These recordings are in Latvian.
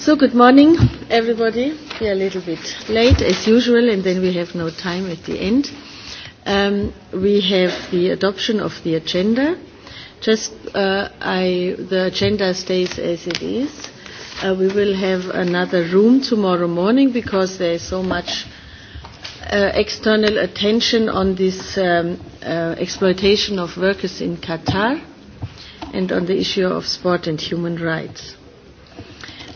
So good morning, everybody. We are a little bit late, as usual, and then we have no time at the end. Um, we have the adoption of the agenda. Just uh, I, the agenda stays as it is. Uh, we will have another room tomorrow morning because there is so much uh, external attention on this um, uh, exploitation of workers in Qatar and on the issue of sport and human rights.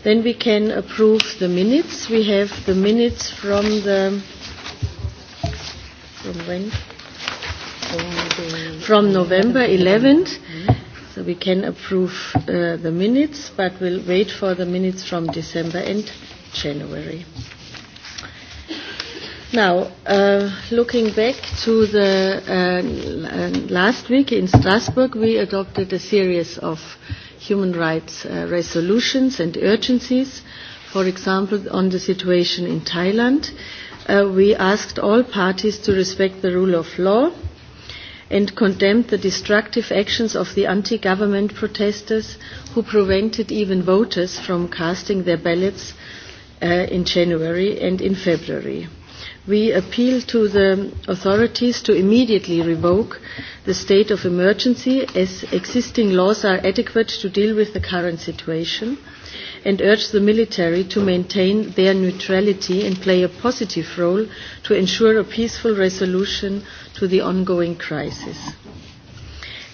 Then we can approve the minutes. We have the minutes from the from when? From November 11th. So we can approve uh, the minutes, but we'll wait for the minutes from December and January. Now, uh, looking back to the uh, uh last week in Strasbourg, we adopted a series of uh, human rights uh, resolutions and urgencies. For example, on the situation in Thailand, uh, we asked all parties to respect the rule of law and condemned the destructive actions of the anti-government protesters who prevented even voters from casting their ballots uh, in January and in February we appeal to the authorities to immediately revoke the state of emergency as existing laws are adequate to deal with the current situation and urge the military to maintain their neutrality and play a positive role to ensure a peaceful resolution to the ongoing crisis.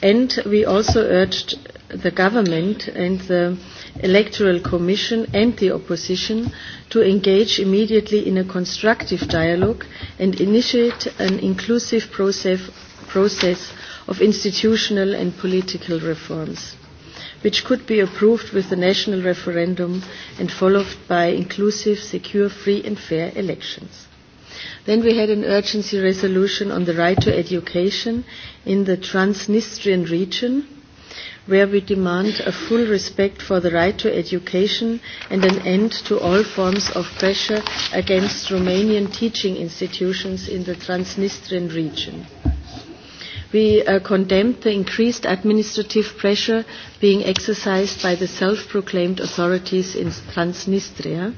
And we also urged the government and the Electoral Commission and the opposition to engage immediately in a constructive dialogue and initiate an inclusive process, process of institutional and political reforms, which could be approved with a national referendum and followed by inclusive, secure, free and fair elections. Then we had an urgency resolution on the right to education in the Transnistrian region where we demand a full respect for the right to education and an end to all forms of pressure against Romanian teaching institutions in the Transnistrian region. We uh, condemned the increased administrative pressure being exercised by the self-proclaimed authorities in Transnistria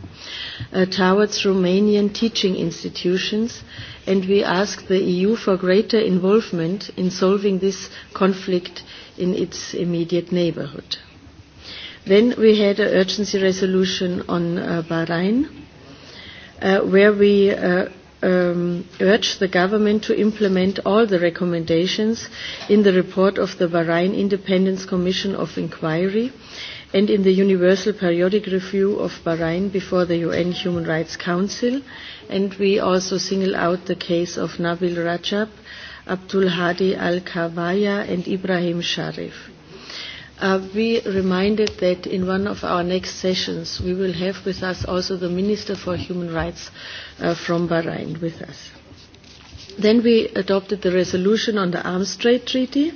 uh, towards Romanian teaching institutions, and we asked the EU for greater involvement in solving this conflict in its immediate neighborhood. Then we had an urgency resolution on uh, Bahrain, uh, where we uh, um, urge the government to implement all the recommendations in the report of the Bahrain Independence Commission of Inquiry and in the Universal Periodic Review of Bahrain before the UN Human Rights Council. And we also single out the case of Nabil Rajab, Abdul Hadi Al-Kawaya and Ibrahim Sharif. Uh, we reminded that in one of our next sessions we will have with us also the Minister for Human Rights uh, from Bahrain with us. Then we adopted the resolution on the Arms Trade Treaty.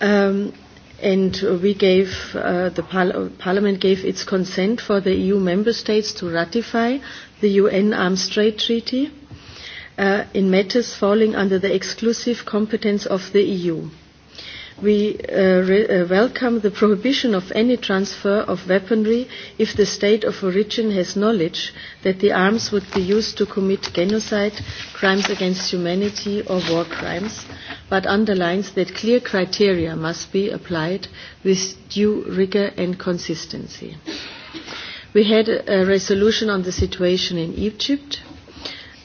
Um, and we gave, uh, the par- Parliament gave its consent for the EU member states to ratify the UN Arms Trade Treaty uh, in matters falling under the exclusive competence of the EU. We uh, re- uh, welcome the prohibition of any transfer of weaponry if the state of origin has knowledge that the arms would be used to commit genocide, crimes against humanity, or war crimes, but underlines that clear criteria must be applied with due rigor and consistency. We had a resolution on the situation in Egypt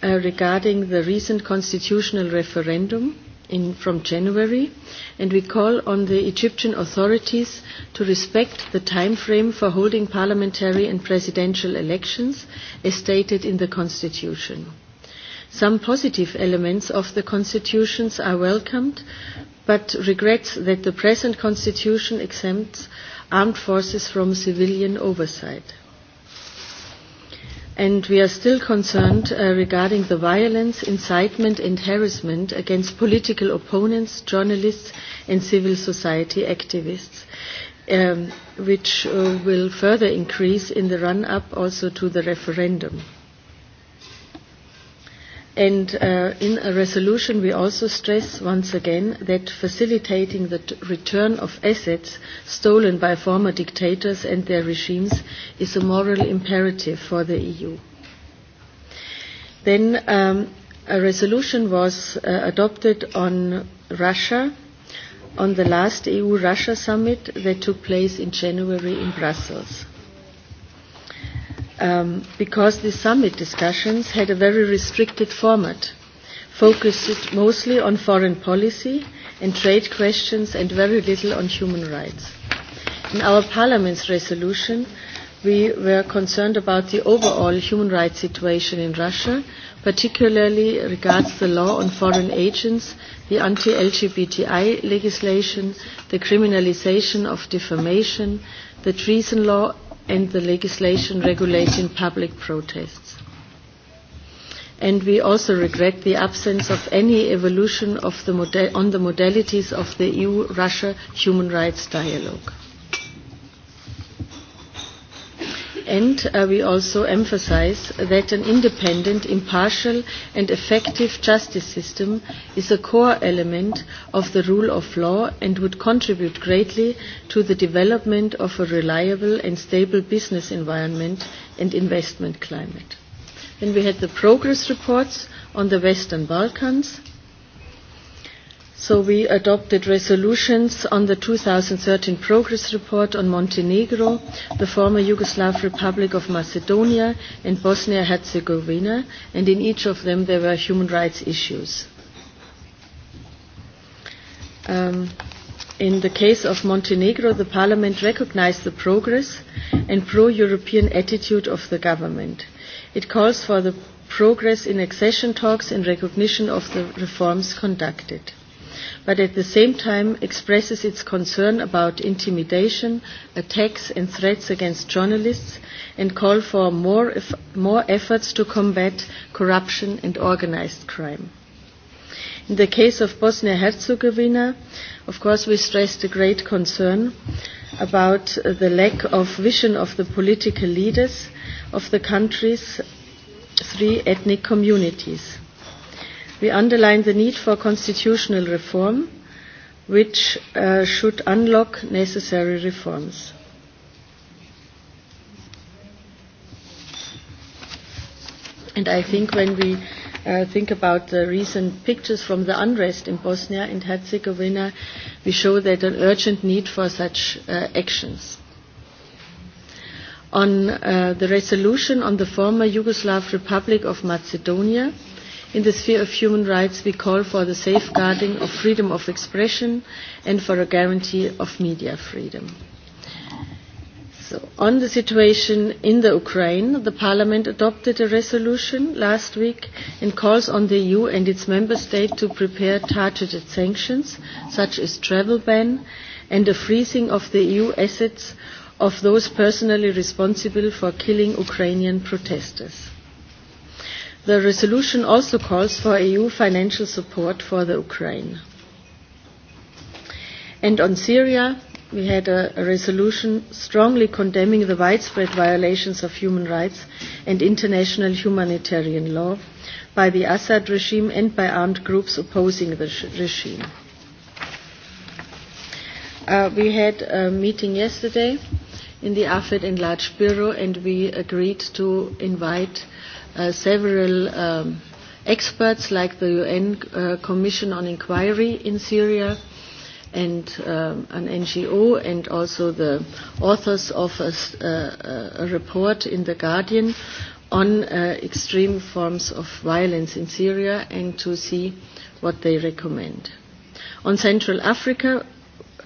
uh, regarding the recent constitutional referendum in, from January, and we call on the Egyptian authorities to respect the time frame for holding parliamentary and presidential elections as stated in the Constitution. Some positive elements of the constitutions are welcomed, but regrets that the present constitution exempts armed forces from civilian oversight and we are still concerned uh, regarding the violence, incitement and harassment against political opponents, journalists and civil society activists, um, which uh, will further increase in the run-up also to the referendum. And uh, in a resolution, we also stress once again that facilitating the t- return of assets stolen by former dictators and their regimes is a moral imperative for the EU. Then um, a resolution was uh, adopted on Russia on the last EU-Russia summit that took place in January in Brussels um, because the summit discussions had a very restricted format, focused mostly on foreign policy and trade questions and very little on human rights. In our Parliament's resolution, we were concerned about the overall human rights situation in Russia, particularly regards the law on foreign agents, the anti-LGBTI legislation, the criminalization of defamation, the treason law, and the legislation regulating public protests. And we also regret the absence of any evolution of the model, on the modalities of the EU-Russia human rights dialogue. end, uh, we also emphasize that an independent, impartial, and effective justice system is a core element of the rule of law and would contribute greatly to the development of a reliable and stable business environment and investment climate. Then we had the progress reports on the Western Balkans So we adopted resolutions on the 2013 progress report on Montenegro, the former Yugoslav Republic of Macedonia, and Bosnia-Herzegovina, and in each of them there were human rights issues. Um, in the case of Montenegro, the parliament recognized the progress and pro-European attitude of the government. It calls for the progress in accession talks and recognition of the reforms conducted but at the same time expresses its concern about intimidation, attacks and threats against journalists and call for more, ef- more efforts to combat corruption and organized crime. In the case of Bosnia-Herzegovina, of course, we stressed a great concern about uh, the lack of vision of the political leaders of the country's three ethnic communities we underline the need for constitutional reform, which uh, should unlock necessary reforms. And I think when we uh, think about the recent pictures from the unrest in Bosnia and Herzegovina, we show that an urgent need for such uh, actions. On uh, the resolution on the former Yugoslav Republic of Macedonia, uh, In the sphere of human rights, we call for the safeguarding of freedom of expression and for a guarantee of media freedom. So, on the situation in the Ukraine, the Parliament adopted a resolution last week and calls on the EU and its member state to prepare targeted sanctions, such as travel ban and a freezing of the EU assets of those personally responsible for killing Ukrainian protesters. The resolution also calls for EU financial support for the Ukraine. And on Syria, we had a, a resolution strongly condemning the widespread violations of human rights and international humanitarian law by the Assad regime and by armed groups opposing the sh- regime. Uh, we had a meeting yesterday in the AFED Enlarged Bureau and we agreed to invite uh, uh, several um, experts like the UN uh, Commission on Inquiry in Syria and um, an NGO and also the authors of a, uh, a report in The Guardian on uh, extreme forms of violence in Syria and to see what they recommend. On Central Africa,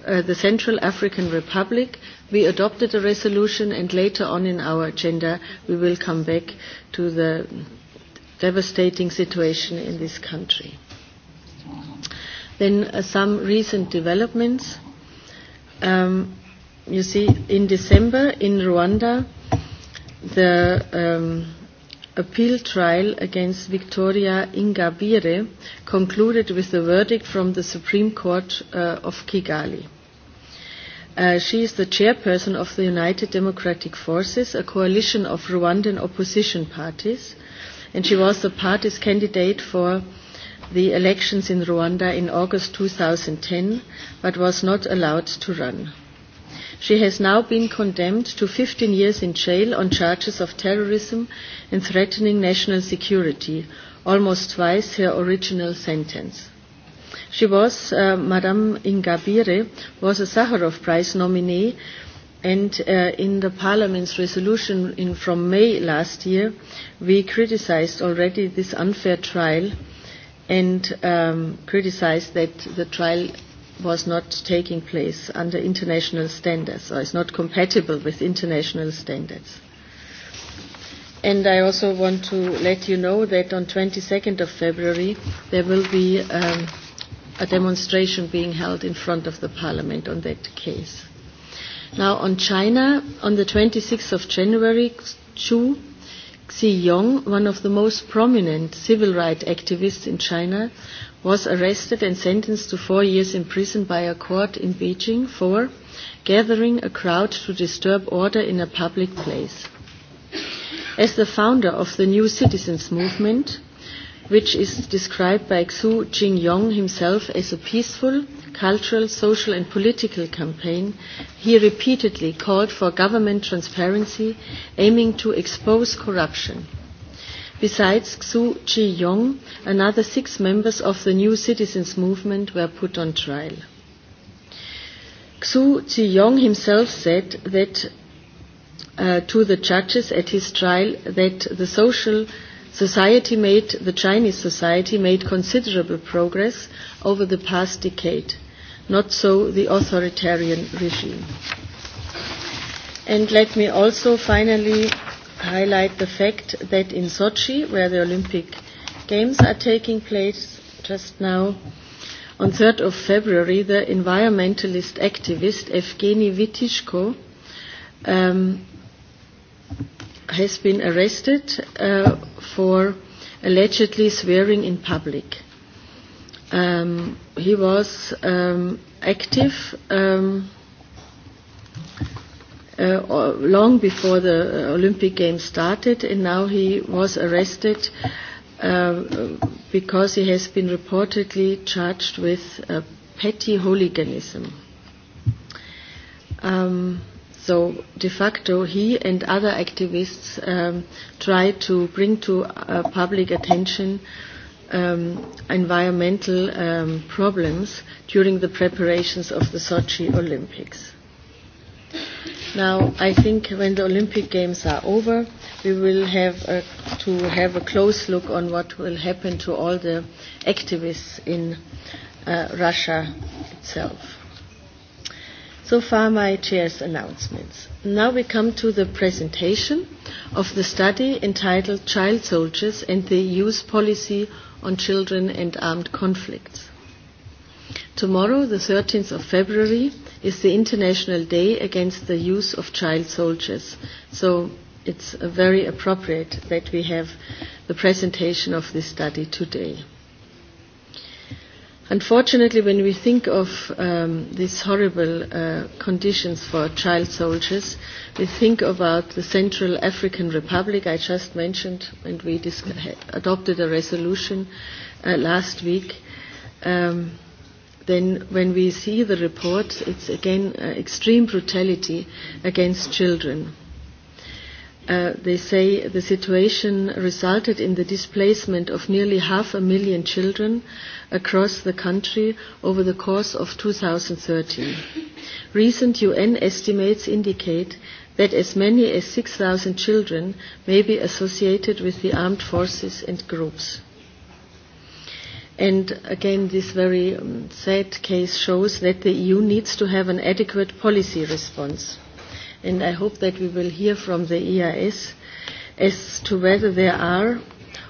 uh, the Central African Republic We adopted a resolution, and later on in our agenda, we will come back to the devastating situation in this country. Then uh, some recent developments. Um, you see, in December in Rwanda, the um, appeal trial against Victoria Ingabire concluded with a verdict from the Supreme Court uh, of Kigali. Uh, she is the chairperson of the United Democratic Forces, a coalition of Rwandan opposition parties, and she was the party's candidate for the elections in Rwanda in August 2010, but was not allowed to run. She has now been condemned to 15 years in jail on charges of terrorism and threatening national security, almost twice her original sentence. She was, uh, Madame Ingabire, was a Sakharov Prize nominee, and uh, in the Parliament's resolution in, from May last year, we criticized already this unfair trial and um, criticized that the trial was not taking place under international standards or is not compatible with international standards. And I also want to let you know that on 22nd of February there will be um, a demonstration being held in front of the parliament on that case. Now on China, on the 26th of January, Chu Xiyong, one of the most prominent civil rights activists in China, was arrested and sentenced to four years in prison by a court in Beijing for gathering a crowd to disturb order in a public place. As the founder of the New Citizens Movement, which is described by Xu Jingyong himself as a peaceful, cultural, social, and political campaign, he repeatedly called for government transparency, aiming to expose corruption. Besides Xu Ji-yong, another six members of the New Citizens Movement were put on trial. Xu Ji-yong himself said that uh, to the judges at his trial that the social society made, the Chinese society made considerable progress over the past decade, not so the authoritarian regime. And let me also finally highlight the fact that in Sochi, where the Olympic Games are taking place just now, on 3rd of February, the environmentalist activist Evgeny Vitishko um, has been arrested uh, for allegedly swearing in public. Um, he was um, active um, uh, long before the uh, Olympic Games started, and now he was arrested uh, because he has been reportedly charged with uh, petty hooliganism. Um, So de facto, he and other activists um, try to bring to uh, public attention um, environmental um, problems during the preparations of the Sochi Olympics. Now, I think when the Olympic Games are over, we will have a, to have a close look on what will happen to all the activists in uh, Russia itself. So far, my chair's announcements. Now we come to the presentation of the study entitled Child Soldiers and the EU's Policy on Children and Armed Conflicts. Tomorrow, the 13th of February, is the International Day Against the Use of Child Soldiers. So it's very appropriate that we have the presentation of this study today. Unfortunately, when we think of um, these horrible uh, conditions for child soldiers, we think about the Central African Republic I just mentioned, and we dis- adopted a resolution uh, last week. Um, then, when we see the report, it's again uh, extreme brutality against children. Uh, they say the situation resulted in the displacement of nearly half a million children across the country over the course of 2013. Recent UN estimates indicate that as many as 6,000 children may be associated with the armed forces and groups. And again, this very um, sad case shows that the EU needs to have an adequate policy response and I hope that we will hear from the EIS as to whether there are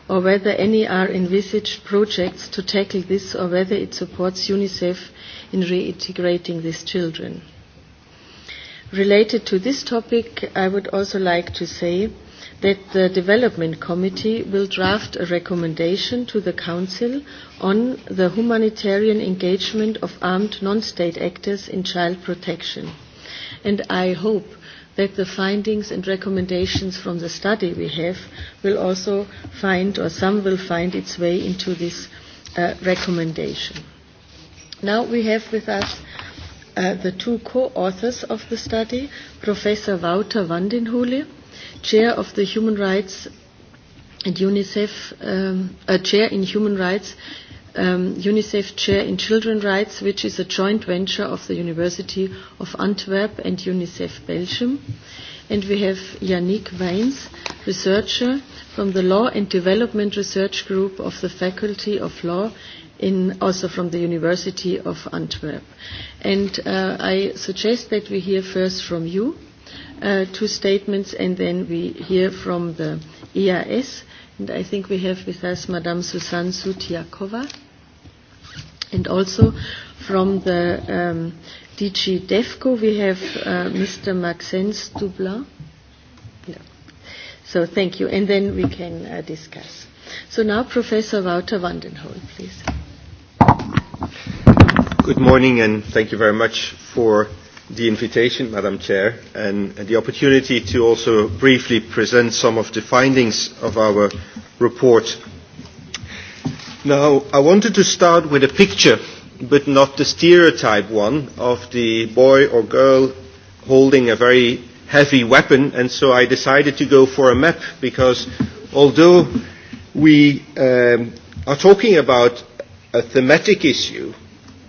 or whether any are envisaged projects to tackle this or whether it supports UNICEF in reintegrating these children. Related to this topic, I would also like to say that the Development Committee will draft a recommendation to the Council on the humanitarian engagement of armed non-state actors in child protection. And I hope that the findings and recommendations from the study we have will also find, or some will find its way into this uh, recommendation. Now we have with us uh, the two co-authors of the study, Professor Wouter Vandenhule, Chair of the Human Rights and UNICEF, um, a uh, Chair in Human Rights um, UNICEF Chair in Children Rights, which is a joint venture of the University of Antwerp and UNICEF Belgium. And we have Yannick Weins, researcher from the Law and Development Research Group of the Faculty of Law in, also from the University of Antwerp. And uh, I suggest that we hear first from you uh, two statements and then we hear from the EIS. And I think we have with us Madame Susanne Sutyakova, And also from the um, DG DEFCO, we have uh, Mr. Maxence Dubla. No. So thank you. And then we can uh, discuss. So now Professor Wouter Vandenhoel, please. Good morning, and thank you very much for the invitation, Madam Chair, and, and the opportunity to also briefly present some of the findings of our report Now, I wanted to start with a picture, but not the stereotype one, of the boy or girl holding a very heavy weapon, and so I decided to go for a map, because although we um, are talking about a thematic issue,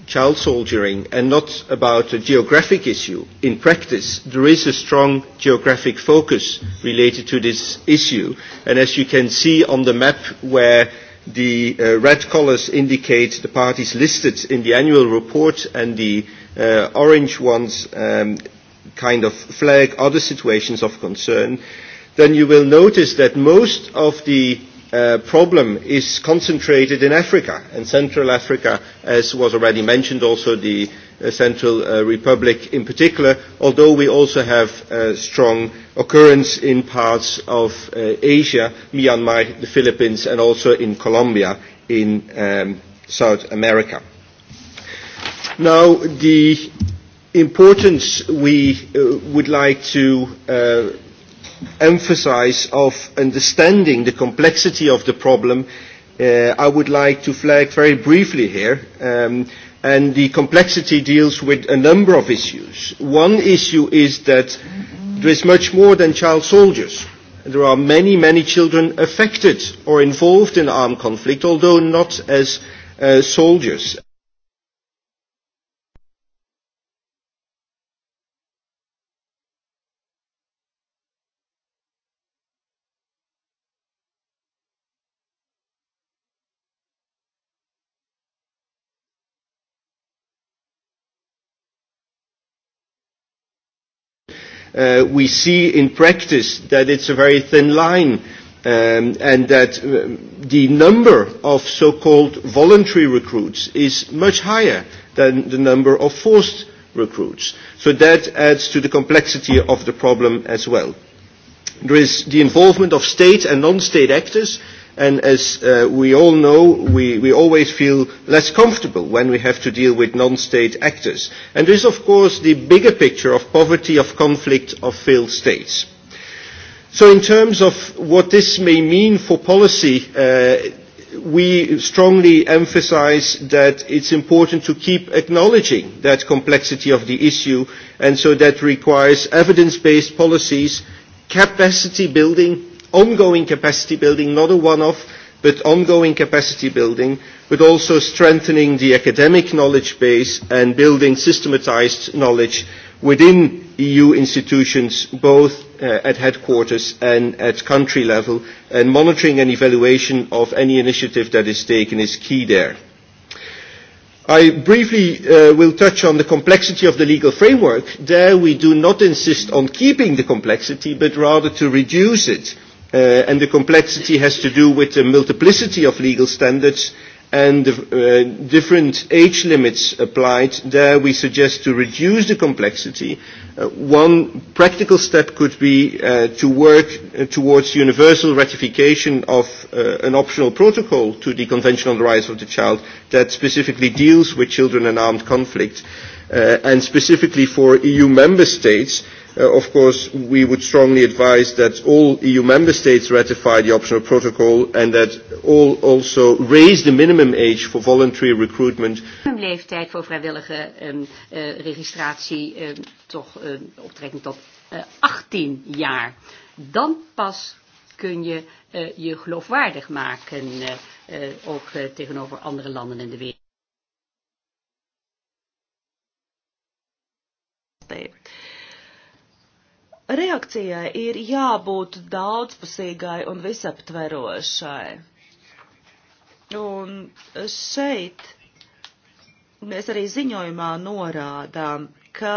child soldiering, and not about a geographic issue. In practice, there is a strong geographic focus related to this issue. And as you can see on the map where The uh, red colours indicate the parties listed in the annual report and the uh, orange ones um, kind of flag other situations of concern. Then you will notice that most of the uh, problem is concentrated in Africa and Central Africa, as was already mentioned, also the uh, Central uh, Republic in particular, although we also have uh, strong occurrence in parts of uh, Asia, Myanmar, the Philippines, and also in Colombia in um, South America. Now, the importance we uh, would like to uh, emphasize of understanding the complexity of the problem, uh, I would like to flag very briefly here. Um, uh, and the complexity deals with a number of issues. One issue is that there is much more than child soldiers. There are many, many children affected or involved in armed conflict, although not as uh, soldiers. uh, we see in practice that it's a very thin line um, and that um, the number of so-called voluntary recruits is much higher than the number of forced recruits. So that adds to the complexity of the problem as well. There is the involvement of state and non-state actors uh, and as uh, we all know, we, we always feel less comfortable when we have to deal with non-state actors. And this, of course, the bigger picture of poverty, of conflict, of failed states. So in terms of what this may mean for policy, uh, we strongly emphasize that it's important to keep acknowledging that complexity of the issue, and so that requires evidence-based policies, capacity building, ongoing capacity building, not a one-off, but ongoing capacity building, but also strengthening the academic knowledge base and building systematized knowledge within EU institutions, both uh, at headquarters and at country level, and monitoring and evaluation of any initiative that is taken is key there. I briefly uh, will touch on the complexity of the legal framework. There we do not insist on keeping the complexity, but rather to reduce it. Uh, uh, and the complexity has to do with the multiplicity of legal standards and the uh, different age limits applied. There we suggest to reduce the complexity. Uh, one practical step could be uh, to work uh, towards universal ratification of uh, an optional protocol to the Convention on the Rights of the Child that specifically deals with children and armed conflict uh, and specifically for EU member states uh, Uh, of course, we would strongly advise that all EU member states ratify the optional protocol and that all also raise the minimum age for voluntary recruitment. Minimumleeftijd voor vrijwillige um, uh, registratie um, toch um, ehm, op trekking tot uh, eh, 18 jaar. Dan pas kun je uh, je geloofwaardig maken, uh, uh, ook uh, tegenover andere landen in de wereld reakcijai ir jābūt daudzpusīgai un visaptverošai. Un šeit mēs arī ziņojumā norādām, ka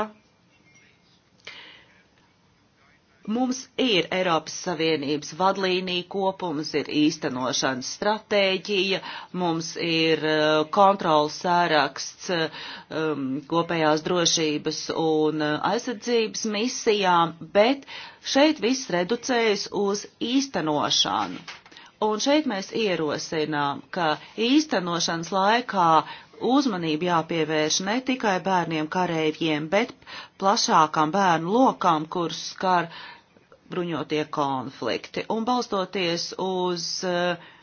Mums ir Eiropas Savienības vadlīnija kopums, ir īstenošanas stratēģija, mums ir uh, kontrols sāraksts um, kopējās drošības un uh, aizsardzības misijām, bet šeit viss reducējas uz īstenošanu. Un šeit mēs ierosinām, ka īstenošanas laikā uzmanību jāpievērš ne tikai bērniem kareivjiem, bet plašākam bērnu lokam, kurus skar uh, bruņotie konflikti. Un balstoties uz eh,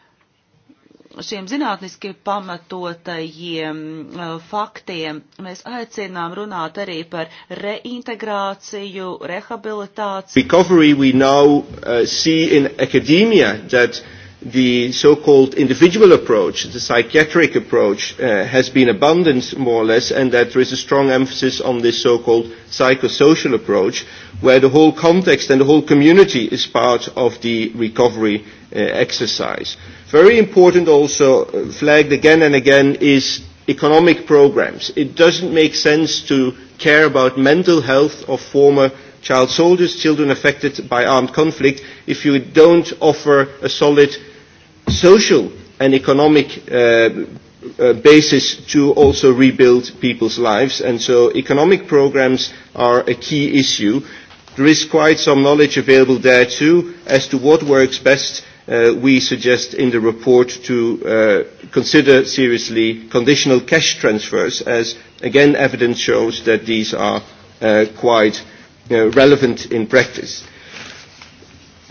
šiem zinātniski pamatotajiem eh, faktiem, mēs aicinām runāt arī par reintegrāciju, rehabilitāciju. Recovery we now uh, see in academia that uh, the so-called individual approach, the psychiatric approach, uh, has been abandoned more or less, and that there is a strong emphasis on this so-called psychosocial approach, where the whole context and the whole community is part of the recovery uh, exercise. Very important also, uh, flagged again and again, is economic programs. It doesn't make sense to care about mental health of former child soldiers, children affected by armed conflict, if you don't offer a solid social and economic uh, uh, basis to also rebuild people's lives. And so economic programs are a key issue. There is quite some knowledge available there too as to what works best. Uh, we suggest in the report to uh, consider seriously conditional cash transfers as again evidence shows that these are uh, quite uh, relevant in practice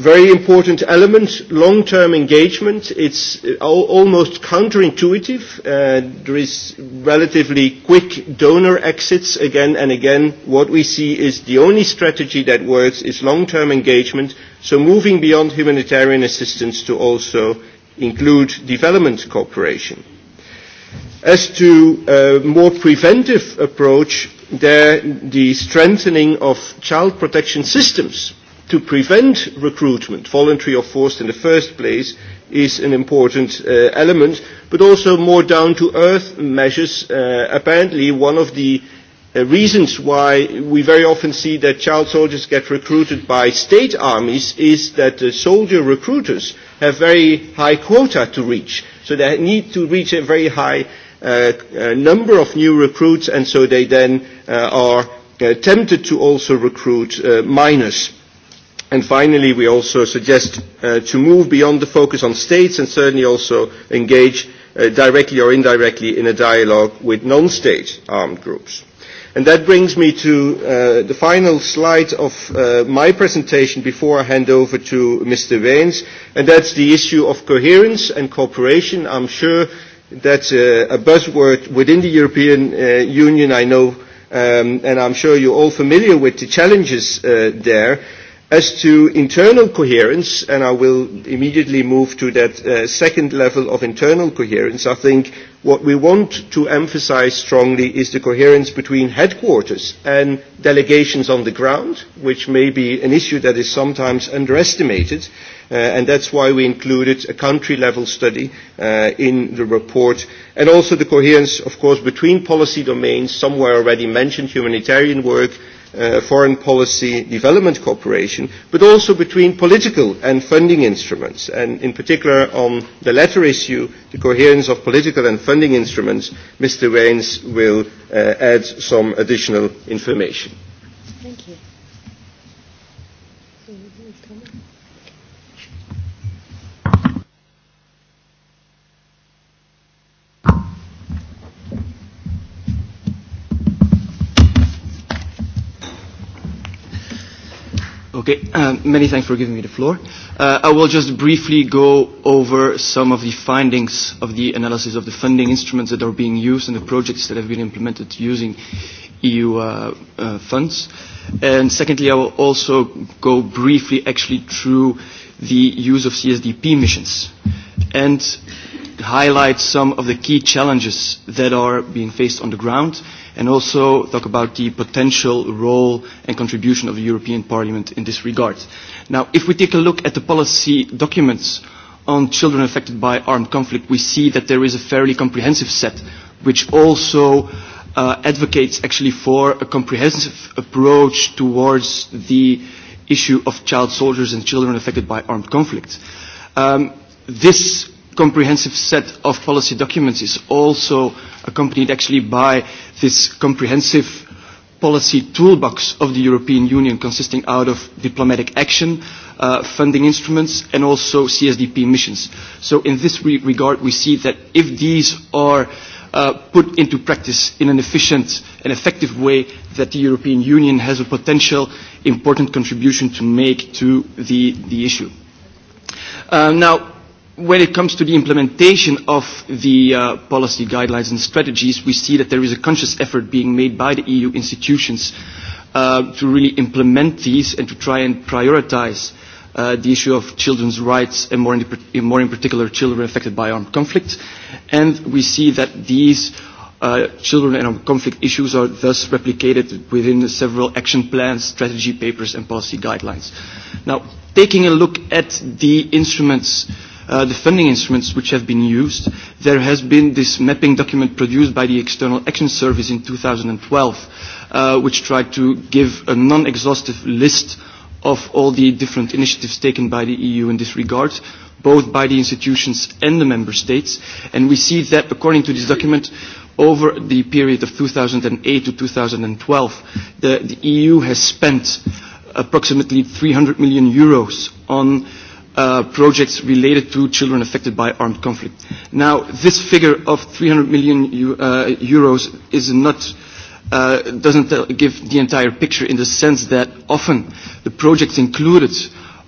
very important element, long-term engagement. It's uh, almost counterintuitive. Uh, there is relatively quick donor exits again and again. What we see is the only strategy that works is long-term engagement, so moving beyond humanitarian assistance to also include development cooperation. As to a uh, more preventive approach, there the strengthening of child protection systems to prevent recruitment, voluntary or forced in the first place, is an important uh, element, but also more down-to-earth measures. Uh, apparently, one of the uh, reasons why we very often see that child soldiers get recruited by state armies is that the soldier recruiters have very high quota to reach. So they need to reach a very high uh, uh, number of new recruits, and so they then uh, are uh, tempted to also recruit uh, minors. And finally, we also suggest uh, to move beyond the focus on states and certainly also engage uh, directly or indirectly in a dialogue with non-state armed groups. And that brings me to uh, the final slide of uh, my presentation before I hand over to Mr. Weins, and that's the issue of coherence and cooperation. I'm sure that's a, a buzzword within the European uh, Union, I know, um, and I'm sure you're all familiar with the challenges uh, there. As to internal coherence, and I will immediately move to that uh, second level of internal coherence, I think what we want to emphasize strongly is the coherence between headquarters and delegations on the ground, which may be an issue that is sometimes underestimated, uh, and that's why we included a country-level study uh, in the report, and also the coherence, of course, between policy domains, somewhere already mentioned humanitarian work, uh, foreign policy development cooperation, but also between political and funding instruments, and in particular on the latter issue, the coherence of political and funding instruments, Mr. Reyns will uh, add some additional information. Thank you. Okay, um, many thanks for giving me the floor. Uh, I will just briefly go over some of the findings of the analysis of the funding instruments that are being used and the projects that have been implemented using EU uh, uh, funds. And secondly, I will also go briefly actually through the use of CSDP missions and highlight some of the key challenges that are being faced on the ground and also talk about the potential role and contribution of the European Parliament in this regard. Now, if we take a look at the policy documents on children affected by armed conflict, we see that there is a fairly comprehensive set which also uh, advocates actually for a comprehensive approach towards the issue of child soldiers and children affected by armed conflict. Um, this comprehensive set of policy documents is also accompanied actually by this comprehensive policy toolbox of the European Union consisting out of diplomatic action, uh, funding instruments and also CSDP missions. So in this re regard we see that if these are uh, put into practice in an efficient and effective way that the European Union has a potential important contribution to make to the, the issue. Uh, now, when it comes to the implementation of the uh, policy guidelines and strategies, we see that there is a conscious effort being made by the EU institutions uh, to really implement these and to try and prioritize uh, the issue of children's rights and more in, the, more in particular children affected by armed conflict. And we see that these uh, children and armed conflict issues are thus replicated within several action plans, strategy papers and policy guidelines. Now, taking a look at the instruments uh, uh, the funding instruments which have been used. There has been this mapping document produced by the External Action Service in 2012, uh, which tried to give a non-exhaustive list of all the different initiatives taken by the EU in this regard, both by the institutions and the member states. And we see that, according to this document, over the period of 2008 to 2012, the, the EU has spent approximately 300 million euros on uh, uh, projects related to children affected by armed conflict. Now, this figure of 300 million uh, euros is not, uh, doesn't tell, give the entire picture in the sense that often the projects included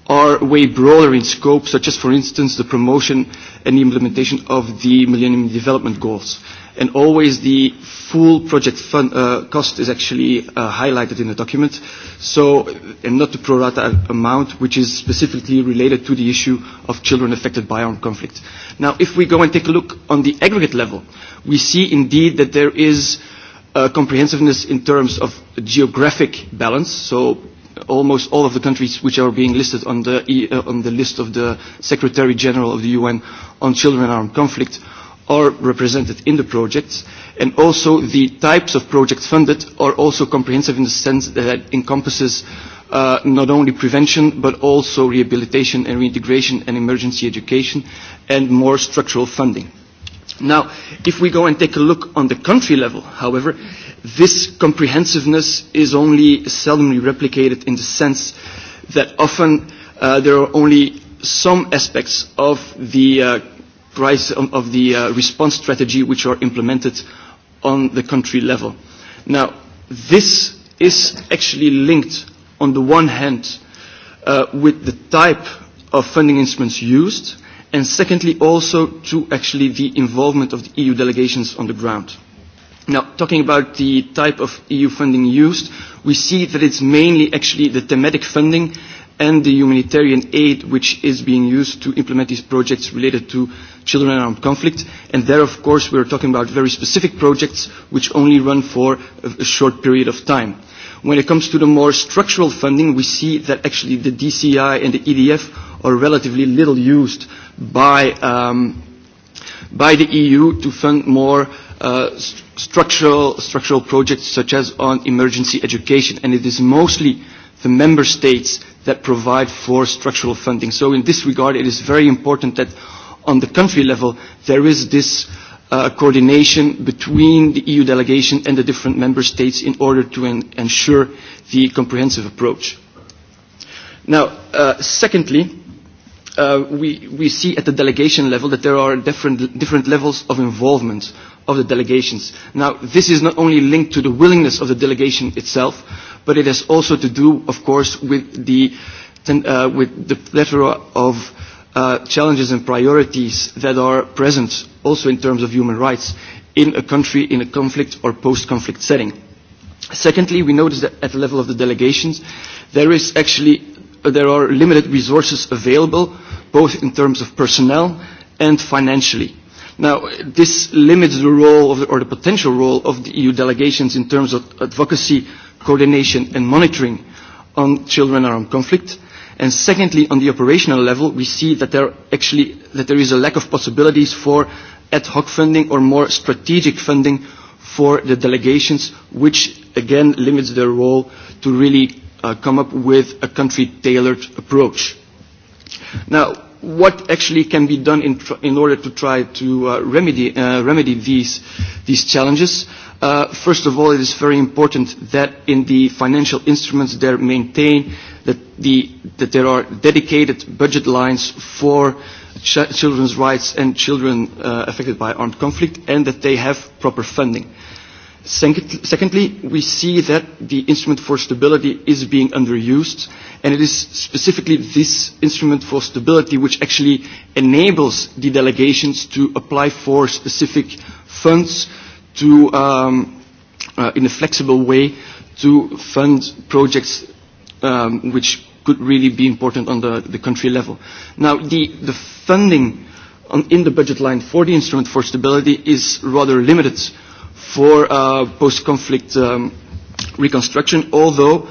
are way broader in scope, such as, for instance, the promotion and the implementation of the Millennium Development Goals. Uh, and always the full project fund, uh, cost is actually uh, highlighted in the document, so, and not the pro rata amount, which is specifically related to the issue of children affected by armed conflict. Now, if we go and take a look on the aggregate level, we see indeed that there is uh, comprehensiveness in terms of geographic balance, so almost all of the countries which are being listed on the, e, uh, on the list of the Secretary General of the UN on children and armed conflict are represented in the projects, and also the types of projects funded are also comprehensive in the sense that it encompasses uh, not only prevention but also rehabilitation and reintegration and emergency education and more structural funding. Now, if we go and take a look on the country level, however, this comprehensiveness is only seldomly replicated in the sense that often uh, there are only some aspects of the uh, price um, of the uh, response strategy which are implemented on the country level. Now, this is actually linked on the one hand uh, with the type of funding instruments used and secondly also to actually the involvement of the EU delegations on the ground. Now, talking about the type of EU funding used, we see that it's mainly actually the thematic funding and the humanitarian aid which is being used to implement these projects related to children in armed conflict. And there, of course, we're talking about very specific projects which only run for a short period of time. When it comes to the more structural funding, we see that actually the DCI and the EDF are relatively little used by, um, by the EU to fund more uh, st structural, structural projects such as on emergency education. And it is mostly the member states that provide for structural funding. So in this regard, it is very important that on the country level, there is this uh, coordination between the EU delegation and the different member states in order to en ensure the comprehensive approach. Now, uh, secondly, uh, we, we see at the delegation level that there are different, different levels of involvement of the delegations. Now, this is not only linked to the willingness of the delegation itself, but it has also to do, of course, with the, uh, with the plethora of uh, challenges and priorities that are present also in terms of human rights in a country in a conflict or post-conflict setting. Secondly, we notice that at the level of the delegations, there is actually uh, there are limited resources available, both in terms of personnel and financially. Now, this limits the role of the, or the potential role of the EU delegations in terms of advocacy, coordination and monitoring on children armed conflict. And secondly, on the operational level, we see that there, actually, that there is a lack of possibilities for ad hoc funding or more strategic funding for the delegations, which again limits their role to really uh, come up with a country-tailored approach. Now, what actually can be done in, tr- in order to try to uh, remedy, uh, remedy these, these challenges. Uh, first of all, it is very important that in the financial instruments there maintain that, the, that there are dedicated budget lines for ch- children's rights and children uh, affected by armed conflict and that they have proper funding. Secondly, we see that the instrument for stability is being underused, and it is specifically this instrument for stability which actually enables the delegations to apply for specific funds to, um, uh, in a flexible way, to fund projects um, which could really be important on the, the country level. Now, the, the funding on, in the budget line for the instrument for stability is rather limited. Uh, for uh, post-conflict um, reconstruction, although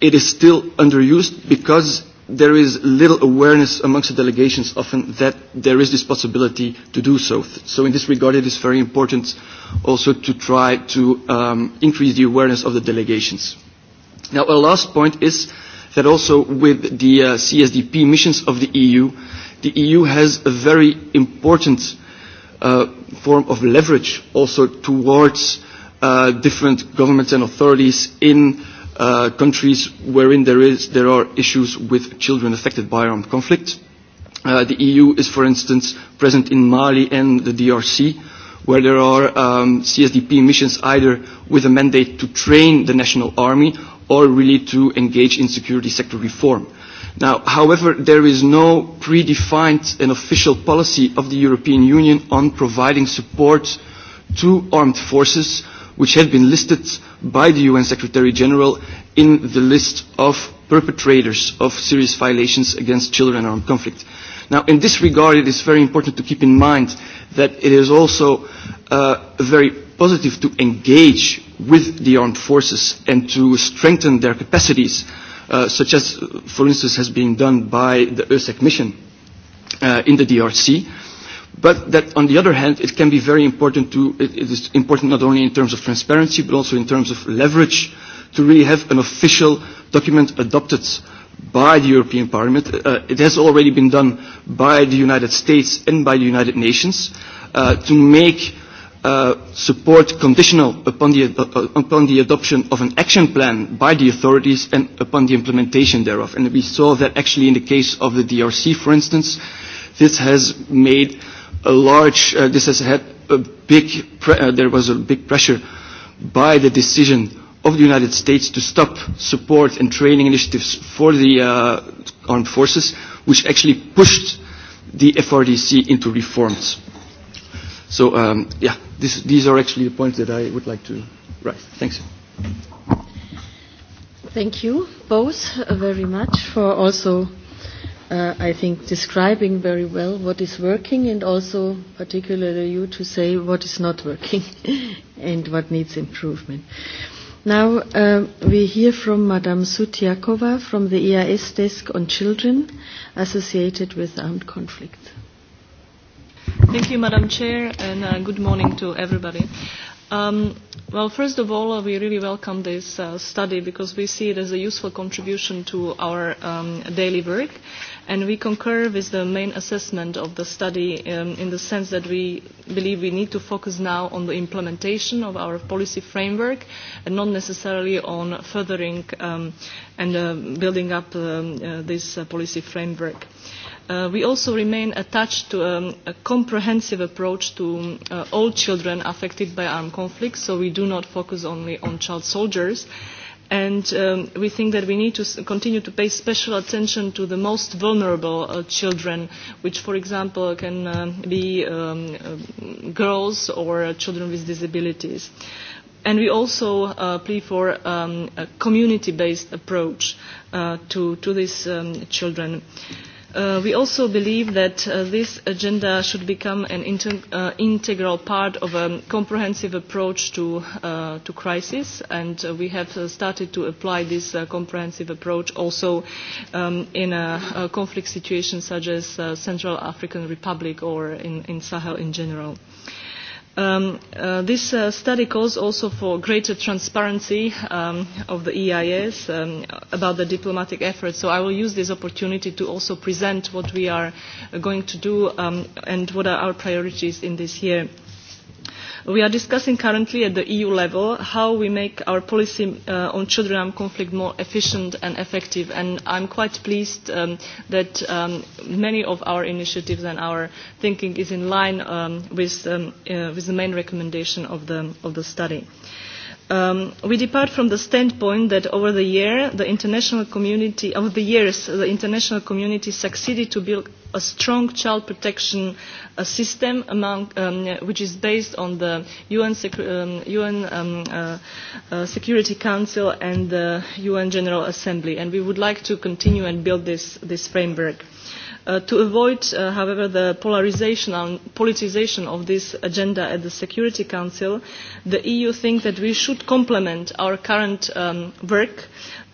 it is still underused because there is little awareness amongst the delegations often that there is this possibility to do so. So in this regard, it is very important also to try to um, increase the awareness of the delegations. Now, a last point is that also with the uh, CSDP missions of the EU, the EU has a very important uh, form of leverage also towards uh, different governments and authorities in uh, countries wherein there, is, there are issues with children affected by armed conflict. Uh, the EU is, for instance, present in Mali and the DRC, where there are um, CSDP missions either with a mandate to train the national army or really to engage in security sector reform. Uh, Now, however, there is no predefined and official policy of the European Union on providing support to armed forces, which have been listed by the UN Secretary General in the list of perpetrators of serious violations against children and armed conflict. Now, in this regard, it is very important to keep in mind that it is also uh, very positive to engage with the armed forces and to strengthen their capacities uh, uh, such as, for instance, has been done by the ERSEC mission uh, in the DRC. But that, on the other hand, it can be very important to, it, it is important not only in terms of transparency, but also in terms of leverage to really have an official document adopted by the European Parliament. Uh, it has already been done by the United States and by the United Nations uh, to make uh, support conditional upon the, uh, upon the adoption of an action plan by the authorities and upon the implementation thereof. And we saw that actually in the case of the DRC, for instance, this has made a large, uh, this has had a big, pre- uh, there was a big pressure by the decision of the United States to stop support and training initiatives for the uh, armed forces, which actually pushed the FRDC into reforms. Uh, So, um, yeah, this, these are actually the points that I would like to raise. Thanks. Thank you both uh, very much for also, uh, I think, describing very well what is working and also particularly you to say what is not working and what needs improvement. Now uh, we hear from Madame Sutyakova from the EIS desk on children associated with armed conflict. Thank you, Madam Chair, and uh, good morning to everybody. Um, well, first of all, uh, we really welcome this uh, study because we see it as a useful contribution to our um, daily work. Uh, And we concur with the main assessment of the study um, in the sense that we believe we need to focus now on the implementation of our policy framework and not necessarily on furthering um, and uh, building up um, uh, this uh, policy framework. Uh, we also remain attached to um, a comprehensive approach to um, uh, all children affected by armed conflict, so we do not focus only on child soldiers. Uh, and um, we think that we need to continue to pay special attention to the most vulnerable uh, children, which, for example, can um, be um, uh, girls or uh, children with disabilities. And we also uh, plea for um, a community-based approach uh, to, to these um, children. Uh, Uh, we also believe that uh, this agenda should become an integ uh, integral part of a comprehensive approach to, uh, to crisis, and uh, we have uh, started to apply this uh, comprehensive approach also um, in a, a conflict situations such as uh, Central African Republic or in, in Sahel in general. Uh, Um, uh, this uh, study calls also for greater transparency um, of the EIS um, about the diplomatic efforts. So I will use this opportunity to also present what we are going to do um, and what are our priorities in this year. We are discussing currently at the EU level how we make our policy uh, on children armed conflict more efficient and effective. And I'm quite pleased um, that um, many of our initiatives and our thinking is in line um, with, um, uh, with the main recommendation of the, of the study. Uh, Um, we depart from the standpoint that over the year, the international community, over the years, the international community succeeded to build a strong child protection uh, system, among, um, which is based on the UN, sec- um, UN um, uh, uh, Security Council and the UN General Assembly. And we would like to continue and build this, this framework. Uh, uh, to avoid, uh, however, the polarization and politicization of this agenda at the Security Council, the EU thinks that we should complement our current um, work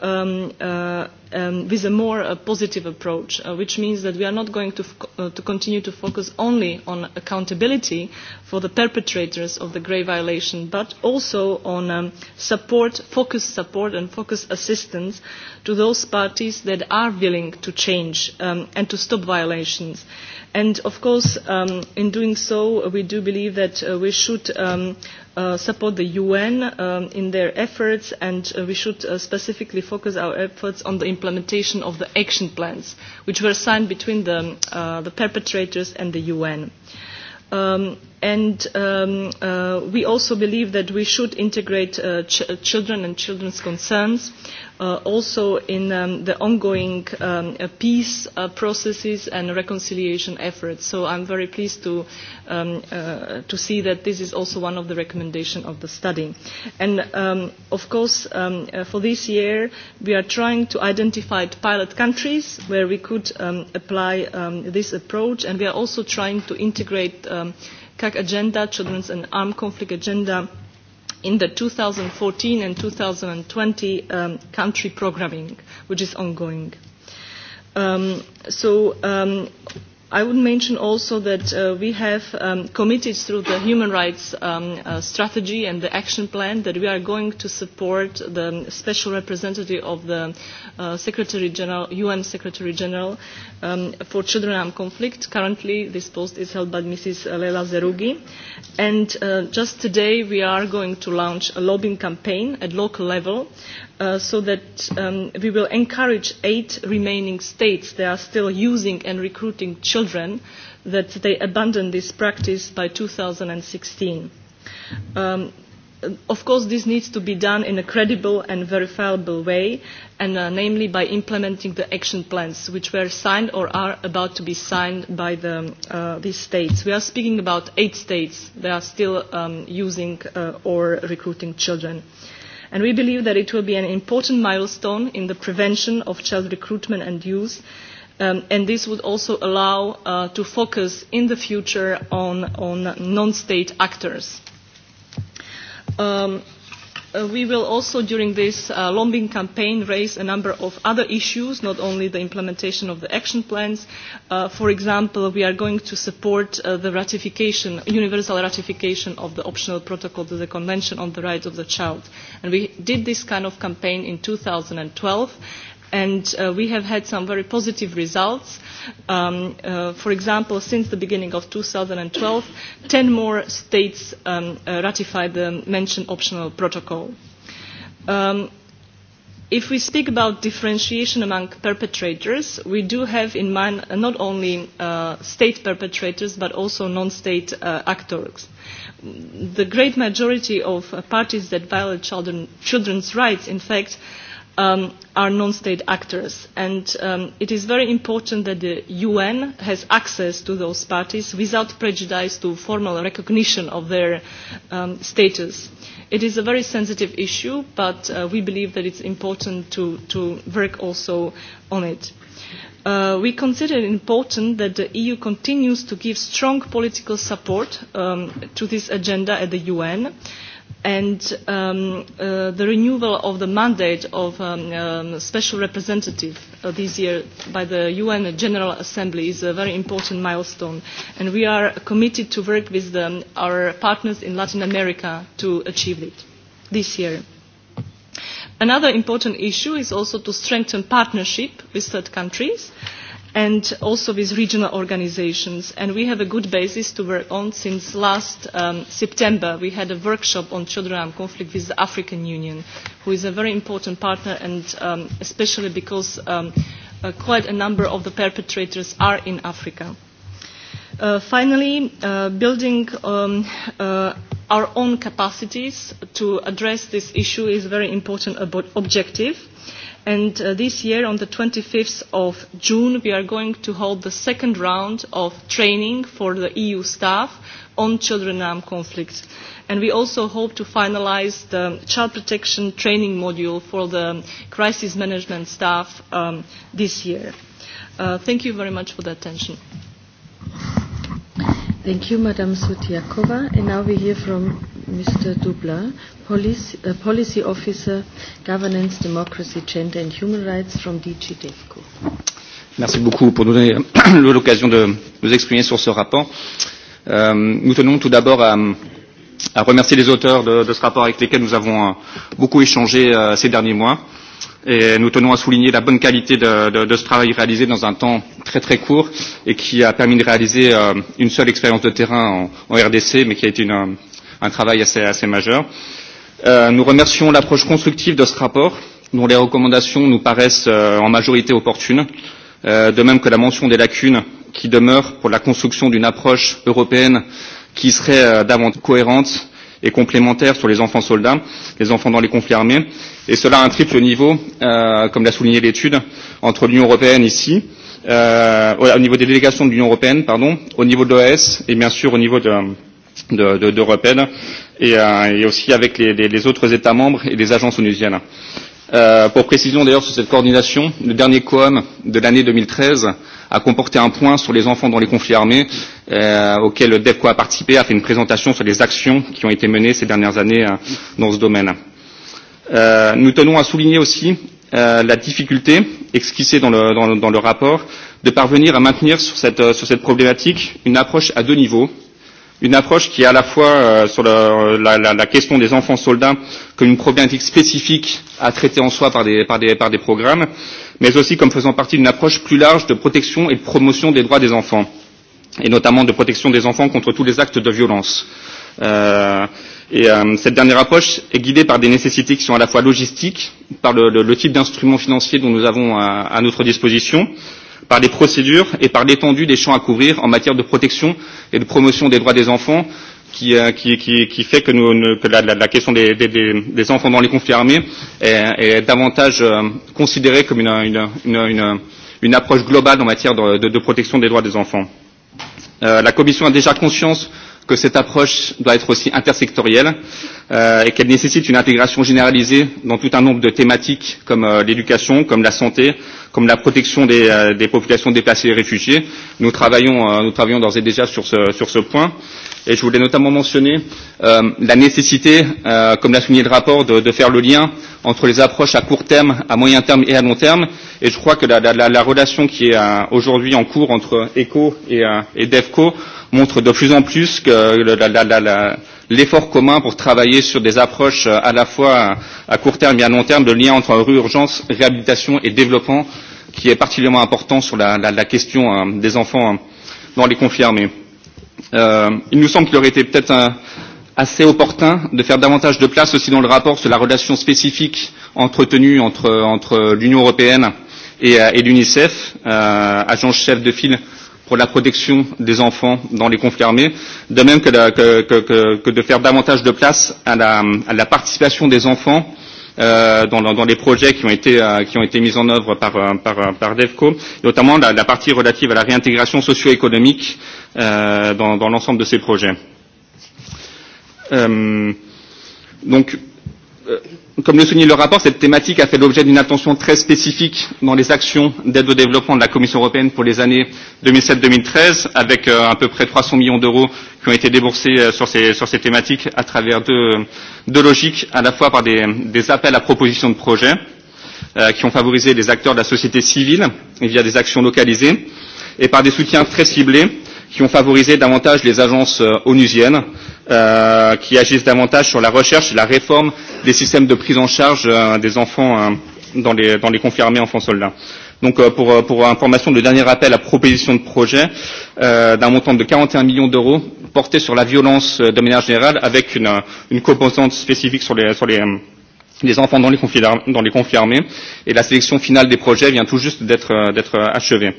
um, uh, um, with a more uh, positive approach, uh, which means that we are not going to, f- uh, to continue to focus only on accountability for the perpetrators of the grave violation, but also on um, support, focused support and focused assistance to those parties that are willing to change um, and to stop violations. And of course, um, in doing so, we do believe that uh, we should um, uh, support the UN um, in their efforts, and uh, we should uh, specifically focus our efforts on the implementation of the action plans, which were signed between the, uh, the perpetrators and the UN. Um, And um, uh, we also believe that we should integrate uh, ch children and children's concerns uh, also in um, the ongoing um, uh, peace uh, processes and reconciliation efforts. So I'm very pleased to, um, uh, to see that this is also one of the recommendations of the study. And um, of course, um, uh, for this year, we are trying to identify pilot countries where we could um, apply um, this approach, and we are also trying to integrate um, uh, CAC agenda, children's and armed conflict agenda, in the 2014 and 2020 um, country programming, which is ongoing. Um, so um, I would mention also that uh, we have um, committed through the human rights um, uh, strategy and the action plan that we are going to support the special representative of the uh, Secretary General, UN Secretary General um, for children and conflict. Currently, this post is held by Mrs. Leila Zerugi. And uh, just today, we are going to launch a lobbying campaign at local level uh, so that um, we will encourage eight remaining states that are still using and recruiting children that they abandon this practice by 2016. Um, of course, this needs to be done in a credible and verifiable way, and uh, namely by implementing the action plans which were signed or are about to be signed by the, um, uh, these states. We are speaking about eight states that are still um, using uh, or recruiting children. Uh, and we believe that it will be an important milestone in the prevention of child recruitment and use um, and this would also allow uh, to focus in the future on, on non-state actors. Um, Uh, we will also, during this uh, lobbying campaign, raise a number of other issues, not only the implementation of the action plans. Uh, for example, we are going to support uh, the ratification, universal ratification of the optional protocol to the Convention on the Rights of the Child. And we did this kind of campaign in 2012 and uh, we have had some very positive results. Um, uh, for example, since the beginning of 2012, 10 more states um, uh, ratified the mentioned optional protocol. Um, if we speak about differentiation among perpetrators, we do have in mind not only uh, state perpetrators but also non-state uh, actors. The great majority of uh, parties that violate children, children's rights, in fact, uh, um, are non-state actors. And um, it is very important that the UN has access to those parties without prejudice to formal recognition of their um, status. It is a very sensitive issue, but uh, we believe that it's important to, to work also on it. Uh, we consider it important that the EU continues to give strong political support um, to this agenda at the UN. Uh, and um, uh, the renewal of the mandate of um, um, special representative uh, this year by the UN General Assembly is a very important milestone, and we are committed to work with them, um, our partners in Latin America to achieve it this year. Another important issue is also to strengthen partnership with third countries. Uh, and also with regional organizations. And we have a good basis to work on since last um, September. We had a workshop on children armed conflict with the African Union, who is a very important partner, and um, especially because um, uh, quite a number of the perpetrators are in Africa. Uh, finally, uh, building um, uh, our own capacities to address this issue is very important ob objective. And uh, this year, on the 25th of June, we are going to hold the second round of training for the EU staff on children armed conflict. And we also hope to finalize the child protection training module for the crisis management staff um, this year. Uh, thank you very much for the attention. Thank you, Madam Sutiakova. And now we hear from Mr. Dubla, Police, uh, Policy Officer, Governance, Democracy, Gender and Human Rights from DG DEFCO. Merci beaucoup pour nous donner euh, l'occasion de nous exprimer sur ce rapport. Euh, nous tenons tout d'abord à, à remercier les auteurs de, de ce rapport avec lesquels nous avons euh, beaucoup échangé euh, ces derniers mois. Euh, Et nous tenons à souligner la bonne qualité de, de, de ce travail réalisé dans un temps très très court et qui a permis de réaliser euh, une seule expérience de terrain en, en RDC, mais qui a été une, un, un travail assez, assez majeur. Euh, nous remercions l'approche constructive de ce rapport, dont les recommandations nous paraissent euh, en majorité opportunes, euh, de même que la mention des lacunes qui demeurent pour la construction d'une approche européenne qui serait euh, davantage cohérente et complémentaire sur les enfants soldats, les enfants dans les conflits armés, et cela à un triple niveau, euh, comme l'a souligné l'étude, entre l'Union européenne ici, euh, au niveau des délégations de l'Union européenne, pardon, au niveau de l'OAS et bien sûr au niveau de, de, de, de Reped, et, euh, et aussi avec les, les, les autres États membres et les agences onusiennes. Euh, pour précision d'ailleurs sur cette coordination, le dernier COAM de l'année 2013 a comporté un point sur les enfants dans les conflits armés euh, auquel DEFCO a participé, a fait une présentation sur les actions qui ont été menées ces dernières années euh, dans ce domaine. Euh, nous tenons à souligner aussi euh, la difficulté esquissée dans le, dans, le, dans le rapport de parvenir à maintenir sur cette, euh, sur cette problématique une approche à deux niveaux, euh, une approche qui est à la fois euh, sur la, euh, la, la, la question des enfants soldats comme une problématique spécifique à traiter en soi par des, par des, par des programmes, mais aussi comme faisant partie d'une approche plus large de protection et de promotion des droits des enfants, et notamment de protection des enfants contre tous les actes de violence. Euh, et euh, cette dernière approche est guidée par des nécessités qui sont à la fois logistiques, par le, le, le type d'instruments financiers dont nous avons à, à notre disposition, euh, par les procédures et par l'étendue des champs à couvrir en matière de protection et de promotion des droits des enfants, qui, euh, qui, qui, qui fait que, nous, que la, la, la question des, des, des enfants dans les conflits armés est, est davantage euh, considérée comme une, une, une, une, une approche globale en matière de, de, de protection des droits des enfants. Euh, la Commission a déjà conscience euh, que cette approche doit être aussi intersectorielle euh, et qu'elle nécessite une intégration généralisée dans tout un nombre de thématiques comme euh, l'éducation, comme la santé, comme la protection des, euh, des populations déplacées et réfugiées. Nous travaillons, euh, nous travaillons d'ores et déjà sur ce, sur ce point. Et je voulais notamment mentionner euh, la nécessité, euh, comme l'a souligné le rapport, de, de faire le lien entre les approches à court terme, à moyen terme et à long terme. Et je crois que la, la, la, la relation qui est euh, aujourd'hui en cours entre ECO et, euh, et DEFCO montre de plus en plus que l'effort le, commun pour travailler sur des approches euh, à la fois à court terme et à long terme de lien entre urgence, réhabilitation et développement qui est particulièrement important sur la, la, la question hein, euh, des enfants hein, euh, dans les conflits armés. Euh, il nous semble qu'il aurait été peut-être euh, assez opportun de faire davantage de place aussi dans le rapport sur la relation spécifique entretenue entre, entre l'Union européenne et, et l'UNICEF, euh, agence chef de file pour la protection des enfants dans les conflits armés, de même que, la, que, que, que de faire davantage de place à la, à la participation des enfants euh, dans, dans, dans les projets qui ont été, euh, qui ont été mis en œuvre par, euh, par, euh, par DEFCO, et notamment la, la partie relative à la réintégration socio-économique euh, dans, dans l'ensemble de ces projets. Euh, donc, euh, Comme le souligne le rapport, cette thématique a fait l'objet d'une attention très spécifique dans les actions d'aide au développement de la Commission européenne pour les années 2007-2013, avec euh, à peu près 300 millions d'euros qui ont été déboursés euh, sur, ces, sur ces thématiques à travers deux, deux logiques, à la fois par des, des appels à propositions de projets, euh, qui ont favorisé les acteurs de la société civile via des actions localisées, et par des soutiens très ciblés qui ont favorisé davantage les agences euh, onusiennes, euh, qui agissent davantage sur la recherche et la réforme des systèmes de prise en charge euh, des enfants euh, dans, les, dans les conflits armés enfants-soldats. Donc euh, pour, euh, pour information, le dernier appel à proposition de projet euh, d'un montant de 41 millions d'euros porté sur la violence euh, de manière générale avec une, euh, une composante spécifique sur les, sur les, euh, les enfants dans les, conflits dans les conflits armés et la sélection finale des projets vient tout juste d'être euh, achevée. Euh,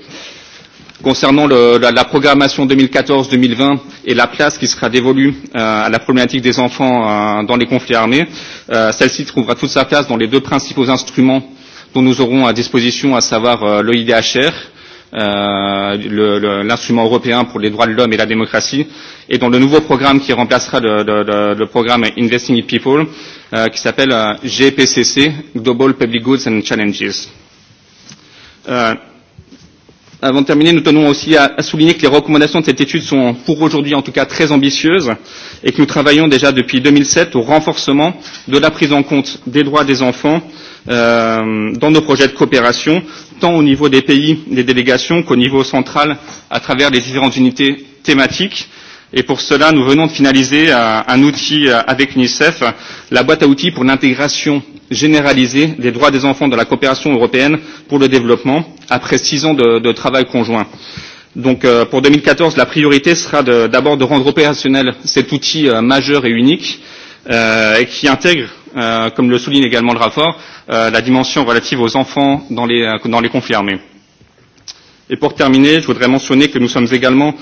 concernant le, la, la programmation 2014-2020 et la place qui sera dévolue euh, à la problématique des enfants euh, dans les conflits armés, euh, celle-ci trouvera toute sa place dans les deux principaux instruments dont nous aurons à disposition, à savoir euh, l'OIDHR, euh, l'instrument européen pour les droits de l'homme et la démocratie, et dans le nouveau programme qui remplacera le, le, le, le programme Investing in People, euh, qui s'appelle euh, GPCC, Global Public Goods and Challenges. Euh, Avant de terminer, nous tenons aussi à, à souligner que les recommandations de cette étude sont pour aujourd'hui en tout cas très ambitieuses et que nous travaillons déjà depuis 2007 au renforcement de la prise en compte des droits des enfants euh, dans nos projets de coopération, tant au niveau des pays, des délégations qu'au niveau central à travers les différentes unités thématiques. Et pour cela, nous venons de finaliser euh, un outil euh, avec l'UNICEF, la boîte à outils pour l'intégration généralisée des droits des enfants dans la coopération européenne pour le développement après six ans de, de travail conjoint. Donc euh, pour 2014, la priorité sera d'abord de, de rendre opérationnel cet outil euh, majeur et unique euh, et qui intègre, euh, comme le souligne également le rapport, euh, la dimension relative aux enfants dans les, euh, dans les conflits armés. Et pour terminer, je voudrais mentionner que nous sommes également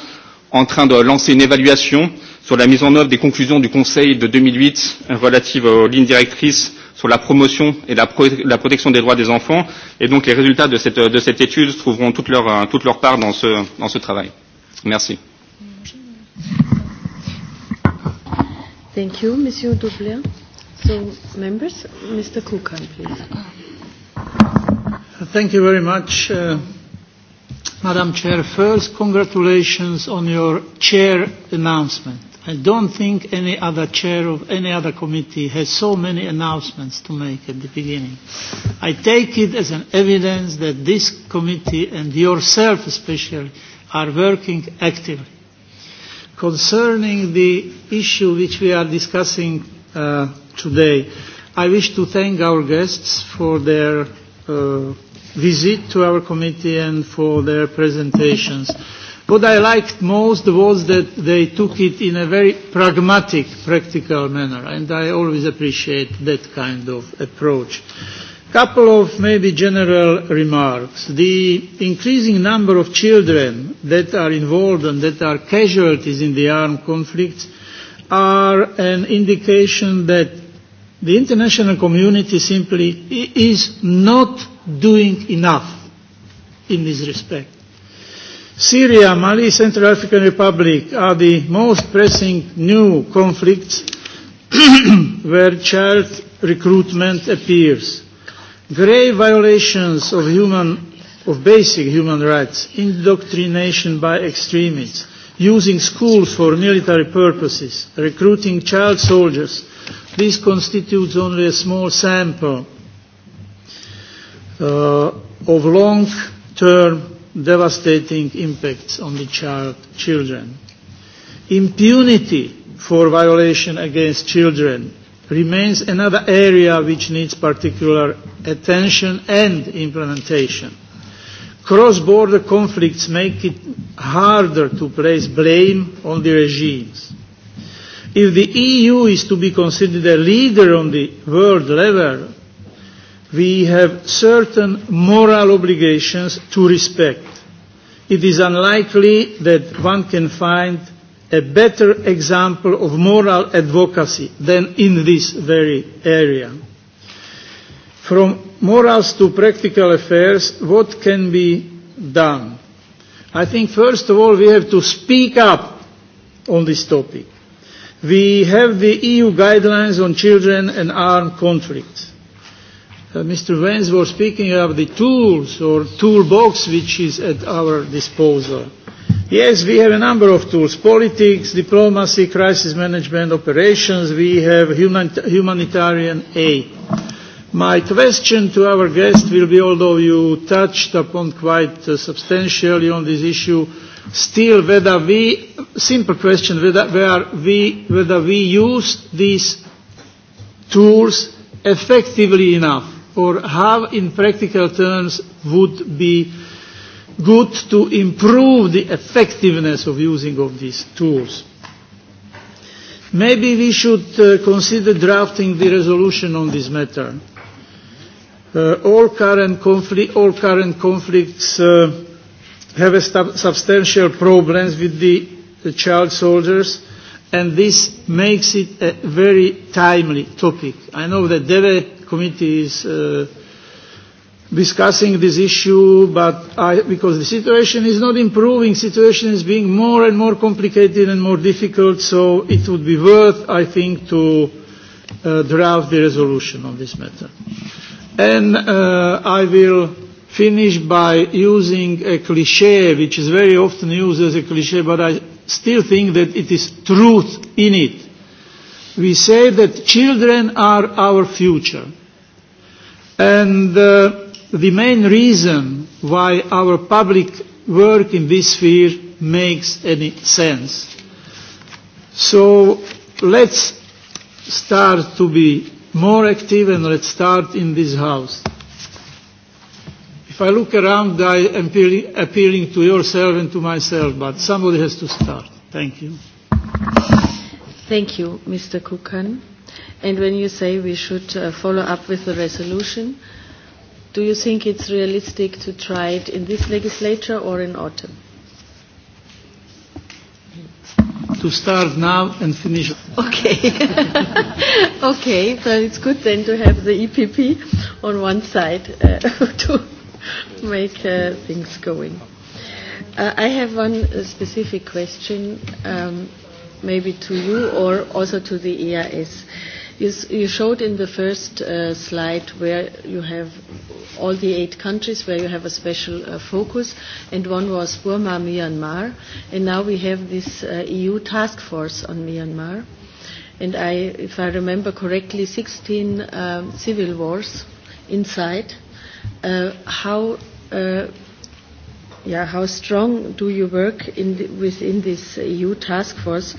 en train de lancer une évaluation sur la mise en œuvre des conclusions du Conseil de 2008 relative aux lignes directrices sur la promotion et la, pro la protection des droits des enfants. Et donc les résultats de cette, de cette étude trouveront toute leur, euh, toute leur part dans ce, dans ce travail. Merci. Thank you, Monsieur Dublin. So, members, Mr. Kukan, please. Thank you very much, uh, Madam Chair. First, congratulations on your chair announcement I don't think any other chair of any other committee has so many announcements to make at the beginning. I take it as an evidence that this committee and yourself especially are working actively. Concerning the issue which we are discussing uh, today, I wish to thank our guests for their uh, visit to our committee and for their presentations. What I liked most was that they took it in a very pragmatic, practical manner, and I always appreciate that kind of approach. Couple of maybe general remarks. The increasing number of children that are involved and that are casualties in the armed conflicts are an indication that the international community simply is not doing enough in this respect. Syria, Mali, Central African Republic are the most pressing new conflicts where child recruitment appears. Grave violations of human, of basic human rights, indoctrination by extremists, using schools for military purposes, recruiting child soldiers. This constitutes only a small sample uh, of long-term devastating impacts on the child, children. Impunity for violation against children remains another area which needs particular attention and implementation. Cross-border conflicts make it harder to place blame on the regimes. If the EU is to be considered a leader on the world level, we have certain moral obligations to respect. It is unlikely that one can find a better example of moral advocacy than in this very area. From morals to practical affairs, what can be done? I think first of all we have to speak up on this topic. We have the EU guidelines on children and armed conflicts Uh, Mr. Vance was speaking of the tools or toolbox which is at our disposal. Yes, we have a number of tools, politics, diplomacy, crisis management, operations, we have human, humanitarian aid. My question to our guest will be, although you touched upon quite uh, substantially on this issue, still whether we, simple question, whether, whether, we, whether we use these tools effectively enough or how in practical terms would be good to improve the effectiveness of using of these tools. Maybe we should uh, consider drafting the resolution on this matter. Uh, all, current conflict, all current conflicts uh, have a stu- substantial problems with the, the child soldiers, and this makes it a very timely topic. I know that Deve committees uh, discussing this issue, but I, because the situation is not improving, situation is being more and more complicated and more difficult, so it would be worth, I think, to uh, draft the resolution on this matter. And uh, I will finish by using a cliche, which is very often used as a cliche, but I still think that it is truth in it. We say that children are our future. And uh, the main reason why our public work in this sphere makes any sense. So let's start to be more active and let's start in this house. If I look around, I am appealing, appealing to yourself and to myself, but somebody has to start. Thank you. Thank you, Mr. Kukan. And when you say we should uh, follow up with the resolution, do you think it's realistic to try it in this legislature or in autumn? To start now and finish. Okay. okay, so it's good then to have the EPP on one side uh, to make uh, things going. Uh, I have one uh, specific question. Um, maybe to you or also to the EIS. You, you showed in the first uh, slide where you have all the eight countries where you have a special uh, focus, and one was Burma, Myanmar, and now we have this uh, EU task force on Myanmar. And I, if I remember correctly, 16 um, civil wars inside. Uh, how uh, yeah, how strong do you work in the, within this EU task force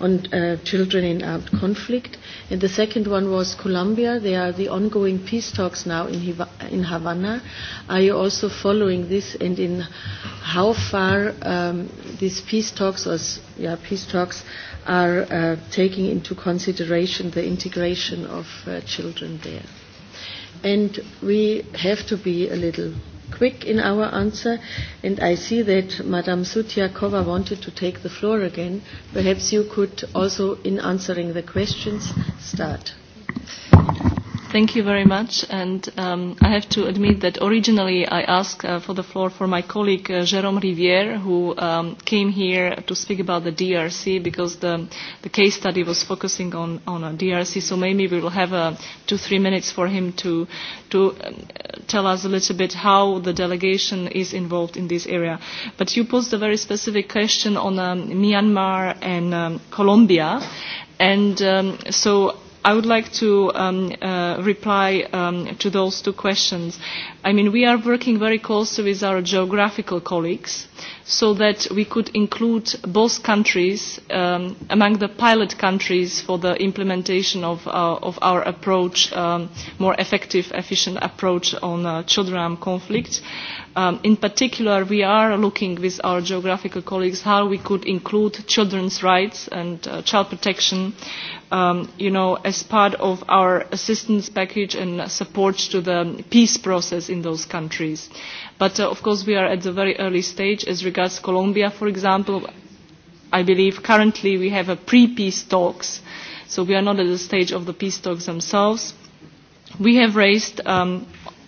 on uh, children in armed conflict? And the second one was Colombia. There are the ongoing peace talks now in, Hiva- in Havana. Are you also following this, and in how far um, these peace talks or yeah, peace talks are uh, taking into consideration the integration of uh, children there? And we have to be a little quick in our answer, and I see that Madame Sutyakova wanted to take the floor again. Perhaps you could also, in answering the questions, start. Thank you very much. And um, I have to admit that originally I asked uh, for the floor for my colleague uh, Jérôme Rivière, who um, came here to speak about the DRC because the, the case study was focusing on, on a DRC. So maybe we will have uh, two, three minutes for him to, to um, tell us a little bit how the delegation is involved in this area. But you posed a very specific question on um, Myanmar and um, Colombia. And um, so I would like to um, uh, reply um, to those two questions. I mean, we are working very closely with our geographical colleagues so that we could include both countries um, among the pilot countries for the implementation of, uh, of our approach, um, more effective, efficient approach on uh, children armed conflict. Um, in particular, we are looking with our geographical colleagues how we could include children's rights and uh, child protection um, you know, as part of our assistance package and support to the peace process in those countries. But uh, of course, we are at the very early stage as regards Colombia, for example. I believe currently we have a pre-peace talks, so we are not at the stage of the peace talks themselves. We have raised um,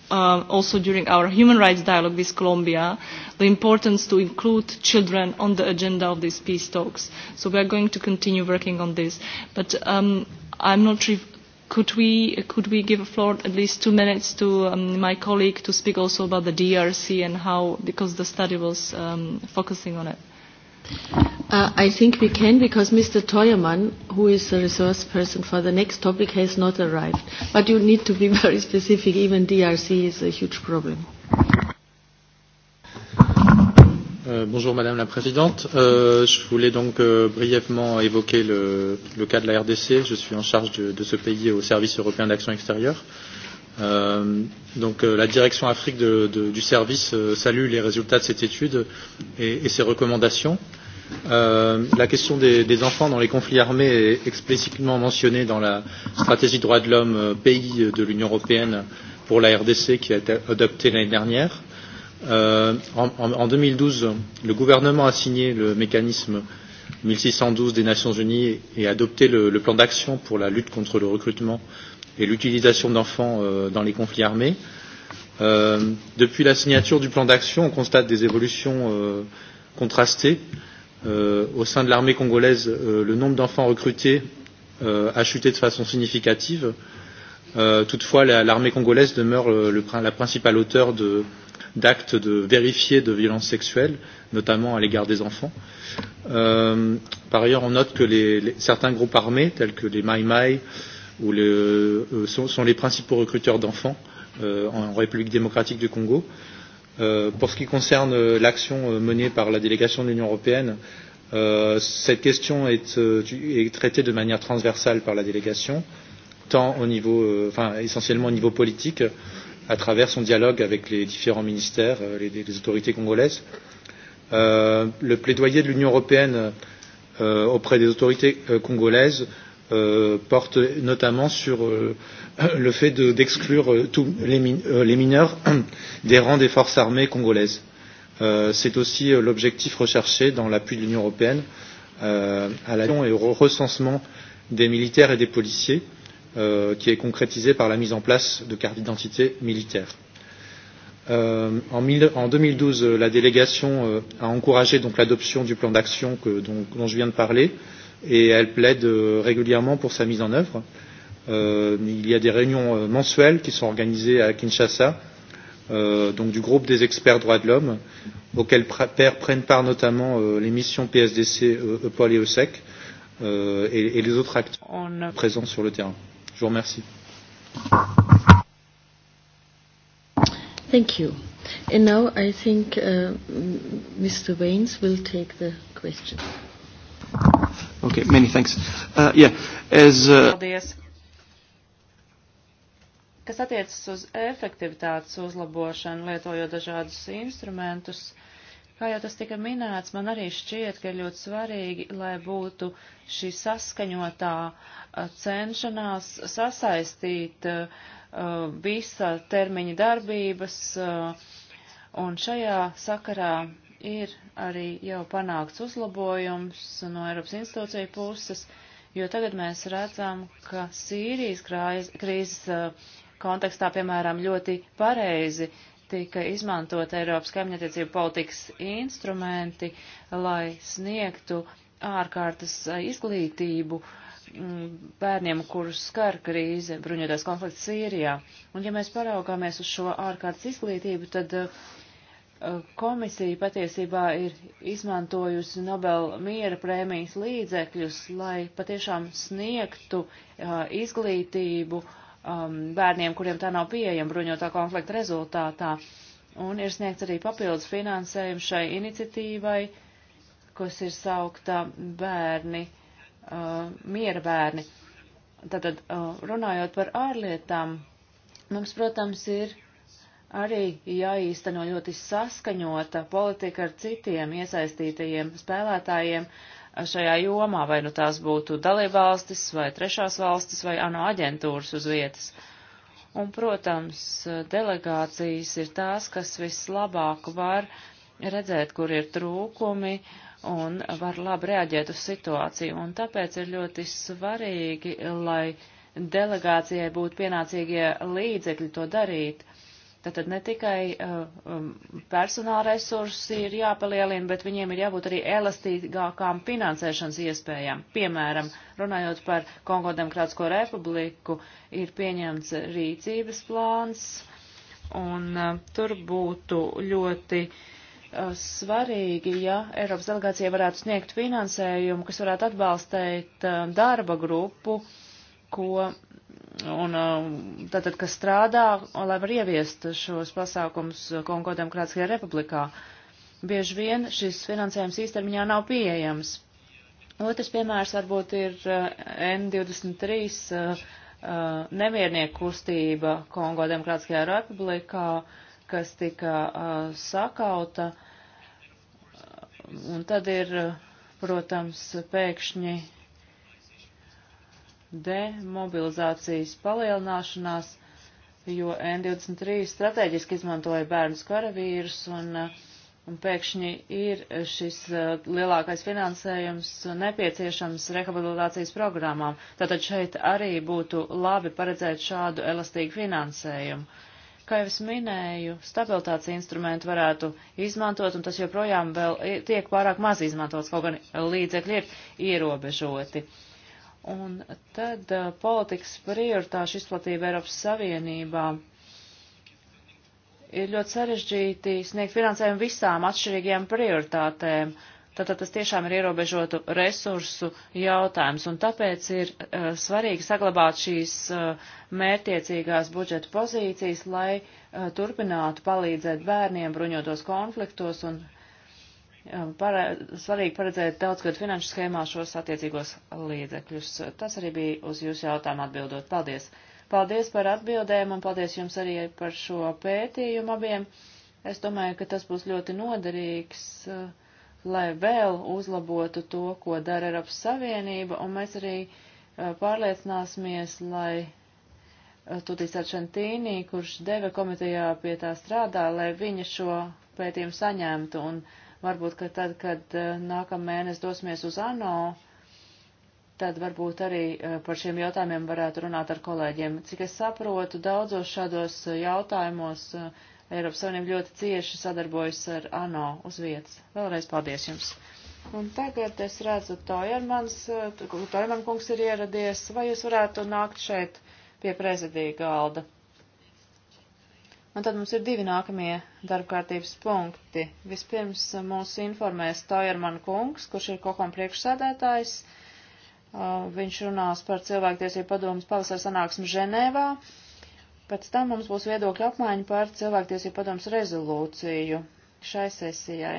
uh, also during our human rights dialogue with Colombia, the importance to include children on the agenda of these peace talks. So we are going to continue working on this. But um, I'm not, re- could we could we give a floor at least two minutes to um, my colleague to speak also about the DRC and how because the study was um, focusing on it. Uh, I think we can because Mr. Toyerman, who is the resource person for the next topic, has not arrived. But you need to be very specific. Even DRC is a huge problem. Euh, bonjour Madame la Présidente. Euh, je voulais donc euh, brièvement évoquer le, le cas de la RDC. Je suis en charge de, de ce pays au Service européen d'action extérieure. Euh, donc euh, la direction Afrique de, de, du service euh, salue les résultats de cette étude et, et ses recommandations. Euh, la question des, des enfants dans les conflits armés est explicitement mentionnée dans la stratégie droits de l'homme euh, pays de l'Union européenne pour la RDC qui a été adoptée l'année dernière. Euh, Euh, en, en, en 2012, le gouvernement a signé le mécanisme 1612 des Nations Unies et adopté le, le plan d'action pour la lutte contre le recrutement et l'utilisation d'enfants euh, dans les conflits armés. Euh, depuis la signature du plan d'action, on constate des évolutions euh, contrastées. Euh, au sein de l'armée congolaise, euh, le nombre d'enfants recrutés euh, a chuté de façon significative. Euh, toutefois, l'armée la, congolaise demeure euh, le, le, la principale auteur de, euh, d'actes de vérifiés de violences sexuelles, notamment à l'égard des enfants. Euh, par ailleurs, on note que les, les, certains groupes armés, tels que les Mai Mai, ou les, euh, euh sont, sont les principaux recruteurs d'enfants euh, en République démocratique du Congo. Euh, pour ce qui concerne euh, l'action euh, menée par la délégation de l'Union européenne, euh, cette question est, est traitée de manière transversale par la délégation, tant au niveau, euh, enfin essentiellement au niveau politique, euh, à travers son dialogue avec les différents ministères, euh, les, les autorités congolaises. Euh, le plaidoyer de l'Union européenne euh, auprès des autorités euh, congolaises euh, porte notamment sur euh, le fait d'exclure de, euh, tous les, min euh, les mineurs des rangs des forces armées congolaises. Euh, C'est aussi euh, l'objectif recherché dans l'appui de l'Union européenne euh, à l'action et au recensement des militaires et des policiers. Euh, euh, qui est concrétisée par la mise en place de cartes d'identité militaires. Euh, en, mille, en 2012, euh, la délégation euh, a encouragé donc l'adoption du plan d'action que, dont, dont je viens de parler et elle plaide euh, régulièrement pour sa mise en œuvre. Euh, il y a des réunions euh, mensuelles qui sont organisées à Kinshasa, euh, donc du groupe des experts droits de l'homme, auxquels pr prennent part notamment euh, les missions PSDC, euh, EPOL et ESEC euh, et, et les autres acteurs On... présents sur le terrain. Euh, Je vous remercie. Thank you. And now I think uh, Mr. Waynes will take the question. Okay, many thanks. Uh, yeah, as, uh... Paldies. Kas attiecas uz efektivitātes uzlabošanu, lietojot dažādus instrumentus, uh, Kā jau tas tika minēts, man arī šķiet, ka ir ļoti svarīgi, lai būtu šī saskaņotā cenšanās sasaistīt uh, visa termiņa darbības, uh, un šajā sakarā ir arī jau panākts uzlabojums no Eiropas institūciju puses, jo tagad mēs redzam, ka Sīrijas krāiz, krīzes kontekstā, piemēram, ļoti pareizi tika izmantot Eiropas kaimiņattiecību politikas instrumenti, lai sniegtu ārkārtas izglītību mm, bērniem, kurus skar krīze, bruņotās konflikts Sīrijā. Un ja mēs paraugāmies uz šo ārkārtas izglītību, tad komisija patiesībā ir izmantojusi Nobel miera prēmijas līdzekļus, lai patiešām sniegtu izglītību uh, um, bērniem, kuriem tā nav pieejama bruņotā konflikta rezultātā. Un ir sniegts arī papildus finansējums šai iniciatīvai, kas ir saukta bērni, uh, miera bērni. Tātad, uh, runājot par ārlietām, mums, protams, ir arī jāīsteno ļoti saskaņota politika ar citiem iesaistītajiem spēlētājiem, uh, šajā jomā, vai nu tās būtu dalībvalstis, vai trešās valstis, vai ANO aģentūras uz vietas. Un, protams, delegācijas ir tās, kas vislabāk var redzēt, kur ir trūkumi un var labi reaģēt uz situāciju. Un tāpēc ir ļoti svarīgi, lai delegācijai būtu pienācīgie līdzekļi to darīt. Uh, Tātad ne tikai uh, um, personāla resursi ir jāpalielina, bet viņiem ir jābūt arī elastīgākām finansēšanas iespējām. Piemēram, runājot par Kongo Demokrātisko republiku, ir pieņemts rīcības plāns, un uh, tur būtu ļoti uh, svarīgi, ja Eiropas delegācija varētu sniegt finansējumu, kas varētu atbalstīt darba grupu, ko un um, tātad, kas strādā, lai var ieviest šos pasākums Kongo Demokrātiskajā republikā. Bieži vien šis finansējums īstermiņā nav pieejams. Otrs piemērs varbūt ir uh, N23 uh, uh, nemiernieku kustība Kongo Demokrātiskajā republikā, kas tika sakauta. Un tad ir, protams, pēkšņi demobilizācijas palielināšanās, jo N23 strateģiski izmantoja bērnus karavīrus un, uh, un pēkšņi ir šis uh, lielākais finansējums nepieciešams rehabilitācijas programmām. Tātad šeit arī būtu labi paredzēt šādu elastīgu finansējumu. Kā jau es minēju, stabilitātes instrumentu varētu izmantot, un tas joprojām vēl tiek pārāk maz izmantots, kaut gan līdzekļi ir ierobežoti. Uh, Un tad uh, politikas prioritāšu izplatība Eiropas Savienībā. Ir ļoti sarežģīti sniegt finansējumu visām atšķirīgajām prioritātēm. Tātad tas tiešām ir ierobežotu resursu jautājums, un tāpēc ir uh, svarīgi saglabāt šīs uh, mērtiecīgās budžeta pozīcijas, lai uh, turpinātu palīdzēt bērniem bruņotos konfliktos un Um, Para, svarīgi paredzēt daudzgad finanšu schēmā šos attiecīgos līdzekļus. Tas arī bija uz jūsu jautājumu atbildot. Paldies! Paldies par atbildēm un paldies jums arī par šo pētījumu abiem. Es domāju, ka tas būs ļoti noderīgs, uh, lai vēl uzlabotu to, ko dara Eiropas Savienība, un mēs arī uh, pārliecināsimies, lai uh, Tutīs Arčantīnī, kurš deve komitejā pie tā strādā, lai viņa šo pētījumu saņemtu. Un, Varbūt, ka tad, kad eh, nākamēnes dosimies uz ANO, tad varbūt arī eh, par šiem jautājumiem varētu runāt ar kolēģiem. Cik es saprotu, daudzos šādos eh, jautājumos Eiropas Savienība ļoti cieši sadarbojas ar ANO uz vietas. Vēlreiz paldies jums! Un tagad es redzu, Tojermans, Tojerman kungs ir ieradies, vai jūs varētu nākt šeit pie prezidija galda? Un tad mums ir divi nākamie darbkārtības punkti. Vispirms eh, mūs informēs Tojerman kungs, kurš ir kokam priekšsēdētājs. Eh, viņš runās par cilvēktiesību padomus pavasara sanāksmi Ženēvā. Pēc tam mums būs viedokļa apmaiņa par cilvēktiesību padomus rezolūciju šai sesijai.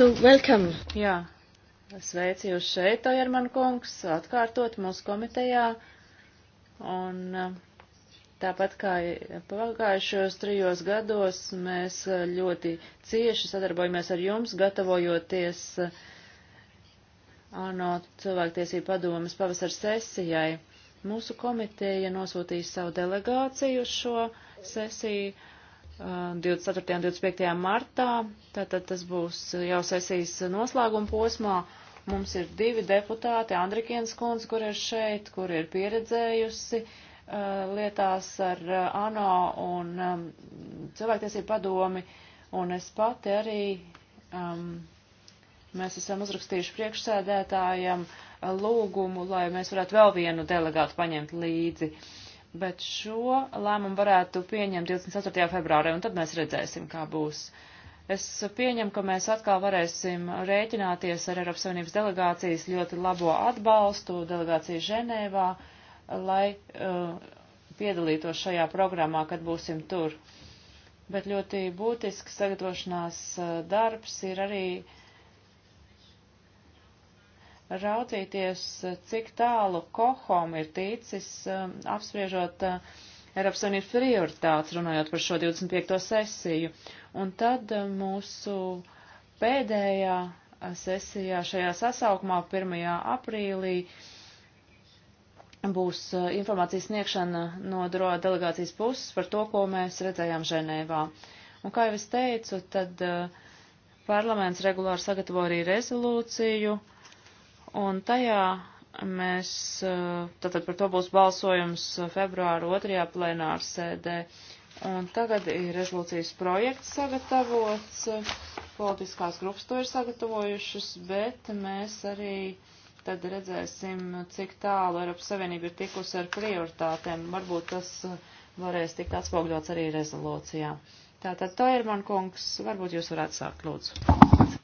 to welcome. Jā, sveicu jūs šeit, Ojerman kungs, atkārtot mūsu komitejā. Un eh, tāpat kā pagājušos trijos gados, mēs eh, ļoti cieši sadarbojamies ar jums, gatavojoties eh, ANO cilvēktiesību padomas pavasar sesijai. Mūsu komiteja nosūtīs savu delegāciju uz šo sesiju 24. un 25. martā, tātad tas būs jau sesijas noslēguma posmā. Mums ir divi deputāti, Andrikienas kundze, kur ir šeit, kur ir pieredzējusi uh, lietās ar uh, ANO un um, cilvēktiesību padomi, un es pati arī, um, mēs esam uzrakstījuši priekšsēdētājam uh, lūgumu, lai mēs varētu vēl vienu delegātu paņemt līdzi. Uh, bet šo lēmumu varētu pieņemt 24. februārī, un tad mēs redzēsim, kā būs. Es pieņemu, ka mēs atkal varēsim rēķināties ar Eiropas Savienības delegācijas ļoti labo atbalstu, delegāciju Ženēvā, lai uh, piedalītos šajā programmā, kad būsim tur. Bet ļoti būtisks sagatavošanās uh, darbs ir arī uh, raudzīties, cik tālu kohom ir ticis um, apspriežot uh, Eiropas Savienības prioritātes, runājot par šo 25. sesiju. Un tad uh, mūsu pēdējā uh, sesijā šajā sasaukumā 1. aprīlī būs informācijas sniegšana no droga delegācijas puses par to, ko mēs redzējām Ženēvā. Un kā jau es teicu, tad parlaments regulāri sagatavo arī rezolūciju uh, un tajā mēs, eh, tātad par to būs balsojums februāru otrajā plenāru sēdē. Un tagad ir rezolūcijas projekts sagatavots, politiskās grupas to ir sagatavojušas, bet mēs arī tad redzēsim, cik tālu Eiropas Savienība ir tikusi ar prioritātēm. Varbūt tas eh, varēs tikt atspogļots arī rezolūcijā. Tātad to ir man kungs, varbūt jūs varētu sākt, lūdzu.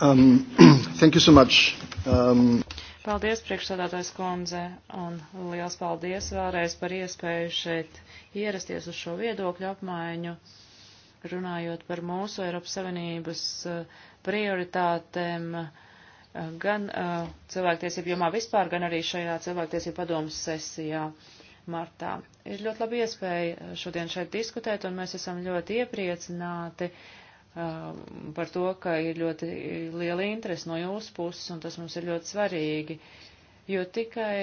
Um, thank you so much. Um... Paldies, priekšsādātājs kundze, un liels paldies vēlreiz par iespēju šeit ierasties uz šo viedokļu apmaiņu, runājot par mūsu Eiropas Savienības uh, prioritātēm uh, gan uh, cilvēktiesību jomā vispār, gan arī šajā cilvēktiesību padomas sesijā martā. Ir ļoti labi iespēja uh, šodien šeit diskutēt, un mēs esam ļoti iepriecināti uh, Um, par to, ka ir ļoti liela interese no jūsu puses, un tas mums ir ļoti svarīgi. Jo tikai,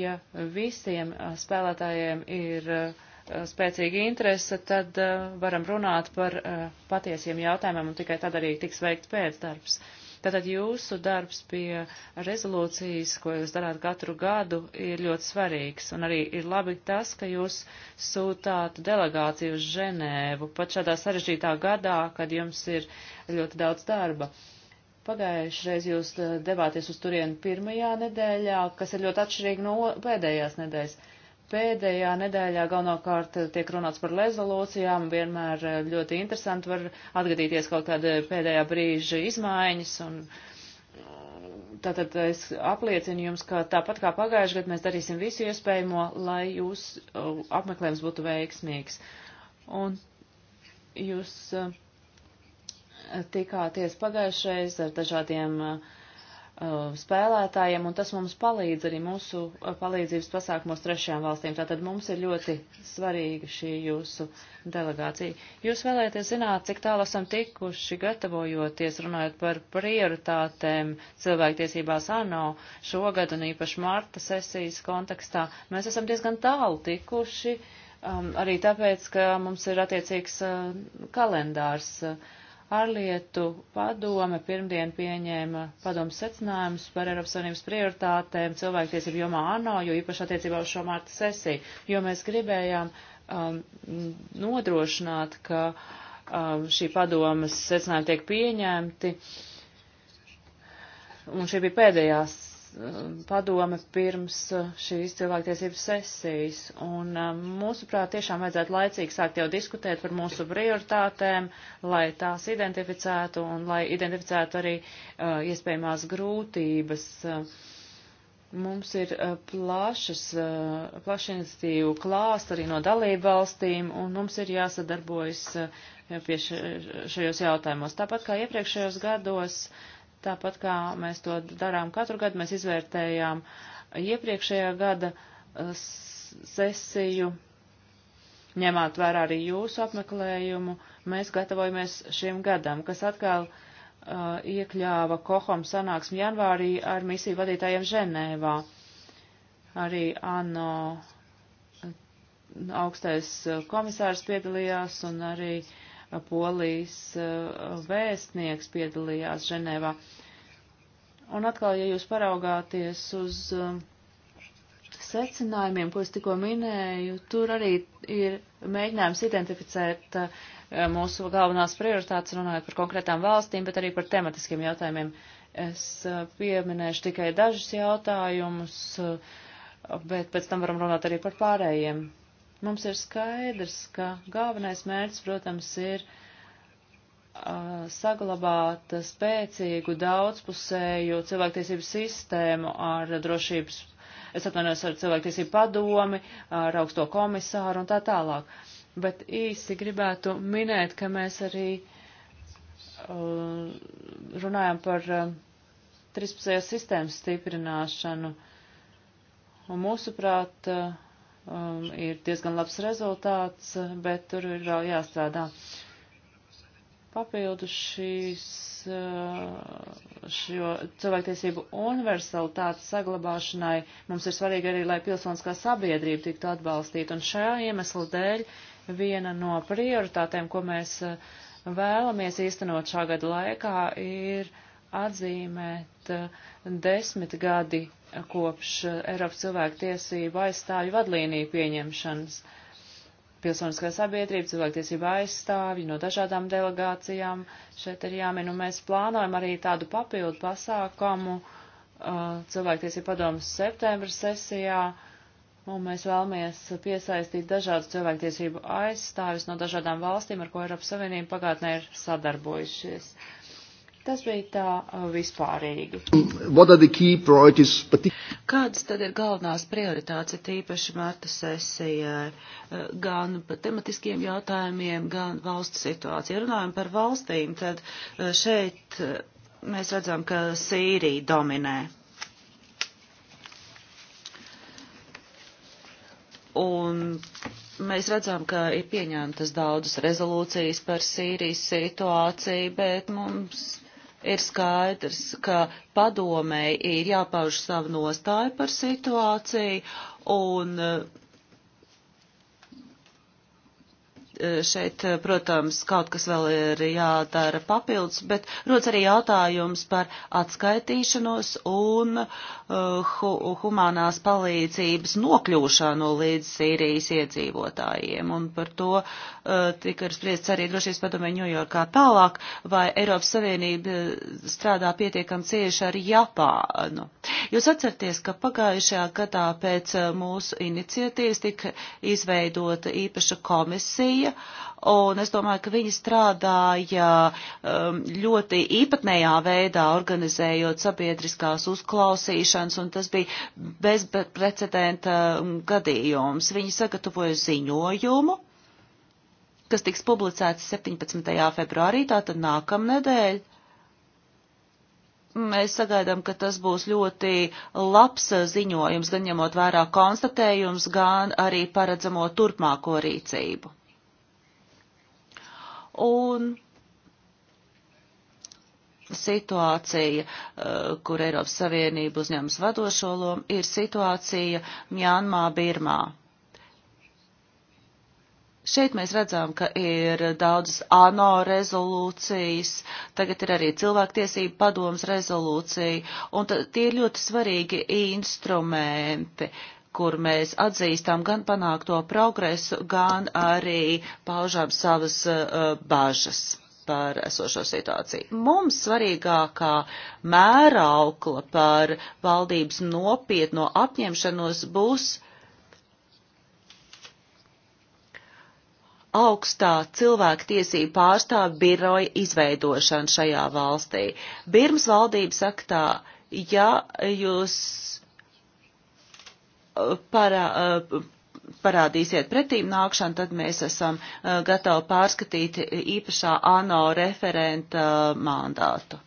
ja visiem spēlētājiem ir uh, spēcīga interese, tad uh, varam runāt par uh, patiesiem jautājumiem, un tikai tad arī tiks veikt pēcdarbs. darbs. Tātad jūsu darbs pie rezolūcijas, ko jūs darāt katru gadu, ir ļoti svarīgs. Un arī ir labi tas, ka jūs sūtāt delegāciju uz Ženēvu, pat šādā sarežģītā gadā, kad jums ir ļoti daudz darba. Pagājušreiz jūs eh, devāties uz turienu pirmajā nedēļā, kas ir ļoti atšķirīgi no pēdējās nedēļas. Pēdējā nedēļā galvenokārt tiek runāts par rezolūcijām, vienmēr eh, ļoti interesanti var atgadīties kaut kāda pēdējā brīža izmaiņas, un mm, tātad es apliecinu jums, ka tāpat kā pagājušajā gadā mēs darīsim visu iespējamo, lai jūs eh, apmeklējums būtu veiksmīgs. Un jūs eh, tikāties pagājušais ar dažādiem uh, Uh, spēlētājiem, un tas mums palīdz arī mūsu uh, palīdzības pasākumos trešajām valstīm. Tātad mums ir ļoti svarīga šī jūsu delegācija. Jūs vēlēties zināt, cik tālu esam tikuši gatavojoties, runājot par prioritātēm cilvēktiesībās ANO šogad un īpaši marta sesijas kontekstā. Mēs esam diezgan tālu tikuši, um, arī tāpēc, ka mums ir attiecīgs uh, kalendārs. Uh, Ārlietu padome pirmdien pieņēma padomus secinājumus par Eiropas Savienības prioritātēm cilvēktiesību jomā ANO, jo īpaši attiecībā uz šo mārta sesiju, jo mēs gribējām um, nodrošināt, ka um, šī padomas secinājumi tiek pieņemti. Un šī bija pēdējās Eh, padome pirms eh, šīs cilvēktiesības sesijas. Un eh, mūsuprāt, tiešām vajadzētu laicīgi sākt jau diskutēt par mūsu prioritātēm, lai tās identificētu un lai identificētu arī uh, iespējamās grūtības. Mums ir plašas, plaša iniciatīvu klāsts arī no dalību valstīm, un mums ir jāsadarbojas pie šajos jautājumos. Tāpat kā iepriekšējos gados, uh, Tāpat kā mēs to darām katru gadu, mēs izvērtējām iepriekšējā gada eh, sesiju, ņemot vērā arī jūsu apmeklējumu, mēs gatavojamies šim gadam, kas atkal uh, iekļāva Kohom sanāksmi janvārī ar misiju vadītājiem Ženēvā. Arī ANO eh, augstais komisārs piedalījās un arī uh, polijas eh, vēstnieks piedalījās Ženēvā. Un atkal, ja jūs paraugāties uz eh, secinājumiem, ko es tikko minēju, tur arī ir mēģinājums identificēt eh, mūsu galvenās prioritātes, runājot par konkrētām valstīm, bet arī par tematiskiem jautājumiem. Es pieminēšu tikai dažus jautājumus, bet pēc tam varam runāt arī par pārējiem. Mums ir skaidrs, ka galvenais mērķis, protams, ir uh, saglabāt spēcīgu daudzpusēju cilvēktiesību sistēmu ar drošības, es atvainojos ar cilvēktiesību padomi, ar augsto komisāru un tā tālāk. Bet īsi gribētu minēt, ka mēs arī uh, runājam par uh, trīspusējās sistēmas stiprināšanu. Un mūsuprāt, uh, um, ir diezgan labs rezultāts, bet tur ir vēl jāstrādā. Papildu šīs, uh, šo cilvēktiesību universalitātes saglabāšanai mums ir svarīgi arī, lai pilsoniskā sabiedrība tiktu atbalstīta, un šā iemesla dēļ viena no prioritātēm, ko mēs uh, vēlamies īstenot šā gada laikā, ir atzīmēt uh, desmit gadi kopš eh, Eiropas cilvēku tiesību aizstāvju vadlīniju pieņemšanas. Pilsoniskā sabiedrība, cilvēktiesība aizstāvji no dažādām delegācijām šeit ir jāmin, un mēs plānojam arī tādu papildu pasākumu uh, cilvēktiesība padomas septembra sesijā, un mēs vēlamies piesaistīt dažādus cilvēktiesību aizstāvis no dažādām valstīm, ar ko Eiropas Savienība pagātnē ir sadarbojušies. Uh, Tas bija tā uh, vispārīgi. Kādas tad ir galvenās prioritātes, tīpaši Marta sesijai, uh, gan par tematiskiem jautājumiem, gan valsts situāciju? Runājam par valstīm, tad uh, šeit mēs redzam, ka Sīrija dominē. Un mēs redzam, ka ir pieņemtas daudzas rezolūcijas par Sīrijas situāciju, bet mums ir skaidrs, ka padomēji ir jāpauž savu nostāju par situāciju un uh, Eh, šeit, eh, protams, kaut kas vēl ir jādara papildus, bet rodas arī jautājums par atskaitīšanos un uh, hu humanās palīdzības nokļūšanu līdz Sīrijas iedzīvotājiem. Un par to uh, tika spriests arī drošības padomē Ņujorkā tālāk, vai Eiropas Savienība strādā pietiekam cieši ar Japānu. Jūs atcerieties, ka pagājušajā gadā pēc mūsu iniciatīvas tika izveidota īpaša komisija, komisija, un es domāju, ka viņi strādāja um, ļoti īpatnējā veidā, organizējot sabiedriskās uzklausīšanas, un tas bija bezprecedenta um, gadījums. Viņi sagatavoja ziņojumu, kas tiks publicēts 17. februārī, tātad nākamnedēļ. Mēs sagaidām, ka tas būs ļoti labs ziņojums, gan ņemot vērā konstatējums, gan arī paredzamo turpmāko rīcību. Un situācija, eh, kur Eiropas Savienība uzņemas vadošo lomu, ir situācija Mjanmā, Birmā. Šeit mēs redzam, ka ir daudzas ANO rezolūcijas, tagad ir arī cilvēktiesība padomas rezolūcija, un tie ir ļoti svarīgi instrumenti. Uh, kur mēs atzīstam gan panākto progresu, gan arī paužām savas uh, bažas par esošo situāciju. Mums svarīgākā mēraukla par valdības nopietno apņemšanos būs augstā cilvēktiesība pārstāv biroja izveidošana šajā valstī. Birmas valdība saka tā, ja jūs parā, parādīsiet pretīm nākšanu, tad mēs esam eh, gatavi pārskatīt īpašā ANO referenta eh, mandātu.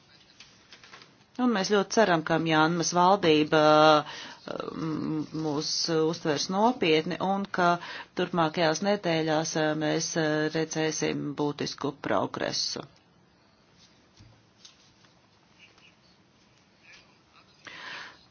Un nu, mēs ļoti ceram, ka Jānmas valdība eh, mūs uztvers nopietni un ka turpmākajās nedēļās mēs redzēsim būtisku progresu.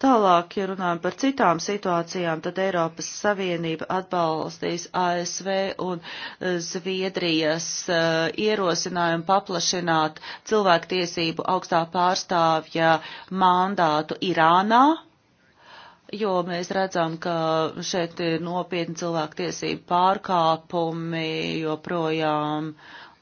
Tālāk, ja runājam par citām situācijām, tad Eiropas Savienība atbalstīs ASV un e, Zviedrijas e, ierosinājumu paplašināt cilvēktiesību augstā pārstāvja mandātu Irānā, jo mēs redzam, ka šeit ir nopietni cilvēktiesību pārkāpumi joprojām.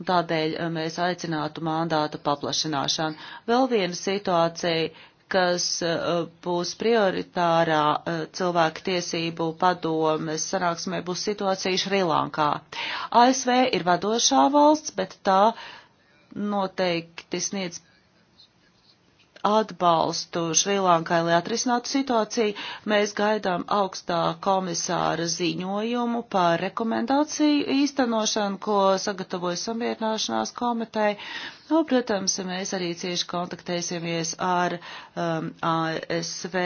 Tādēļ e, mēs aicinātu mandātu paplašināšanu. Vēl viena situācija kas eh, būs prioritārā eh, cilvēku tiesību padomes sanāksmē, būs situācija Šrilankā. ASV ir vadošā valsts, bet tā noteikti sniedz atbalstu Šrilankai, lai atrisinātu situāciju. Mēs gaidām augstā komisāra ziņojumu par rekomendāciju īstenošanu, ko sagatavoja samierināšanās komiteja. Nu, protams, mēs arī cieši kontaktēsimies ar um, ASV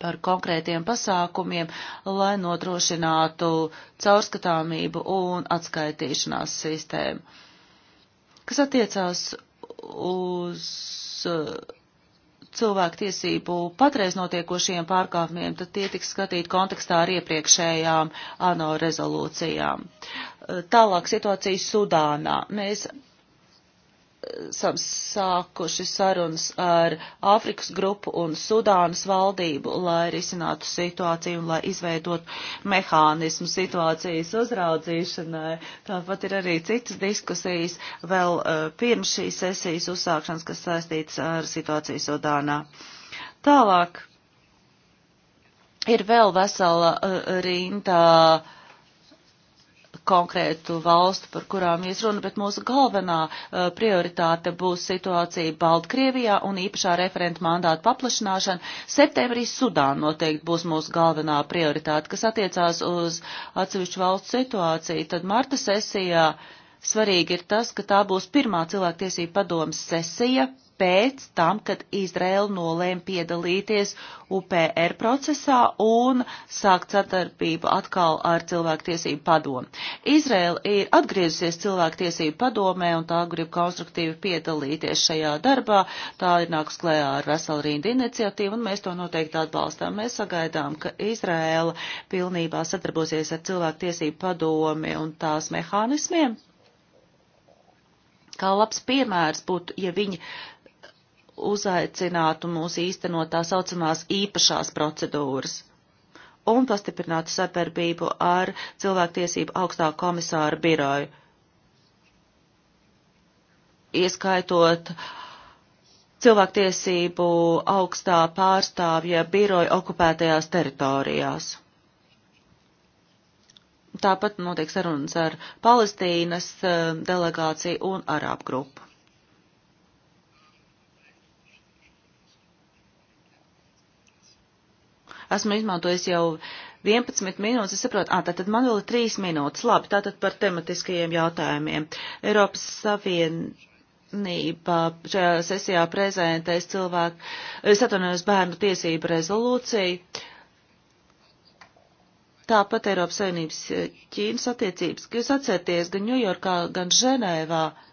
par konkrētiem pasākumiem, lai nodrošinātu caurskatāmību un atskaitīšanās sistēmu. Kas attiecās uz uh, cilvēku tiesību patreiz notiekošiem pārkāpumiem, tad tie tiks skatīti kontekstā ar iepriekšējām ANO rezolūcijām. Uh, tālāk situācija Sudānā. Mēs esam sākuši sarunas ar Āfrikas grupu un Sudānas valdību, lai risinātu situāciju un lai izveidot mehānismu situācijas uzraudzīšanai. Tāpat ir arī citas diskusijas vēl eh, pirms šīs sesijas uzsākšanas, kas saistītas ar situāciju Sudānā. Tālāk ir vēl vesela eh, rinda. Uh, konkrētu valstu, par kurām jūs runa, bet mūsu galvenā uh, prioritāte būs situācija Baltkrievijā un īpašā referenta mandāta paplašināšana. Septembrī Sudāna noteikti būs mūsu galvenā prioritāte, kas attiecās uz atsevišķu valstu situāciju. Tad marta sesijā svarīgi ir tas, ka tā būs pirmā cilvēktiesība padomas sesija pēc tam, kad Izraela nolēma piedalīties UPR procesā un sākt sadarbību atkal ar cilvēktiesību padomu. Izraela ir atgriezusies cilvēktiesību padomē un tā grib konstruktīvi piedalīties šajā darbā. Tā ir nāks klējā ar veselu rindu iniciatīvu un mēs to noteikti atbalstām. Mēs sagaidām, ka Izraela pilnībā sadarbosies ar cilvēktiesību padomi un tās mehānismiem kā labs piemērs būtu, ja viņi uzaicinātu mūs īstenot tā saucamās īpašās procedūras un pastiprinātu sadarbību ar cilvēktiesību augstā komisāra biroju, ieskaitot cilvēktiesību augstā pārstāvja biroja okupētajās teritorijās. Tāpat notiek sarunas ar Palestīnas eh, delegāciju un Arābu grupu. Esmu izmantojis jau 11 minūtes, es saprotu, ah, tātad man vēl ir 3 minūtes. Labi, tātad par tematiskajiem jautājumiem. Eiropas Savienība Nība šajā sesijā prezentēs cilvēku, es atvainojos bērnu tiesību rezolūciju. Tāpat Eiropas Savienības Ķīnas attiecības, ka jūs atcerieties gan Ņujorkā, gan Ženēvā. Uh,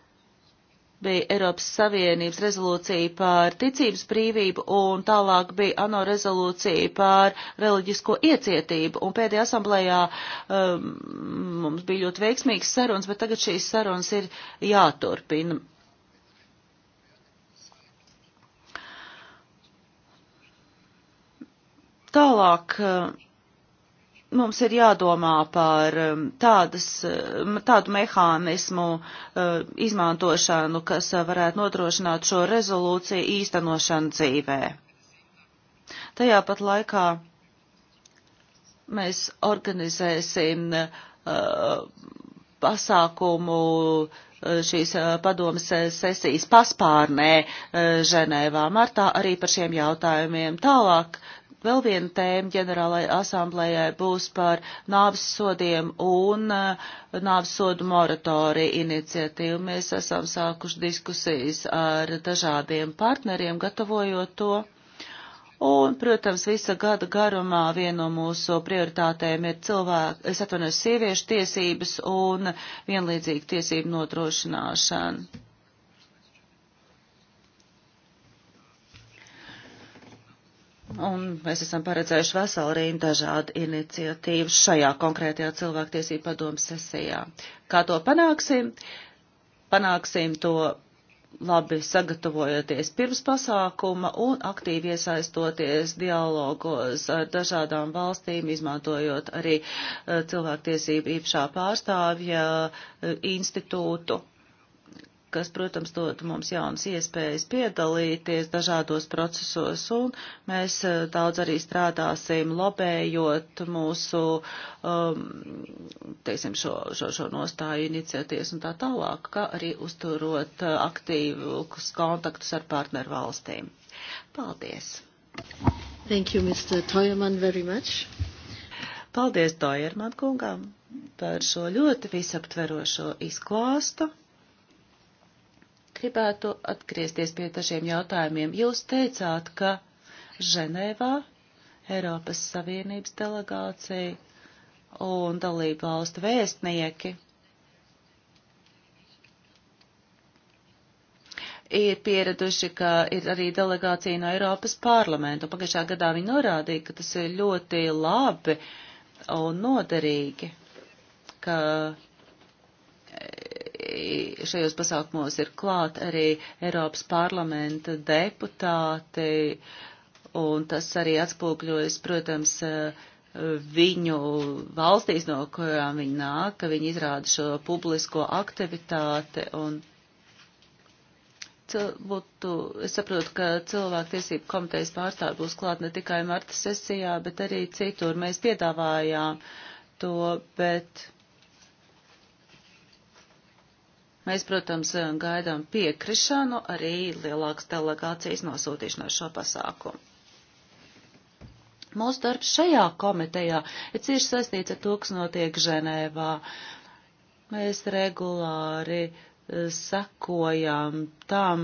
bija Eiropas Savienības rezolūcija par ticības brīvību un tālāk bija ANO rezolūcija par reliģisko iecietību. Un pēdējā asamblējā um, mums bija ļoti veiksmīgs sarunas, bet tagad šīs sarunas ir jāturpina. Tālāk. Uh, mums ir jādomā par um, tādas, um, tādu mehānismu uh, izmantošanu, kas uh, varētu nodrošināt šo rezolūciju īstenošanu dzīvē. Tajā pat laikā mēs organizēsim uh, pasākumu šīs padomas sesijas paspārnē Ženēvā martā arī par šiem jautājumiem. Tālāk uh, Vēl viena tēma ģenerālajai asamblējai būs par nāvis sodiem un eh, nāvis sodu moratoriju iniciatīvu. Mēs esam sākuši diskusijas ar dažādiem partneriem, gatavojot to. Un, protams, visa gada garumā viena no mūsu prioritātēm ir cilvēku, es atvainojos, sieviešu tiesības un vienlīdzīgu tiesību notrošināšanu. Un mēs esam paredzējuši veselu rindu dažādu iniciatīvu šajā konkrētajā cilvēktiesību padomu sesijā. Kā to panāksim? Panāksim to labi sagatavojoties pirms pasākuma un aktīvi iesaistoties dialogos ar dažādām valstīm, izmantojot arī eh, cilvēktiesību īpašā pārstāvja eh, institūtu kas, protams, dod mums jaunas iespējas piedalīties dažādos procesos, un mēs eh, daudz arī strādāsim, lobējot mūsu, um, teiksim, šo, šo, šo nostāju iniciatīvas un tā tālāk, kā arī uzturot eh, aktīvus kontaktus ar partneru valstīm. Paldies! Thank you, Mr. Toyerman, very much. Paldies Toyerman kungam par šo ļoti visaptverošo izklāstu gribētu atgriezties pie dažiem jautājumiem. Jūs teicāt, ka Ženēvā Eiropas Savienības delegācija un dalību valstu vēstnieki ir pieraduši, ka ir arī delegācija no Eiropas parlamentu. Pagājušā gadā viņi norādīja, ka tas ir ļoti labi un noderīgi, ka šajos pasākumos ir klāt arī Eiropas parlamenta deputāti, un tas arī atspūgļojas, protams, viņu valstīs, no kurām viņi nāk, ka viņi izrāda šo publisko aktivitāti. Un būtu, es saprotu, ka cilvēktiesību komitejas pārstāvji būs klāt ne tikai marta sesijā, bet arī citur. Mēs piedāvājām to, bet Mēs, protams, eh, gaidām piekrišanu arī lielākas delegācijas nosūtīšanā šo pasākumu. Mūsu darbs šajā komitejā ir cieši saistīts ar to, kas notiek Ženēvā. Mēs regulāri eh, sekojam tam,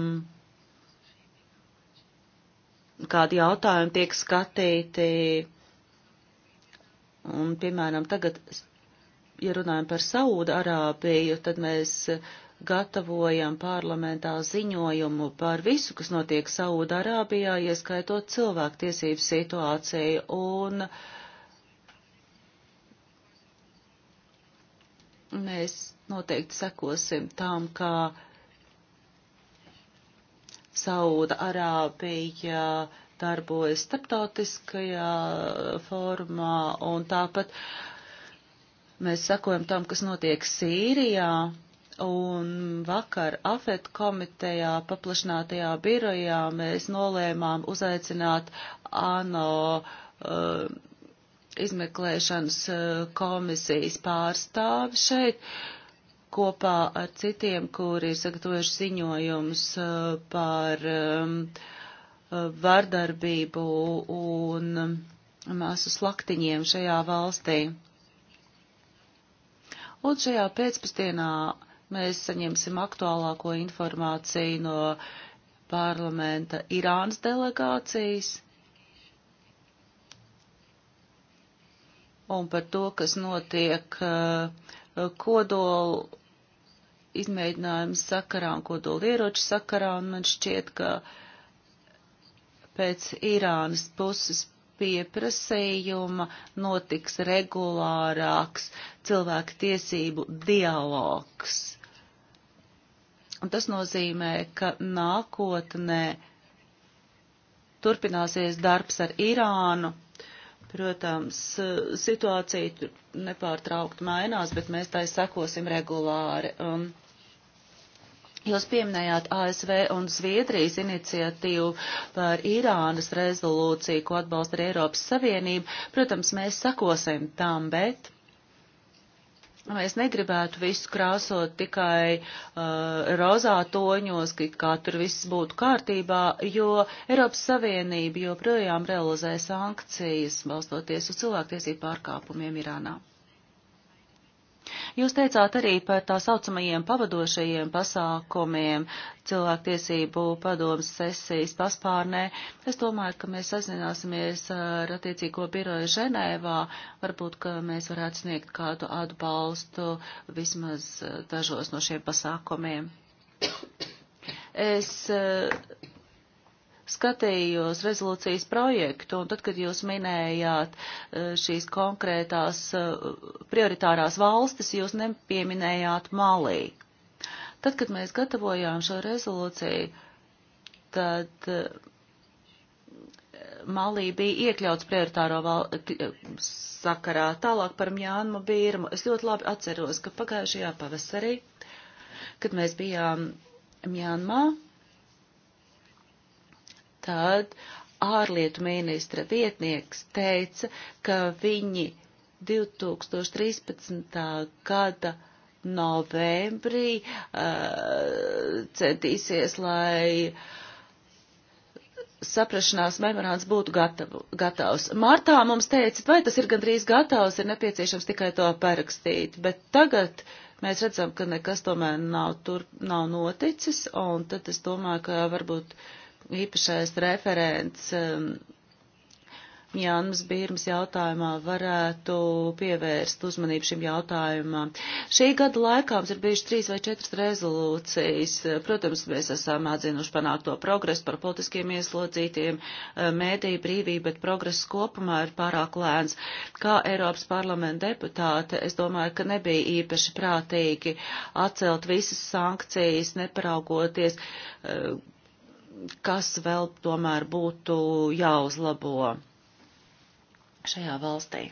kādi jautājumi tiek skatīti. Un, piemēram, tagad, ja runājam par Saūda Arābiju, tad mēs gatavojam parlamentā ziņojumu par visu, kas notiek Saudārābijā, ieskaitot cilvēktiesību situāciju un mēs noteikti sekosim tām, kā Sauda Arābija darbojas starptautiskajā formā un tāpat mēs sakojam tam, kas notiek Sīrijā Un vakar AFET komitejā paplašinātajā birojā mēs nolēmām uzaicināt ANO uh, izmeklēšanas eh, komisijas pārstāvi šeit kopā ar citiem, kuri ir sagatavojuši ziņojumus eh, par um, vardarbību un māsu slaktiņiem šajā valstī. Un šajā pēcpusdienā uh, Mēs saņemsim aktuālāko informāciju no parlamenta Irānas delegācijas un par to, kas notiek uh, kodolu izmēģinājumu sakarā un kodolu ieroču sakarā, un man šķiet, ka pēc Irānas puses pieprasījuma notiks regulārāks cilvēku tiesību dialogs Un tas nozīmē, ka nākotnē turpināsies darbs ar Irānu. Protams, situācija nepārtraukti mainās, bet mēs tai sekosim regulāri. Un Jūs pieminējāt ASV un Zviedrijas iniciatīvu par Irānas rezolūciju, ko atbalsta arī Eiropas Savienība. Protams, mēs sakosim tam, bet Mēs negribētu visu krāsot tikai uh, rozā toņos, kā tur viss būtu kārtībā, jo Eiropas Savienība joprojām realizē sankcijas, balstoties uz cilvēktiesību pārkāpumiem Irānā. Jūs teicāt arī par tā saucamajiem pavadošajiem pasākumiem cilvēktiesību padomas sesijas paspārnē. Es domāju, ka mēs sazināsimies ar attiecīgo biroju Ženēvā. Varbūt, ka mēs varētu sniegt kādu atbalstu vismaz dažos no šiem pasākumiem. Es eh, skatījos rezolūcijas projektu, un tad, kad jūs minējāt eh, šīs konkrētās eh, prioritārās valstis, jūs nepieminējāt Malī. Tad, kad mēs gatavojām šo rezolūciju, tad eh, Malī bija iekļauts prioritāro val... sakarā. Tālāk par Mjānmu Bīrmu. Es ļoti labi atceros, ka pagājušajā pavasarī, kad mēs bijām Mjānmā, tad ārlietu ministra vietnieks teica, ka viņi 2013. gada novembrī uh, centīsies, lai saprašanās memorāns būtu gatavu, gatavs. Martā mums teica, vai tas ir gandrīz gatavs, ir nepieciešams tikai to parakstīt, bet tagad mēs redzam, ka nekas tomēr nav tur, nav noticis, un tad es domāju, ka varbūt uh, īpašais referents um, Jānis Birmas jautājumā varētu pievērst uzmanību šim jautājumam. Šī gada laikā mums ir bijušas trīs vai četras rezolūcijas. Protams, mēs esam atzinuši panākto progresu par politiskiem ieslodzītiem, eh, mēdīju brīvību, bet progress kopumā ir pārāk lēns. Kā Eiropas parlamenta deputāte, es domāju, ka nebija īpaši prātīgi atcelt visas sankcijas, neparaugoties eh, kas vēl tomēr būtu jāuzlabo šajā valstī.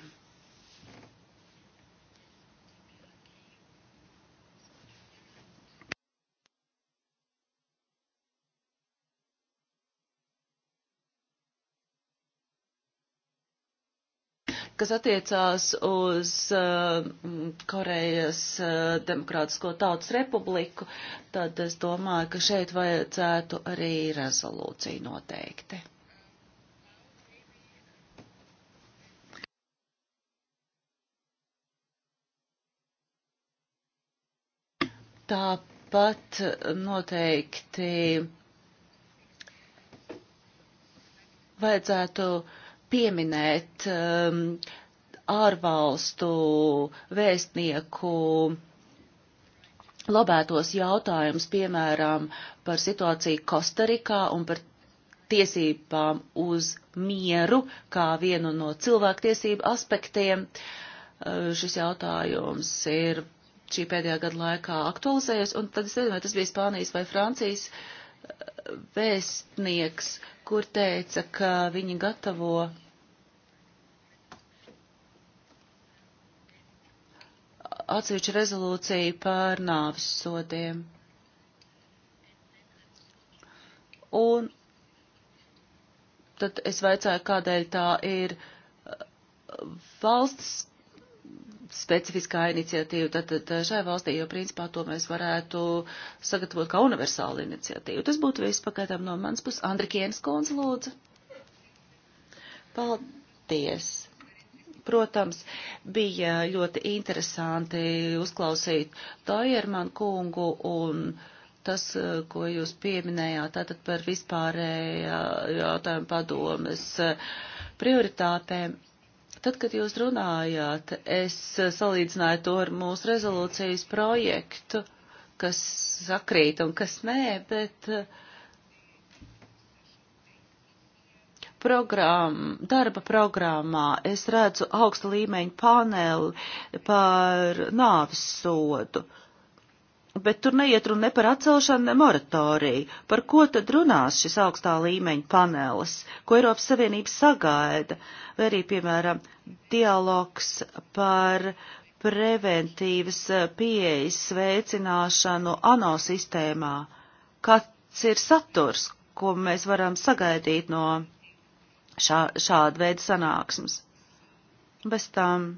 kas attiecās uz uh, Korejas uh, Demokrātisko tautas republiku, tad es domāju, ka šeit vajadzētu arī rezolūciju noteikti. Tāpat noteikti vajadzētu uh, pieminēt um, ārvalstu vēstnieku lobētos jautājumus, piemēram, par situāciju Kostarikā un par tiesībām uz mieru kā vienu no cilvēktiesību aspektiem. Uh, šis jautājums ir šī pēdējā gada laikā aktualizējies, un tad es nezinu, vai tas bija Spānijas vai Francijas uh, vēstnieks, kur teica, ka viņi gatavo atsevišķu rezolūciju par nāvis sodiem. Un tad es vaicāju, kādēļ tā ir uh, valsts specifiskā iniciatīva, tad, tad eh, šai valstī, jo principā to mēs varētu sagatavot kā universālu iniciatīvu. Tas būtu viss pagaidām no mans puses. Andrikienas kundze lūdzu. Paldies. Protams, bija ļoti interesanti uzklausīt Toierman kungu un tas, ko jūs pieminējāt, tātad par vispārējā jautājuma padomes prioritātēm Tad, kad jūs runājāt, es eh, salīdzināju to ar mūsu rezolūcijas projektu, kas sakrīt un kas nē, bet eh, program, darba programmā es redzu augsta līmeņa paneli par nāvis sodu. Uh, Bet tur neiet runa ne par atcelšanu, ne moratoriju. Par ko tad runās šis augstā līmeņa panelis, ko Eiropas Savienība sagaida? Vai arī, piemēram, dialogs par preventīvas pieejas veicināšanu ANO sistēmā. Kāds ir saturs, ko mēs varam sagaidīt no šā, šāda veida sanāksmes? Bez tam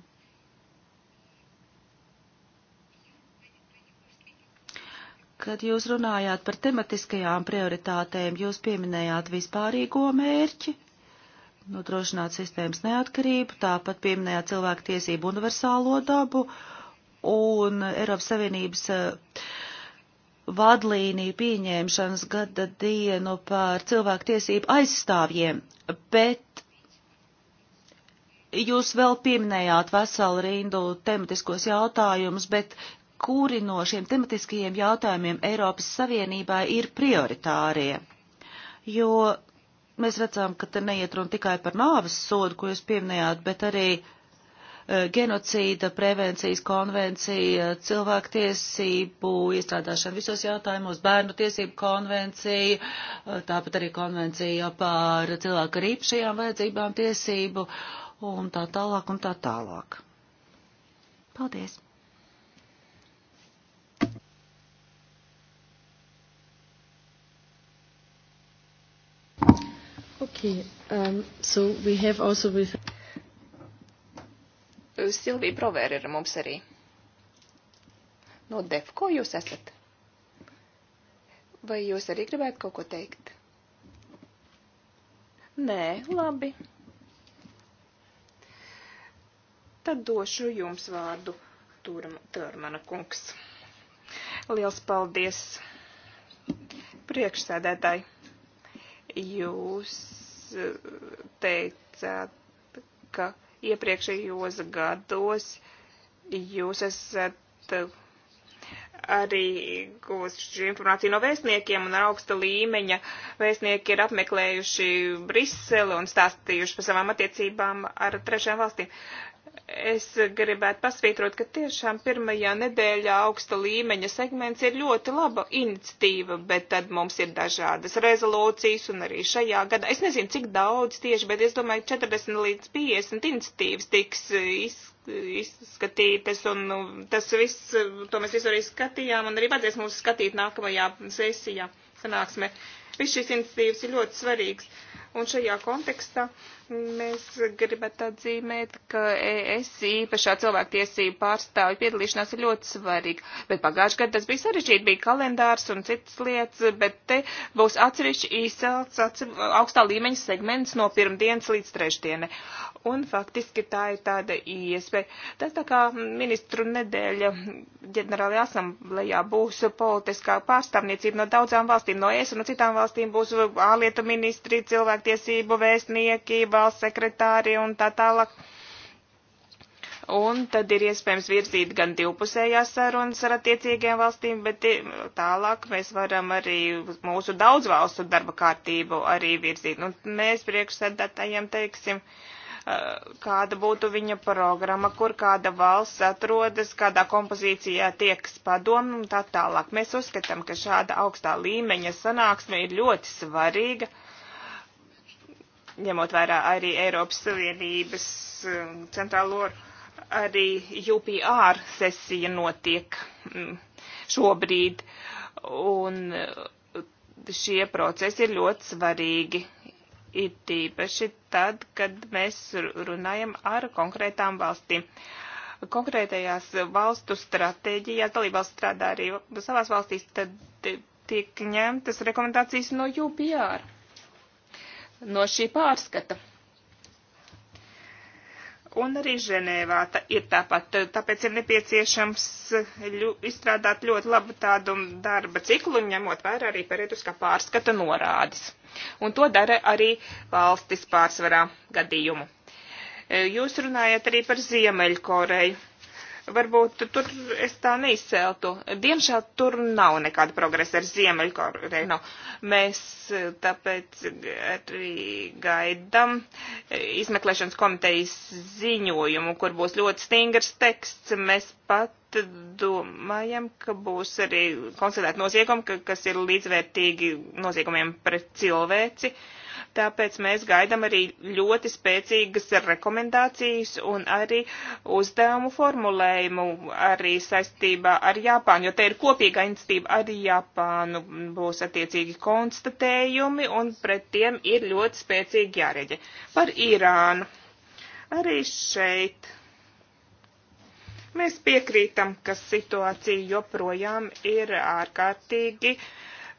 Kad jūs runājāt par tematiskajām prioritātēm, jūs pieminējāt vispārīgo mērķi, nodrošināt sistēmas neatkarību, tāpat pieminējāt cilvēku tiesību universālo dabu un Eiropas Savienības eh, vadlīniju pieņemšanas gada dienu par cilvēku tiesību aizstāvjiem, bet jūs vēl pieminējāt veselu rindu tematiskus jautājumus, bet kuri no šiem tematiskajiem jautājumiem Eiropas Savienībā ir prioritārie. Jo mēs redzam, ka te neiet runa tikai par nāves sodu, ko jūs pieminējāt, bet arī e, genocīda prevencijas konvencija, cilvēktiesību iestrādāšana visos jautājumos, bērnu tiesību konvencija, e, tāpat arī konvencija par cilvēku ar īpašajām vajadzībām tiesību un tā tālāk un tā tālāk. Paldies! Okay, um, so we have also with... Uh, Silvija Provēra ir mums arī. No Defko jūs esat? Vai jūs arī gribētu kaut ko teikt? Nē, labi. Tad došu jums vārdu, Turmana kungs. Liels paldies, priekšsēdētāji! Jūs eh, teicāt, ka iepriekšējos gados jūs esat arī guvuši informāciju no vēstniekiem un ar augsta līmeņa vēstnieki ir apmeklējuši Briseli un stāstījuši par savām attiecībām ar trešajām valstīm. Es gribētu pasvītrot, ka tiešām pirmajā nedēļā augsta līmeņa segments ir ļoti laba iniciatīva, bet tad mums ir dažādas rezolūcijas un arī šajā gadā. Es nezinu, cik daudz tieši, bet es domāju, 40 līdz 50 iniciatīvas tiks iz, izskatītas un nu, tas viss, to mēs visu arī skatījām un arī vajadzēs mums skatīt nākamajā sesijā sanāksmē. Viss šīs iniciatīvas ir ļoti svarīgs. Un šajā kontekstā mēs gribētu atzīmēt, ka es īpašā cilvēktiesību pārstāvju piedalīšanās ir ļoti svarīga. Bet pagājušajā gadā tas bija sarežģīti, bija kalendārs un citas lietas, bet te būs atsevišķi īsāts atse, augstā līmeņa segments no pirmdienas līdz trešdienai un faktiski tā ir tāda iespēja. Tas tā kā ministru nedēļa ģenerālajā asamblējā būs politiskā pārstāvniecība no daudzām valstīm, no es un no citām valstīm būs ārlietu ministri, cilvēku cilvēktiesību vēstnieki, valsts sekretāri un tā tālāk. Un tad ir iespējams virzīt gan divpusējās sarunas ar attiecīgajām valstīm, bet tālāk mēs varam arī mūsu daudzvalstu darba kārtību arī virzīt. Nu, mēs priekšsēdētājiem teiksim, kāda būtu viņa programma, kur kāda valsts atrodas, kādā kompozīcijā tieks padomu un tā tālāk. Mēs uzskatām, ka šāda augstā līmeņa sanāksme ir ļoti svarīga ņemot vērā arī Eiropas Savienības um, centrālo arī UPR sesija notiek mm, šobrīd, un uh, šie procesi ir ļoti svarīgi. Ir tīpaši tad, kad mēs runājam ar konkrētām valstīm. Konkrētajās valstu stratēģijās dalībvalsts strādā arī savās valstīs, tad eh, tiek ņemtas rekomendācijas no UPR no šī pārskata. Un arī Ženēvā tā ir tāpat, tāpēc ir nepieciešams eh, ļu, izstrādāt ļoti labu tādu darba ciklu, ņemot vērā arī perioduskā pārskata norādes. Un to dara arī valstis pārsvarā gadījumu. Eh, jūs runājat arī par Ziemeļkoreju varbūt tur es tā neizceltu. Diemžēl tur nav nekāda progresa ar Ziemeļkoreju. No. Nu. Mēs e, tāpēc e, arī gaidam e, izmeklēšanas komitejas ziņojumu, kur būs ļoti stingrs teksts. Mēs pat domājam, ka būs arī konstatēt noziegumi, ka, kas ir līdzvērtīgi noziegumiem pret cilvēci. Uh, Tāpēc mēs gaidām arī ļoti spēcīgas rekomendācijas un arī uzdevumu formulējumu arī saistībā ar Japānu, jo te ir kopīga institīva ar Japānu. Būs attiecīgi konstatējumi un pret tiem ir ļoti spēcīgi jāreģē. Par Irānu. Arī šeit. Mēs piekrītam, ka situācija joprojām ir ārkārtīgi uh,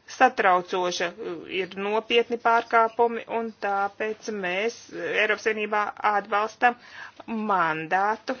satraucoša, uh, ir nopietni pārkāpumi, un tāpēc mēs uh, Eiropas Savienībā atbalstam mandātu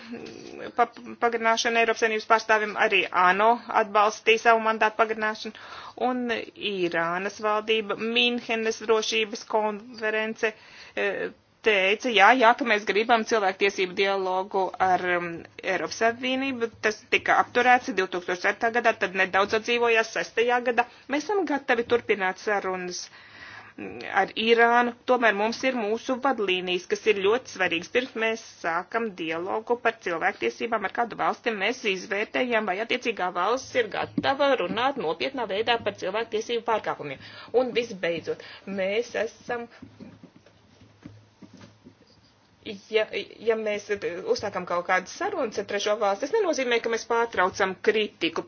pa, pagarināšanu Eiropas Savienības pārstāvim, arī ANO atbalstīja savu mandātu pagarināšanu, un Irānas valdība, Minhenes drošības konference, uh, teica, jā, jā, ka mēs gribam cilvēktiesību dialogu ar um, Eiropas Savienību. Tas tika apturēts 2007. gadā, tad nedaudz atdzīvojās 6. gadā. Mēs esam gatavi turpināt sarunas mm, ar Irānu. Tomēr mums ir mūsu vadlīnijas, kas ir ļoti svarīgas. Pirms mēs sākam dialogu par cilvēktiesībām ar kādu valsti, mēs izvērtējam, vai attiecīgā valsts ir gatava runāt nopietnā veidā par cilvēktiesību pārkāpumiem. Un visbeidzot, mēs esam ja, ja mēs uzsākam kaut kādas sarunas ar trešo valsti, tas nenozīmē, ka mēs pārtraucam kritiku.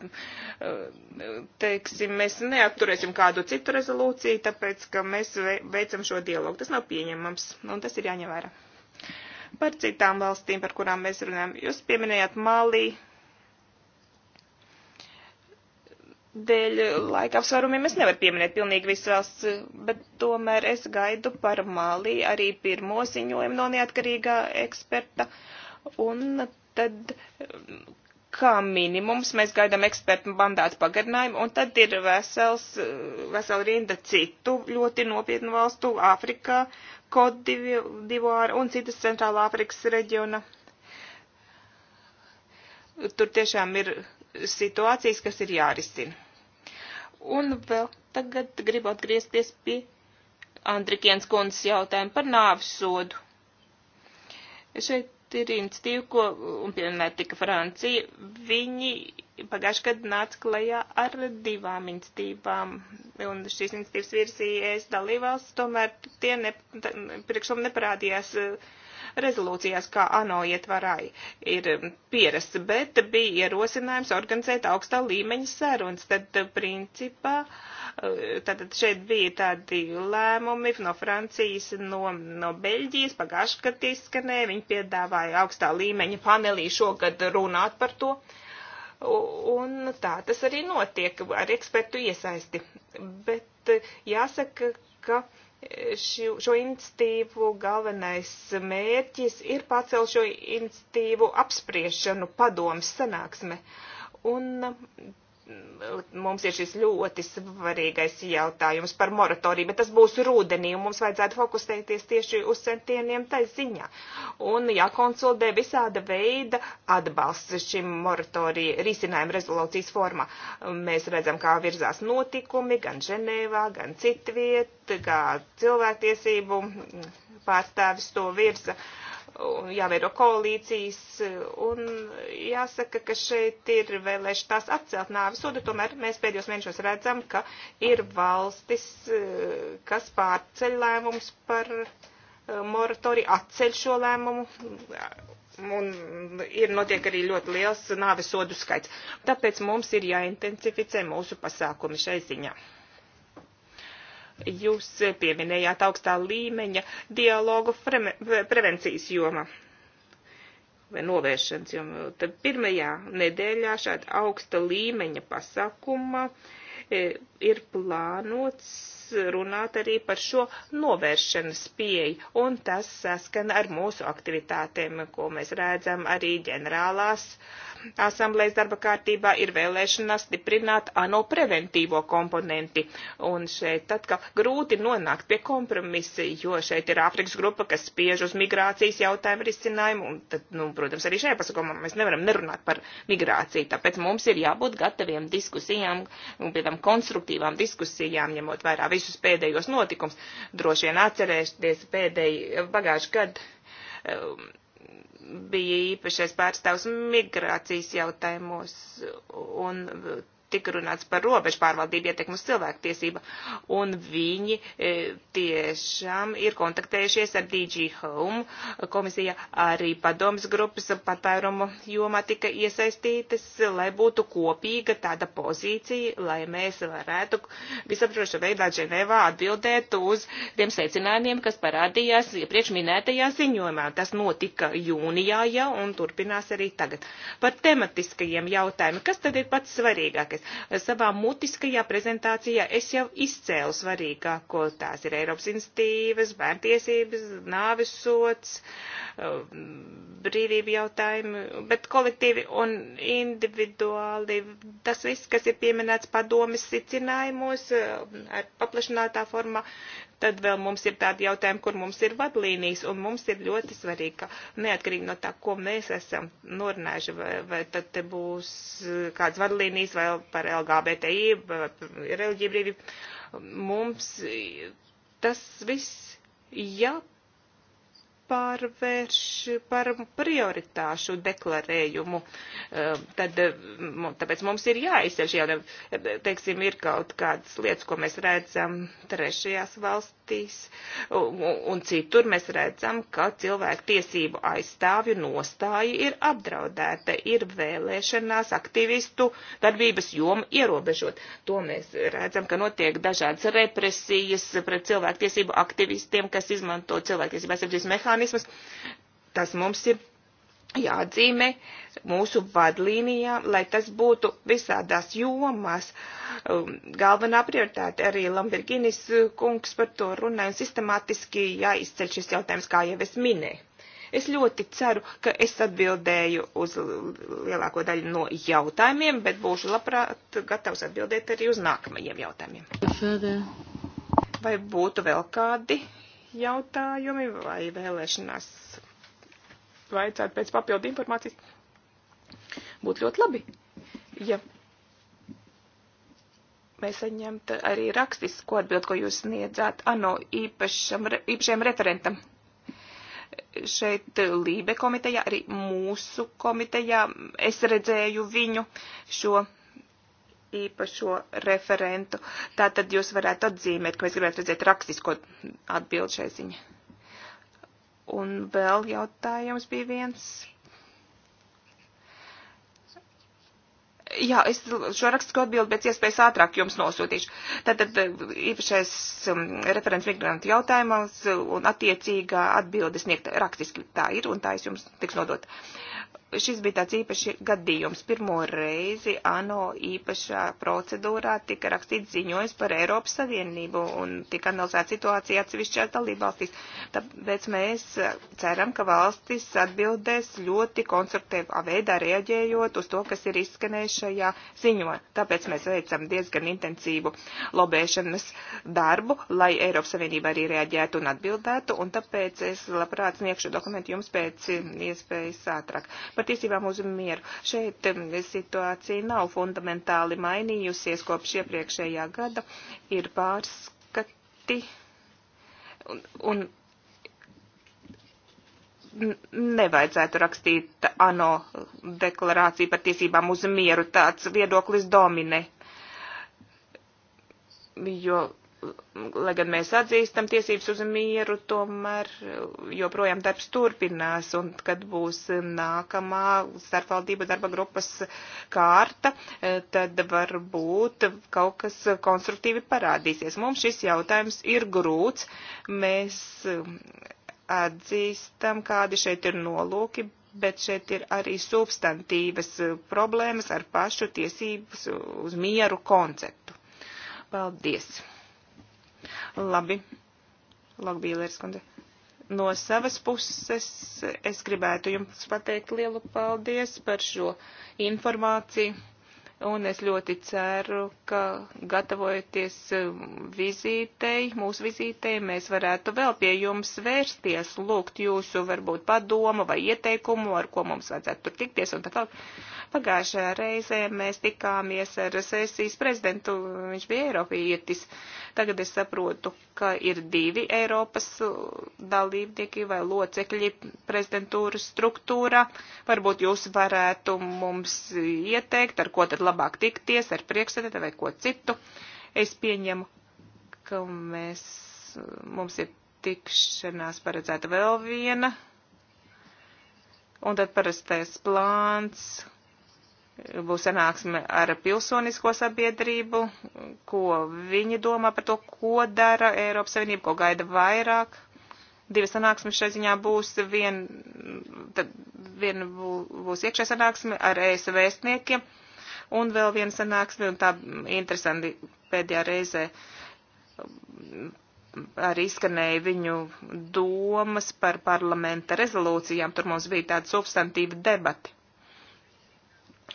Teiksim, mēs neapturēsim kādu citu rezolūciju, tāpēc, ka mēs veicam šo dialogu. Tas nav pieņemams, un tas ir jāņem vērā. Par citām valstīm, par kurām mēs runājam, jūs pieminējāt Malī, dēļ eh, laika apsvērumiem es nevaru pieminēt pilnīgi visas valsts, bet tomēr es gaidu par Mali arī pirmo ziņojumu no neatkarīgā eksperta. Un tad kā minimums mēs gaidām ekspertu mandātu pagarinājumu, un tad ir vesels, eh, vesela rinda citu ļoti nopietnu valstu Āfrikā, Kodivuāra un citas centrāla Āfrikas reģiona. Tur tiešām ir situācijas, kas ir jārisina. Un vēl tagad gribu atgriezties pie Andrikienas kundzes jautājumu par nāvis sodu. Šeit ir institīva, ko, un pieminēt tika Francija, viņi pagājuši gadu nāca klajā ar divām institīvām, un šīs institīvas virzījies dalībvalsts, tomēr tie ne, priekšlikumi neparādījās uh, rezolūcijās, kā ANO ietvarai ir um, pierasts, bet bija ierosinājums organizēt augstā līmeņa sarunas. Tad, uh, principā, tātad uh, šeit bija tādi lēmumi no Francijas, no, no Beļģijas, pagājuši, kad izskanēja, viņi piedāvāja augstā līmeņa panelī šogad runāt par to. Un tā tas arī notiek ar ekspertu iesaisti. Bet uh, jāsaka, ka šo, šo institīvu galvenais mērķis ir pacelt šo institīvu apspriešanu padomas sanāksme. Un Mm, mums ir šis ļoti svarīgais jautājums par moratoriju, bet tas būs rudenī, un mums vajadzētu fokusēties tieši uz centieniem tai ziņā. Un jākonsultē visāda veida atbalsts šim moratoriju risinājumu rezolūcijas formā. Mēs redzam, kā virzās notikumi gan Ženēvā, gan citviet, kā cilvēktiesību pārstāvis to virza. Uh, jāveido koalīcijas, un jāsaka, ka šeit ir vēlēši tās atcelt nāvis sodu, tomēr mēs pēdējos mēnešos redzam, ka ir valstis, kas pārceļ lēmums par eh, moratoriju, atceļ šo lēmumu, un ir notiek arī ļoti liels nāvis sodu skaits. Tāpēc mums ir jāintensificē mūsu pasākumi šai ziņā. Jūs pieminējāt augstā līmeņa dialogu prevencijas jomā vai novēršanas jomā. Tad pirmajā nedēļā šāda augsta līmeņa pasākuma e, ir plānots runāt arī par šo novēršanas pieeju, un tas saskana ar mūsu aktivitātēm, ko mēs redzam arī ģenerālās asamblējas darba kārtībā ir vēlēšanās stiprināt ANO preventīvo komponenti. Un šeit atkal grūti nonākt pie kompromisa, jo šeit ir Āfrikas grupa, kas spiež uz migrācijas jautājumu risinājumu, un tad, nu, protams, arī šajā pasakumā mēs nevaram nerunāt par migrāciju, tāpēc mums ir jābūt gataviem diskusijām, un pie tam konstruktīvām diskusijām, ņemot vairāk visus pēdējos notikums. Droši vien atcerēsties pēdēji pagājuši gadu um, bija īpašais pārstāvs migrācijas jautājumos, un tika runāts par robežu pārvaldību ietekmu uz cilvēktiesību, un viņi e, tiešām ir kontaktējušies ar DG Home. Komisija arī padomas grupas patvērumu jomā tika iesaistītas, lai būtu kopīga tāda pozīcija, lai mēs varētu visaptrošu veidā Ženevā atbildēt uz tiem secinājumiem, kas parādījās iepriekš minētajā ziņojumā. Tas notika jūnijā jau un turpinās arī tagad. Par tematiskajiem jautājumiem, kas tad ir pats svarīgākais? lielākais. Savā mutiskajā prezentācijā es jau izcēlu svarīgāko. Tās ir Eiropas institīvas, bērntiesības, nāvisots, brīvība jautājumi, bet kolektīvi un individuāli tas viss, kas ir pieminēts padomis sicinājumos ar paplašinātā formā, Tad vēl mums ir tādi jautājumi, kur mums ir vadlīnijas, un mums ir ļoti svarīgi, ka neatkarīgi no tā, ko mēs esam norunājuši, vai, vai tad te būs kāds vadlīnijas vai par LGBTI, reliģiju brīvību, mums tas viss jāpārāk jāpārvērš par prioritāšu deklarējumu. E, tad, e, tāpēc mums ir jāizceļ šie, e, teiksim, ir kaut kādas lietas, ko mēs redzam trešajās valstīs valstīs un citur mēs redzam, ka cilvēku tiesību aizstāvju nostāja ir apdraudēta, ir vēlēšanās aktivistu darbības joma ierobežot. To mēs redzam, ka notiek dažādas represijas pret cilvēku tiesību aktivistiem, kas izmanto cilvēku tiesību aizsardzības mehānismus. Tas mums ir jāatzīmē mūsu vadlīnijā, lai tas būtu visādās jomās. Um, galvenā prioritāte arī Lamberginis uh, kungs par to runāja un sistemātiski jāizceļ šis jautājums, kā jau es minēju. Es ļoti ceru, ka es atbildēju uz lielāko daļu no jautājumiem, bet būšu labprāt gatavs atbildēt arī uz nākamajiem jautājumiem. Vai būtu vēl kādi jautājumi vai vēlēšanās vajadzētu pēc papildu informācijas, būtu ļoti labi, ja mēs saņemt arī rakstisku atbildi, ko jūs sniedzāt ANO īpašam, īpašiem referentam. Šeit eh, Lībe komitejā, arī mūsu komitejā, es redzēju viņu šo īpašo referentu. Tātad jūs varētu atzīmēt, ka mēs gribētu redzēt rakstisko atbildi šai ziņai. Un vēl jautājums bija viens. Jā, es šo rakstisko atbildi pēc iespējas ātrāk jums nosūtīšu. Tātad eh, īpašais um, referents migrantu jautājumos uh, un attiecīgā atbildes sniegt rakstiski tā ir un tā es jums tiks nodot. Uh, šis bija tāds īpašs gadījums. Pirmo reizi ANO īpašā procedūrā tika rakstīts ziņojums par Eiropas Savienību un tika analizēta situācija atsevišķās dalībvalstīs. Tāpēc mēs ceram, ka valstis atbildēs ļoti konstruktīvā veidā reaģējot uz to, kas ir izskanējis šajā ziņojumā. Tāpēc mēs veicam diezgan intensīvu lobēšanas darbu, lai Eiropas Savienība arī reaģētu un atbildētu, un tāpēc es labprāt sniegšu dokumentu jums pēc iespējas ātrāk patiesībā mūsu mieru. Šeit um, situācija nav fundamentāli mainījusies kopš iepriekšējā gada. Ir pārskati un, un nevajadzētu rakstīt ANO deklarāciju par tiesībām uz mieru. Tāds viedoklis domine. Jo lai gan mēs atzīstam tiesības uz mieru, tomēr joprojām darbs turpinās, un kad būs nākamā starpvaldība darba grupas kārta, eh, tad varbūt kaut kas konstruktīvi parādīsies. Mums šis jautājums ir grūts, mēs mm, atzīstam, kādi šeit ir nolūki, bet šeit ir arī substantīvas eh, problēmas ar pašu tiesības uz mieru konceptu. Paldies! Labi. Logbīlērs kundze. No savas puses es gribētu jums pateikt lielu paldies par šo informāciju. Un es ļoti ceru, ka gatavojoties vizītei, mūsu vizītei, mēs varētu vēl pie jums vērsties, lūgt jūsu varbūt padomu vai ieteikumu, ar ko mums vajadzētu tur tikties un tā tālāk. Pagājušajā reizē mēs tikāmies ar sesijas prezidentu, viņš bija Eiropietis. Tagad es saprotu, ka ir divi Eiropas dalībnieki vai locekļi prezidentūras struktūrā. Varbūt jūs varētu mums ieteikt, ar ko tad labāk tikties, ar priekšsēdētāju vai ko citu. Es pieņemu, ka mēs, mums ir tikšanās paredzēta vēl viena. Un tad parastais plāns, būs sanāksme ar pilsonisko sabiedrību, ko viņi domā par to, ko dara Eiropas Savienība, ko gaida vairāk. Divas sanāksmes šai ziņā būs, viena vien būs iekšē sanāksme ar ES vēstniekiem un vēl viena sanāksme, un tā interesanti pēdējā reizē arī izskanēja viņu domas par parlamenta rezolūcijām, tur mums bija tāda substantīva debati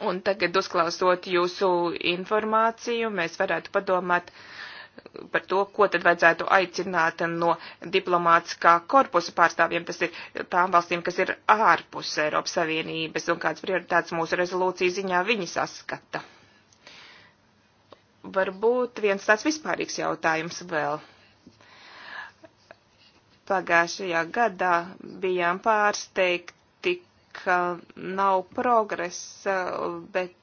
Un tagad, uzklausot jūsu informāciju, mēs varētu padomāt par to, ko tad vajadzētu aicināt no diplomātiskā korpusa pārstāvjiem, tas ir tām valstīm, kas ir ārpus Eiropas Savienības, un kāds prioritāts mūsu rezolūcija ziņā viņi saskata. Varbūt viens tāds vispārīgs jautājums vēl pagājušajā gadā bijām pārsteigti ka nav progresa, bet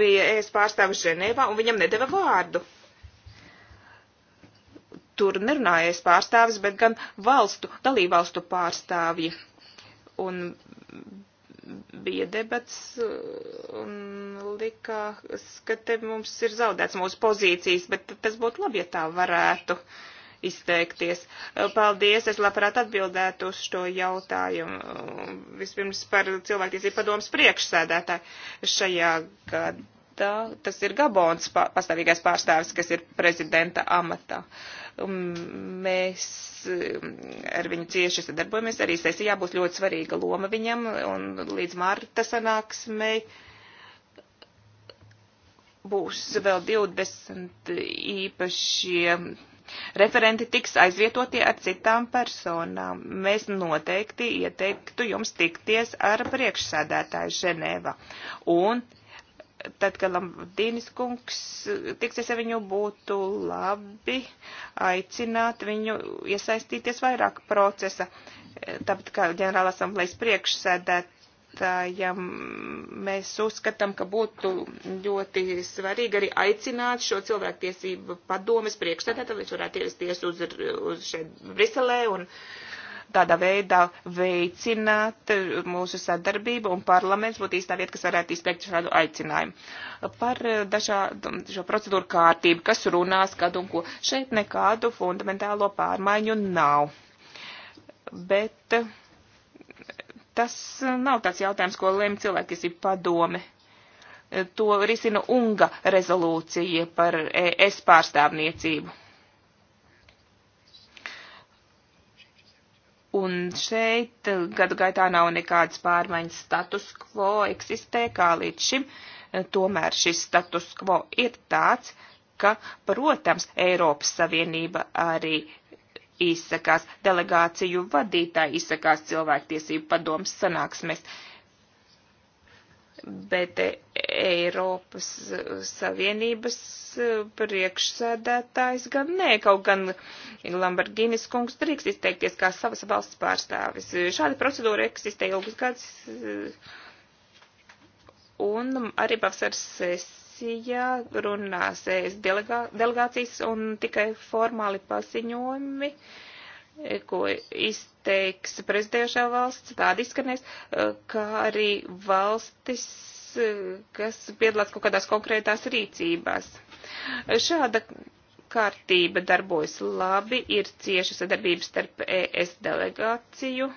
bija es pārstāvis Ženēvā un viņam nedeva vārdu. Tur nerunāja es pārstāvis, bet gan valstu, dalībvalstu pārstāvji. Un bija debats un likās, ka te mums ir zaudēts mūsu pozīcijas, bet tas būtu labi, ja tā varētu. Uh, izteikties. Paldies, es labprāt atbildētu uz šo jautājumu. Vispirms par cilvēktiesību padomas priekšsēdētāju šajā gadā tā, tas ir Gabons pastāvīgais pārstāvis, kas ir prezidenta amatā. Mēs ar viņu cieši sadarbojamies, arī sesijā būs ļoti svarīga loma viņam, un līdz marta sanāksmei būs vēl 20 īpašie referenti tiks aizvietotie ar citām personām. Mēs noteikti ieteiktu jums tikties ar priekšsēdētāju Ženēvā. Un tad, kad Lambdīnis kungs tiksies ar viņu, būtu labi aicināt viņu iesaistīties vairāk procesa. Tāpat kā ģenerāla asamblejas priekšsēdēt ja mēs uzskatām, ka būtu ļoti svarīgi arī aicināt šo cilvēktiesību padomes priekšstādātāju, lai viņš varētu ierasties uz, uz šeit Briselē un tādā veidā veicināt mūsu sadarbību un parlaments būtu īstā vieta, kas varētu izteikt šādu aicinājumu. Par eh, dažādu šo procedūru kārtību, kas runās, kad un ko. Šeit nekādu fundamentālo pārmaiņu nav. Bet uh, Tas eh, nav tāds jautājums, ko lem cilvēktiesību padome. Eh, to risina UNGA rezolūcija par ES pārstāvniecību. Un šeit eh, gadu gaitā nav nekādas pārmaiņas status quo eksistē kā līdz šim. Tomēr šis status quo ir tāds, ka, protams, Eiropas Savienība arī izsakās, delegāciju vadītāji izsakās cilvēktiesību padomas sanāksmēs. Bet e, Eiropas Savienības e, priekšsēdētājs gan nē, kaut gan Lamborgīnis kungs drīkst izteikties kā savas valsts pārstāvis. Šāda procedūra eksistē ilgus gadus e, un arī pavasaras sesijas komisija runās ES delegācijas un tikai formāli paziņojumi, eh, ko izteiks prezidējošā valsts, tādi izskanēs, eh, kā arī valstis, eh, kas piedalās kaut kādās konkrētās rīcībās. Šāda kārtība darbojas labi, ir cieša sadarbības starp ES delegāciju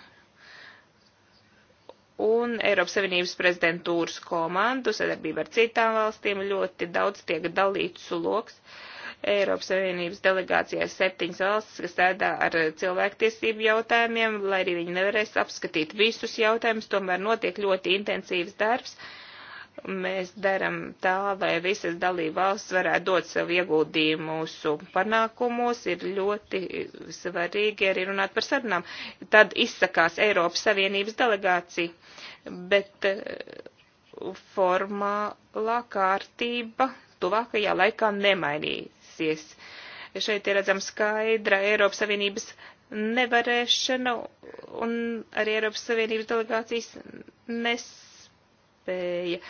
un Eiropas Savienības prezidentūras komandu sadarbība ar citām valstīm ļoti daudz tiek dalīts sloks. Eiropas Savienības delegācijā septiņas valstis, kas strādā ar cilvēktiesību jautājumiem, lai arī viņi nevarēs apskatīt visus jautājumus, tomēr notiek ļoti intensīvs darbs. Uh, Mēs darām tā, lai visas dalībvalsts varētu dot savu ieguldījumu mūsu panākumos, ir ļoti svarīgi arī runāt par sarunām. Tad izsakās Eiropas Savienības delegācija, bet eh, formālā kārtība tuvākajā laikā nemainīsies. Šeit ir redzama skaidra Eiropas Savienības nevarēšana un arī Eiropas Savienības delegācijas nes iespēja,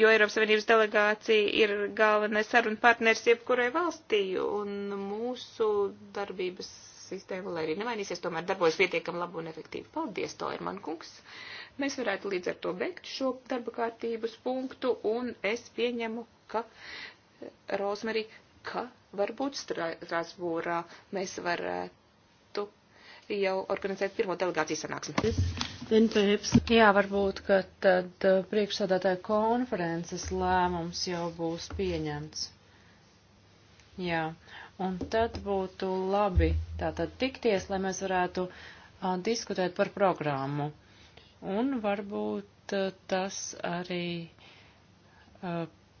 jo Eiropas Savienības delegācija ir galvenais saruna partners jebkurai valstī, un mūsu darbības sistēma, lai arī nemainīsies, tomēr darbojas pietiekami labi un efektīvi. Paldies, to ir man kungs. Mēs varētu līdz ar to beigt šo darba kārtības punktu, un es pieņemu, ka eh, Rozmarī, ka varbūt Strasbūrā mēs varētu jau organizēt pirmo delegācijas sanāksmi. Perhaps... Jā, varbūt, ka tad uh, priekšsādātāja konferences lēmums jau būs pieņemts. Jā, un tad būtu labi tātad tikties, lai mēs varētu a, uh, diskutēt par programmu. Un varbūt a, uh, tas arī a,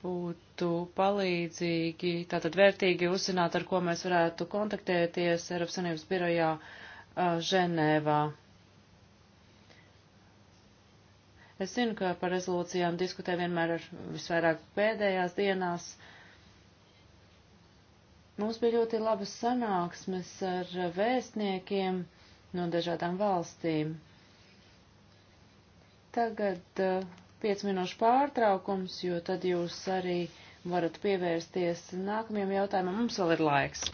būtu palīdzīgi, tātad vērtīgi uzzināt, ar ko mēs varētu kontaktēties Eiropas Savienības birojā a, Ženēvā. Es zinu, ka par rezolūcijām diskutē vienmēr ar visvairāk pēdējās dienās. Mums bija ļoti labas sanāksmes ar vēstniekiem no dažādām valstīm. Tagad uh, eh, 5 minūšu pārtraukums, jo tad jūs arī varat pievērsties nākamajam jautājumam. Mums vēl ir laiks.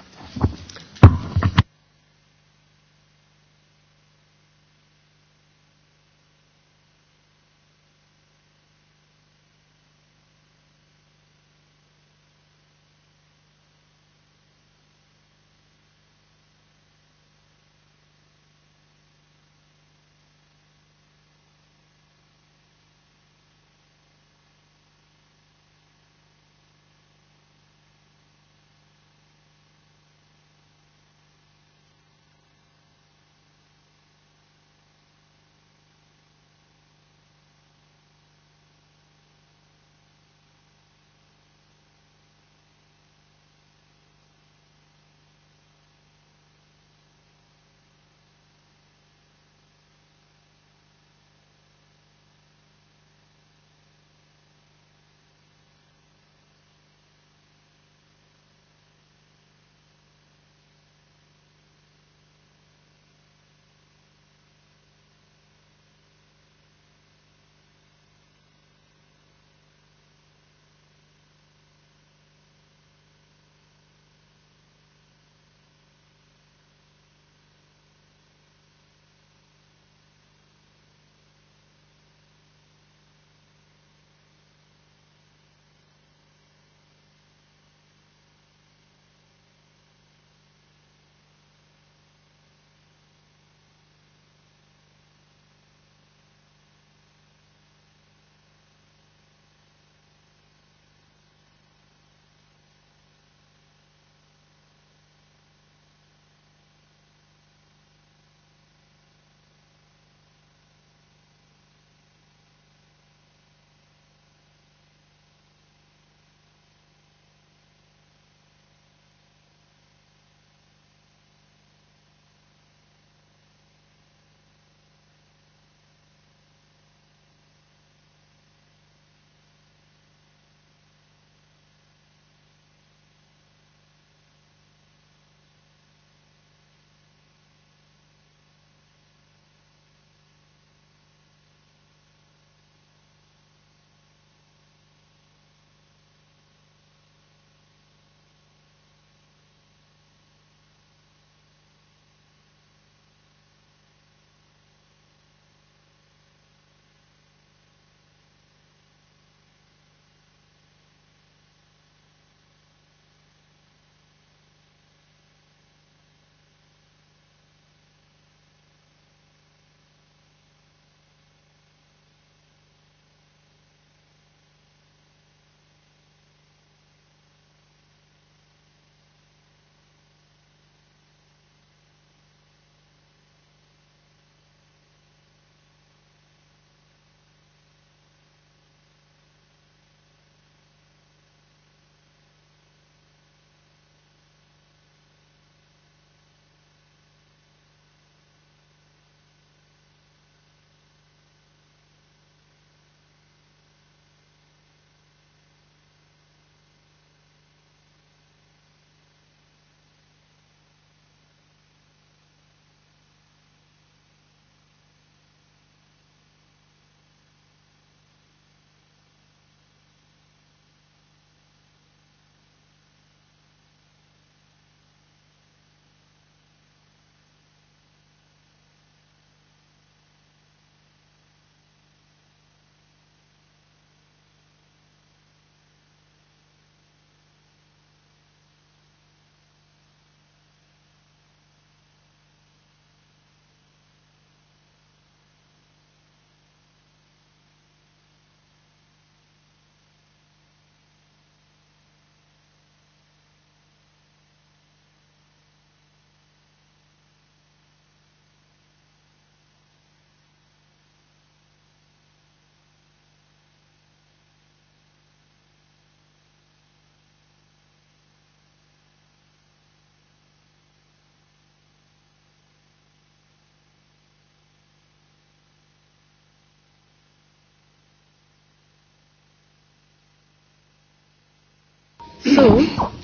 So,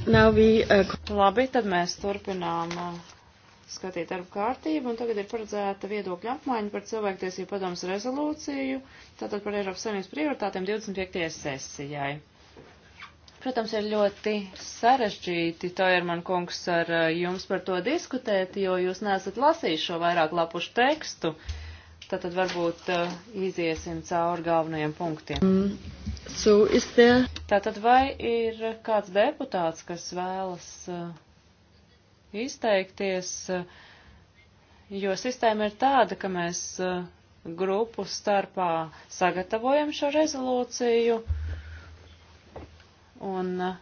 now we, uh... Labi, tad mēs turpinām uh, skatīt darbu kārtību, un tagad ir paredzēta viedokļa apmaiņa par cilvēktiesību padomas rezolūciju, tātad par Eiropas Savienības prioritātiem 25. sesijai. Protams, ir ļoti sarežģīti, to ir man kungs ar uh, jums par to diskutēt, jo jūs nesat lasījuši šo vairāk lapušu tekstu, tātad varbūt uh, iziesim cauri galvenajiem punktiem. Mm. So is there... Tātad vai ir kāds deputāts, kas vēlas uh, izteikties, uh, jo sistēma ir tāda, ka mēs uh, grupu starpā sagatavojam šo rezolūciju, un uh,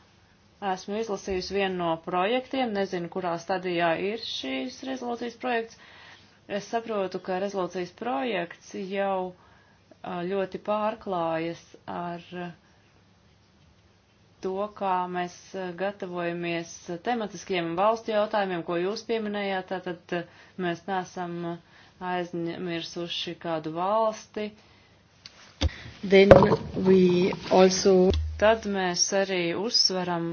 esmu izlasījusi vienu no projektiem, nezinu, kurā stadijā ir šīs rezolūcijas projekts. Es saprotu, ka rezolūcijas projekts jau ļoti pārklājas ar to, kā mēs gatavojamies tematiskiem valstu jautājumiem, ko jūs pieminējāt, tātad mēs nesam aizmirsuši kādu valsti. Then we also... Tad mēs arī uzsveram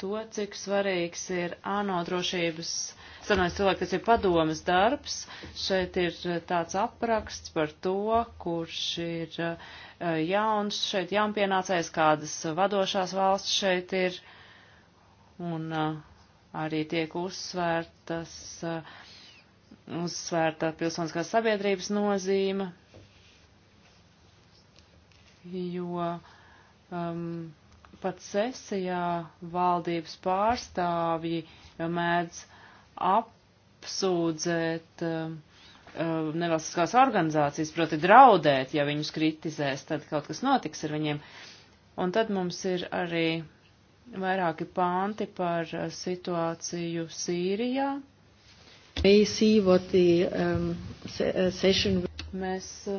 to, cik svarīgs ir ANO drošības uh, sarunājas cilvēki, tas ir padomas darbs. Šeit ir eh, tāds apraksts par to, kurš ir eh, jauns šeit jaunpienācējs, kādas vadošās valsts šeit ir. Un eh, arī tiek uzsvērtas, uzsvērta pilsoniskās sabiedrības nozīme, jo um, pat sesijā valdības pārstāvji mēdz apsūdzēt um, um, nevalstiskās organizācijas, proti draudēt, ja viņus kritizēs, tad kaut kas notiks ar viņiem. Un tad mums ir arī vairāki pānti par uh, situāciju Sīrijā. Um, uh, Mēs uh,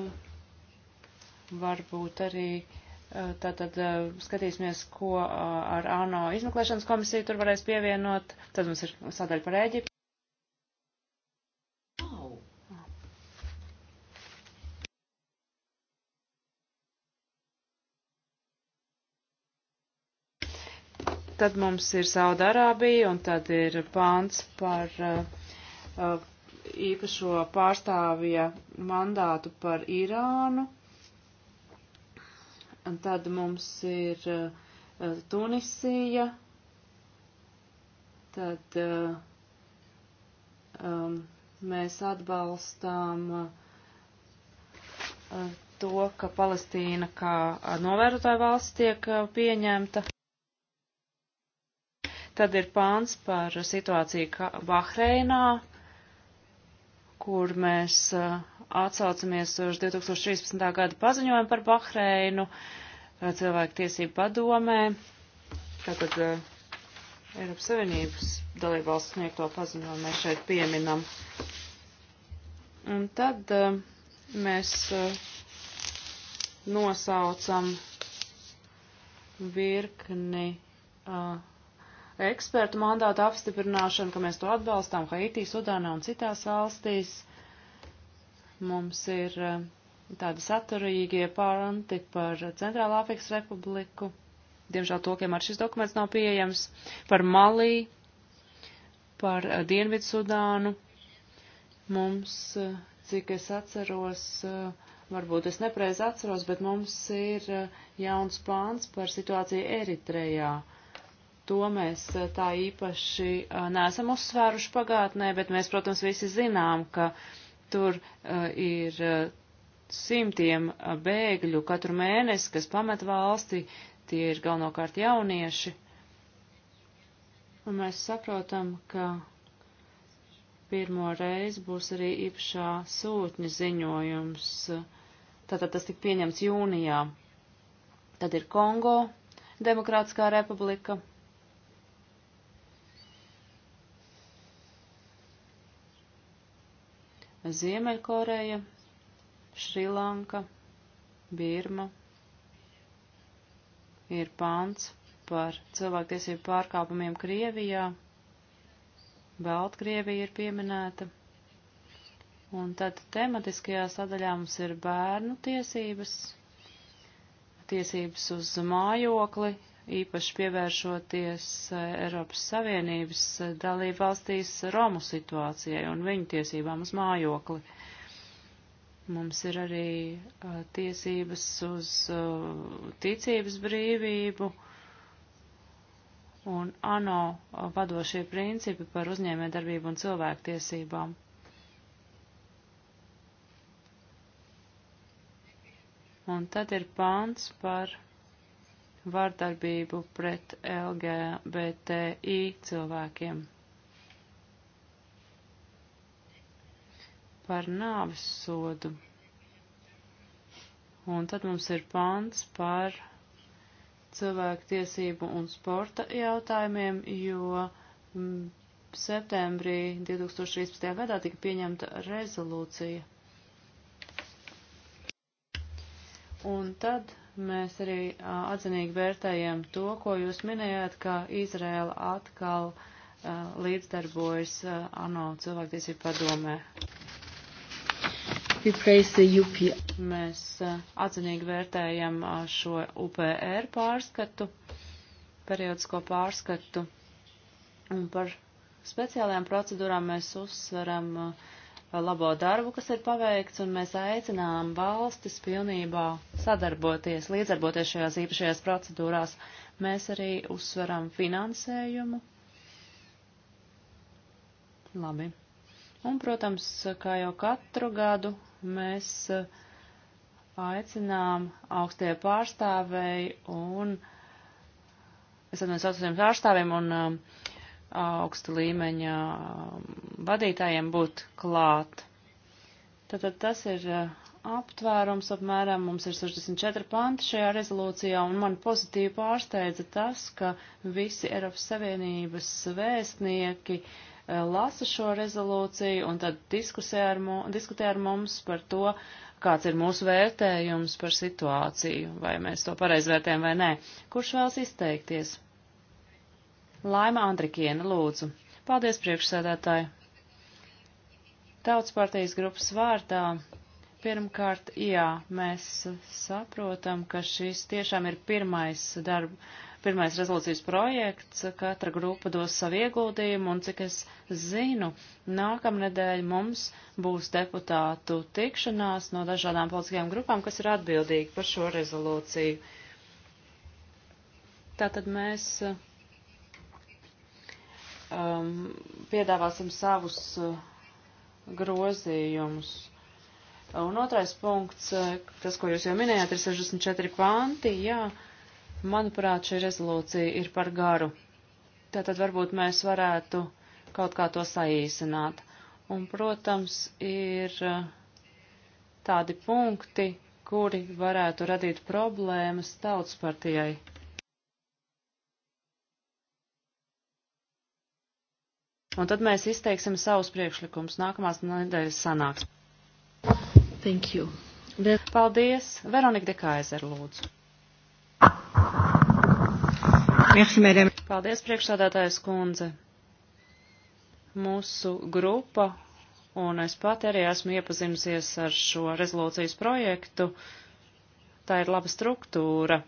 varbūt arī uh, Eh, tātad eh, skatīsimies, ko eh, ar ANO izmeklēšanas komisiju tur varēs pievienot. Tad mums ir sadaļa par Ēģiptu. Tad mums ir Saudārābija un tad ir pāns par uh, īpašo pārstāvja mandātu par Irānu Un tad mums ir uh, Tunisija, tad uh, um, mēs atbalstām uh, to, ka Palestīna kā novērotāja valsts tiek uh, pieņemta. Tad ir pāns par situāciju Bahreinā kur mēs uh, atsaucamies uz 2013. gada paziņojumu par Bahreinu uh, cilvēku tiesību padomē. Tātad uh, Eiropas Savienības dalībvalsts sniegto paziņojumu mēs šeit pieminam. Un tad mēs nosaucam virkni uh, ekspertu mandātu apstiprināšanu, ka mēs to atbalstām Haitī, Sudānā un citās valstīs. Mums ir eh, tādi saturīgie panti par Centrālā Afrikas Republiku. Diemžēl tokiem ar šis dokuments nav pieejams. Par Malī, par eh, Dienvidu Sudānu. Mums, eh, cik es atceros, varbūt es nepreiz atceros, bet mums ir jauns pāns par situāciju Eritrejā. Uh, To mēs eh, tā īpaši eh, neesam uzsvēruši pagātnē, bet mēs, protams, visi zinām, ka tur eh, ir simtiem bēgļu katru mēnesi, kas pamet valsti, tie ir galvenokārt jaunieši. Un mēs saprotam, ka pirmo reizi būs arī īpašā sūtņa ziņojums. Tātad tas tika pieņemts jūnijā. Tad ir Kongo, Demokrātiskā republika, Ziemeļkoreja, Šrilanka, Birma ir pants par cilvēktiesību pārkāpumiem Krievijā, Baltkrievija ir pieminēta. Un tad tematiskajā sadaļā mums ir bērnu tiesības, tiesības uz mājokli, īpaši pievēršoties eh, Eiropas Savienības eh, dalību valstīs Romu situācijai un viņu tiesībām uz mājokli. Mums ir arī eh, tiesības uz ticības brīvību un ANO vadošie principi par uzņēmē darbību un cilvēktiesībām. Un tad ir pāns par vardarbību pret LGBTI cilvēkiem. Par nāves sodu. Un tad mums ir pants par cilvēku tiesību un sporta jautājumiem, jo mm, septembrī 2013. gadā tika pieņemta rezolūcija. Un tad Mēs arī atzinīgi vērtējam to, ko jūs minējāt, ka Izrēla atkal uh, līdzdarbojas uh, ANO cilvēktiesību padomē. Mēs uh, atzinīgi vērtējam šo UPR pārskatu, periodisko pārskatu, un par speciālajām procedūrām mēs uzsveram uh, Eh, labo darbu, kas ir paveikts, un mēs aicinām valstis pilnībā sadarboties, līdzdarboties šajās īpašajās procedūrās. Mēs arī uzsveram finansējumu. Labi. Un, protams, kā jau katru gadu, mēs eh, aicinām augstie pārstāvēji un, es atvainojos, augstiem pārstāvjiem un uh, augsta līmeņa um, vadītājiem būt klāt. Tātad tas ir uh, aptvērums apmēram, mums ir 64 panti šajā rezolūcijā, un man pozitīvi pārsteidza tas, ka visi Eiropas Savienības vēstnieki uh, lasa šo rezolūciju un tad diskusē ar, mu, diskutē ar mums par to, kāds ir mūsu vērtējums par situāciju, vai mēs to pareizi vērtējam vai nē. Kurš vēlas izteikties? Laima Andrikiena, lūdzu. Paldies, priekšsēdētāji. Tautas partijas grupas vārdā. Pirmkārt, jā, mēs saprotam, ka šis tiešām ir pirmais darba, pirmais rezolūcijas projekts, katra grupa dos savu ieguldījumu, un cik es zinu, nākamnedēļ mums būs deputātu tikšanās no dažādām politiskajām grupām, kas ir atbildīgi par šo rezolūciju. Tātad mēs uh, um, piedāvāsim savus uh, grozījumus. Un otrais punkts, uh, tas, ko jūs jau minējāt, ir 64 panti. Jā, manuprāt, šī rezolūcija ir par garu. Tātad varbūt mēs varētu kaut kā to saīsināt. Un, protams, ir uh, tādi punkti, kuri varētu radīt problēmas tautas partijai un tad mēs izteiksim savus priekšlikumus nākamās nedēļas sanāks. Thank you. Ver Paldies. Veronika de Kaiser, lūdzu. Merci, madame. Paldies, priekšsādātājs kundze. Mūsu grupa un es pati arī esmu iepazinusies ar šo rezolūcijas projektu. Tā ir laba struktūra,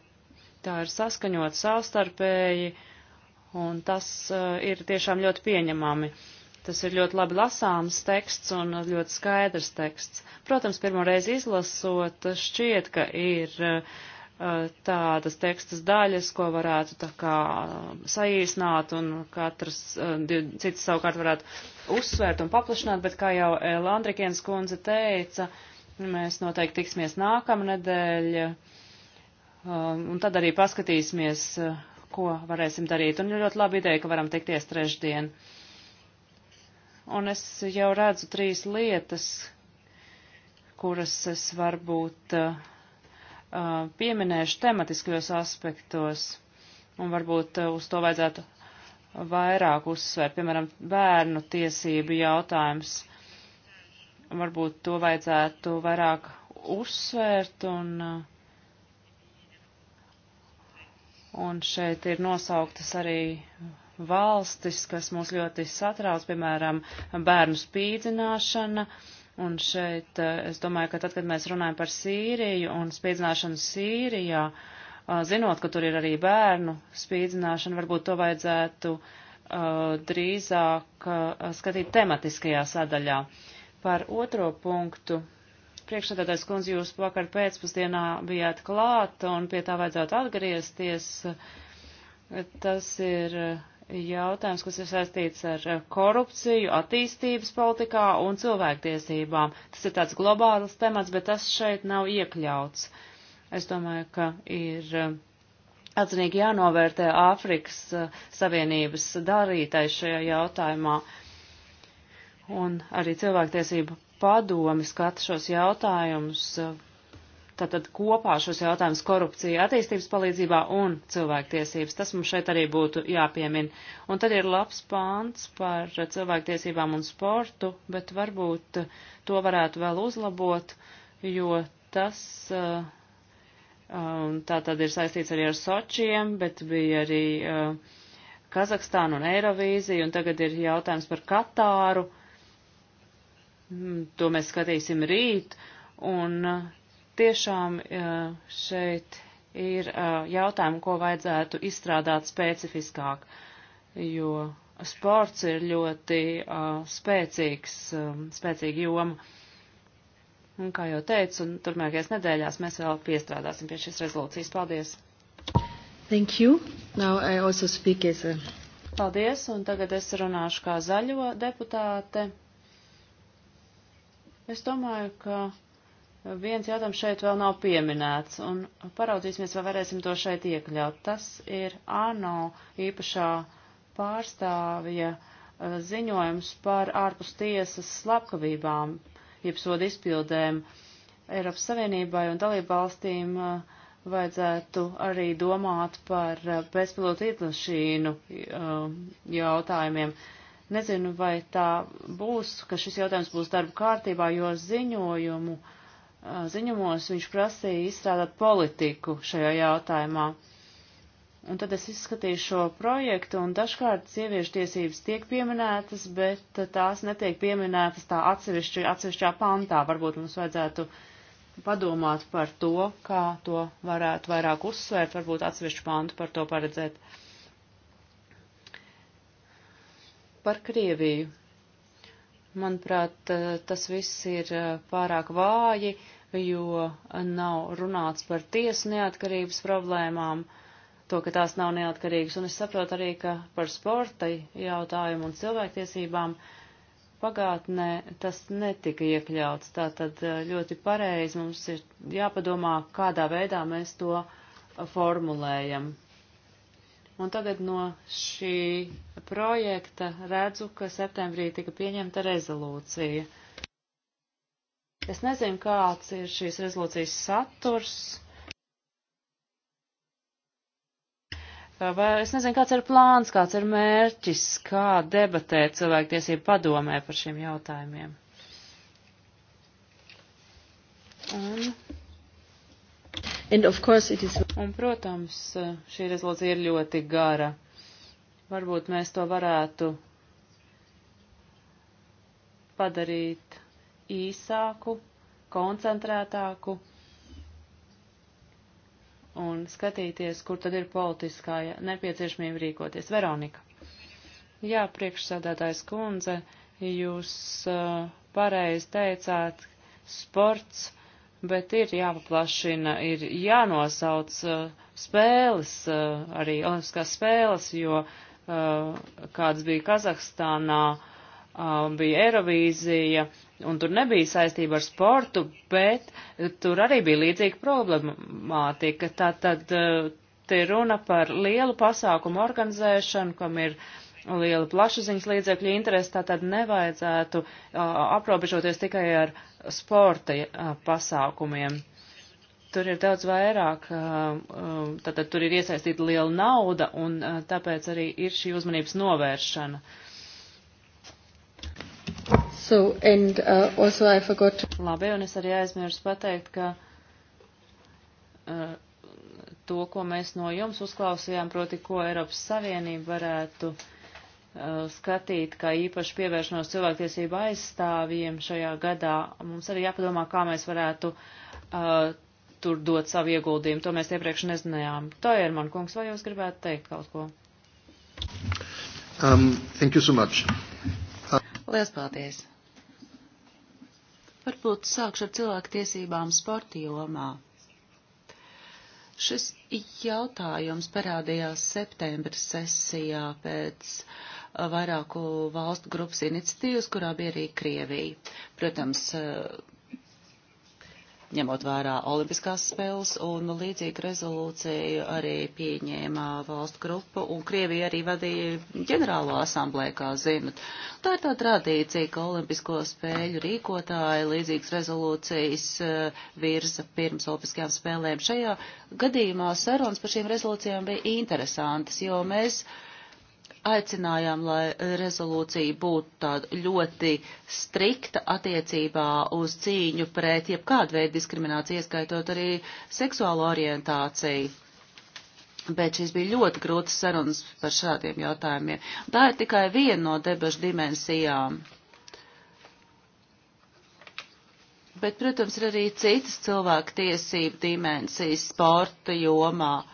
tā ir saskaņot savstarpēji un tas uh, ir tiešām ļoti pieņemami. Tas ir ļoti labi lasāms teksts un ļoti skaidrs teksts. Protams, pirmoreiz izlasot, šķiet, ka ir uh, tādas tekstas daļas, ko varētu tā kā saīsnāt un katrs, uh, cits savukārt varētu uzsvērt un paplašināt, bet kā jau Landrikienas kundze teica, mēs noteikti tiksimies nākamnedēļ. Un tad arī paskatīsimies, ko varēsim darīt. Un ir ļoti laba ideja, ka varam tikties trešdien. Un es jau redzu trīs lietas, kuras es varbūt uh, uh, pieminēšu tematiskajos aspektos, un varbūt uh, uz to vajadzētu vairāk uzsvērt, piemēram, bērnu tiesību jautājums. Varbūt to vajadzētu vairāk uzsvērt un uh, Un šeit ir nosauktas arī valstis, kas mūs ļoti satrauc, piemēram, bērnu spīdzināšana. Un šeit eh, es domāju, ka tad, kad mēs runājam par Sīriju un spīdzināšanu Sīrijā, eh, zinot, ka tur ir arī bērnu spīdzināšana, varbūt to vajadzētu eh, drīzāk skatīt tematiskajā sadaļā. Par otro punktu priekšsēdētājs kundze, jūs vakar pēcpusdienā bijāt klāt un pie tā vajadzētu atgriezties. Tas ir jautājums, kas ir saistīts ar korupciju, attīstības politikā un cilvēktiesībām. Tas ir tāds globāls temats, bet tas šeit nav iekļauts. Es domāju, ka ir atzinīgi jānovērtē Āfrikas Savienības darītais šajā jautājumā un arī cilvēktiesību padomi skata šos jautājumus, tātad kopā šos jautājumus korupcija attīstības palīdzībā un cilvēktiesības. Tas mums šeit arī būtu jāpiemin. Un tad ir labs pāns par cilvēktiesībām un sportu, bet varbūt to varētu vēl uzlabot, jo tas. Uh, um, tā tad ir saistīts arī ar Sočiem, bet bija arī uh, Kazahstāna un Eirovīzija, un tagad ir jautājums par Katāru. Mm, to mēs skatīsim rīt, un uh, tiešām uh, šeit ir uh, jautājumi, ko vajadzētu izstrādāt specifiskāk, jo sports ir ļoti spēcīgs, um, spēcīga joma. Un kā jau teicu, un turpmākajās nedēļās mēs vēl piestrādāsim pie šīs rezolūcijas. Paldies! Thank you. Now I also speak as a... Paldies, un tagad es runāšu kā zaļo deputāte. Es domāju, ka viens jautājums šeit vēl nav pieminēts, un paraudzīsimies, vai varēsim to šeit iekļaut. Tas ir ANO īpašā pārstāvja eh, ziņojums par ārpus tiesas slepkavībām, jeb sodu izpildēm Eiropas Savienībai un dalībvalstīm eh, vajadzētu arī domāt par eh, bezpilotu lidmašīnu jautājumiem. Uh, Nezinu, vai tā būs, ka šis jautājums būs darba kārtībā, jo ziņojumu, ziņumos viņš prasīja izstrādāt politiku šajā jautājumā. Un tad es izskatīju šo projektu, un dažkārt sieviešu tiesības tiek pieminētas, bet tās netiek pieminētas tā atsevišķi, atsevišķā pantā. Varbūt mums vajadzētu padomāt par to, kā to varētu vairāk uzsvērt, varbūt atsevišķu pantu par to paredzēt. Uh, par Krieviju. Manuprāt, eh, tas viss ir eh, pārāk vāji, jo nav runāts par tiesu neatkarības problēmām, to, ka tās nav neatkarīgas, un es saprotu arī, ka par sporta jautājumu un cilvēktiesībām pagātnē tas netika iekļauts. Tātad eh, ļoti pareizi mums ir jāpadomā, kādā veidā mēs to formulējam. Un tagad no šī projekta redzu, ka septembrī tika pieņemta rezolūcija. Es nezinu, kāds ir šīs rezolūcijas saturs. Vai es nezinu, kāds ir plāns, kāds ir mērķis, kā debatēt cilvēktiesību padomē par šiem jautājumiem. Un Is... Un, protams, šī rezolūcija ir ļoti gara. Varbūt mēs to varētu padarīt īsāku, koncentrētāku un skatīties, kur tad ir politiskā nepieciešamība rīkoties. Veronika. Jā, priekšsādātājs kundze, jūs uh, pareizi teicāt, sports bet ir jāpaplašina, ir jānosauc uh, spēles, uh, arī olimpiskās spēles, jo uh, kāds bija Kazahstānā, uh, bija Eirovīzija, un tur nebija saistība ar sportu, bet tur arī bija līdzīga problemātika. Tātad uh, te runa par lielu pasākumu organizēšanu, kam ir uh, liela plašsaziņas līdzekļu interesi, tā tad nevajadzētu uh, aprobežoties tikai ar sporta uh, pasākumiem. Tur ir daudz vairāk, uh, tātad tur ir iesaistīta liela nauda un tāpēc arī ir šī uzmanības novēršana. So, and, uh, also I forgot... Labi, un es arī aizmirsu pateikt, ka uh, to, ko mēs no jums uzklausījām, proti, ko Eiropas Savienība varētu uh, Uh, skatīt, kā īpaši pievēršanos cilvēktiesību aizstāvjiem šajā gadā. Mums arī jāpadomā, kā mēs varētu uh, tur dot savu ieguldījumu. To mēs iepriekš nezinājām. Tā ir man kungs, vai jūs gribētu teikt kaut ko? Um, thank you so much. Uh... Lielas paldies. Varbūt sākšu ar cilvēku tiesībām sporta jomā. Šis jautājums parādījās septembra sesijā pēc uh, vairāku valstu grupas iniciatīvas, kurā bija arī Krievija. Protams, eh, ņemot vērā olimpiskās spēles, un līdzīgu rezolūciju arī pieņēma valstu grupa, un Krievija arī vadīja ģenerālo asamblēju, kā zinat. Tā ir tā tradīcija, ka olimpisko spēļu rīkotāji līdzīgas rezolūcijas eh, virza pirms olimpiskajām spēlēm. Šajā gadījumā sarunas par šīm rezolūcijām bija interesantas, jo mēs uh, aicinājām, lai rezolūcija būtu tāda ļoti strikta attiecībā uz cīņu pret jebkādu veidu diskrimināciju, ieskaitot arī seksuālo orientāciju. Bet šīs bija ļoti grūtas sarunas par šādiem jautājumiem. Tā ir tikai viena no debašu dimensijām. Bet, protams, ir arī citas cilvēku tiesību dimensijas sporta jomā. Uh,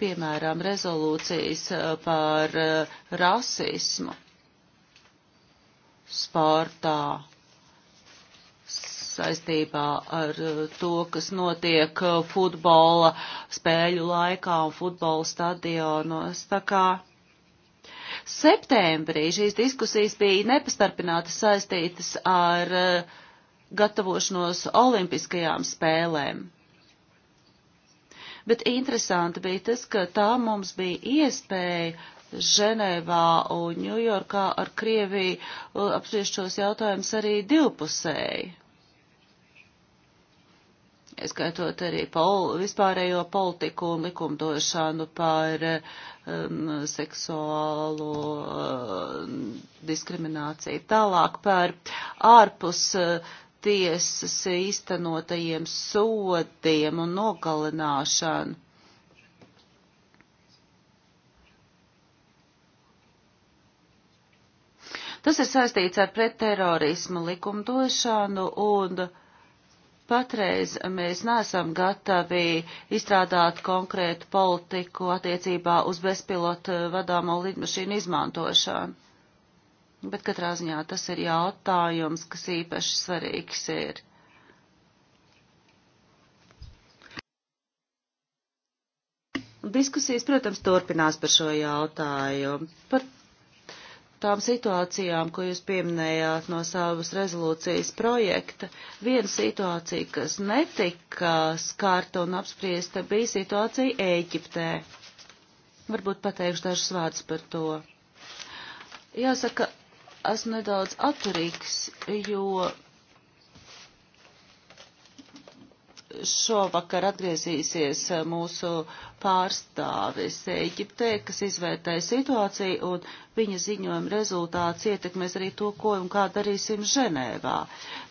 piemēram, rezolūcijas eh, par eh, rasismu sportā saistībā ar eh, to, kas notiek futbola spēļu laikā un futbola stadionos. Tā kā septembrī šīs diskusijas bija nepastarpināti saistītas ar gatavošanos olimpiskajām spēlēm. Bet interesanti bija tas, ka tā mums bija iespēja Ženēvā un Ņujorkā ar Krieviju uh, apspriest šos jautājumus arī divpusēji. Ieskaitot arī pol, vispārējo politiku un likumdošanu par um, seksuālo uh, diskrimināciju. Tālāk par ārpus uh, tiesas īstenotajiem sodiem un nogalināšanu. Tas ir saistīts ar pretterorismu likumdošanu un patreiz mēs neesam gatavi izstrādāt konkrētu politiku attiecībā uz bezpilotu vadāmo lidmašīnu izmantošanu. Bet katrā ziņā tas ir jautājums, kas īpaši svarīgs ir. Diskusijas, protams, turpinās par šo jautājumu. Par tām situācijām, ko jūs pieminējāt no savas rezolūcijas projekta, viena situācija, kas netika skārta un apspriesta, bija situācija Ēģiptē. Varbūt pateikšu dažus vārdus par to. Jāsaka, esmu nedaudz atturīgs, jo šovakar atgriezīsies mūsu pārstāvis Eģiptē, kas izvērtē situāciju, un viņa ziņojuma rezultāts ietekmēs arī to, ko un kā darīsim Ženēvā.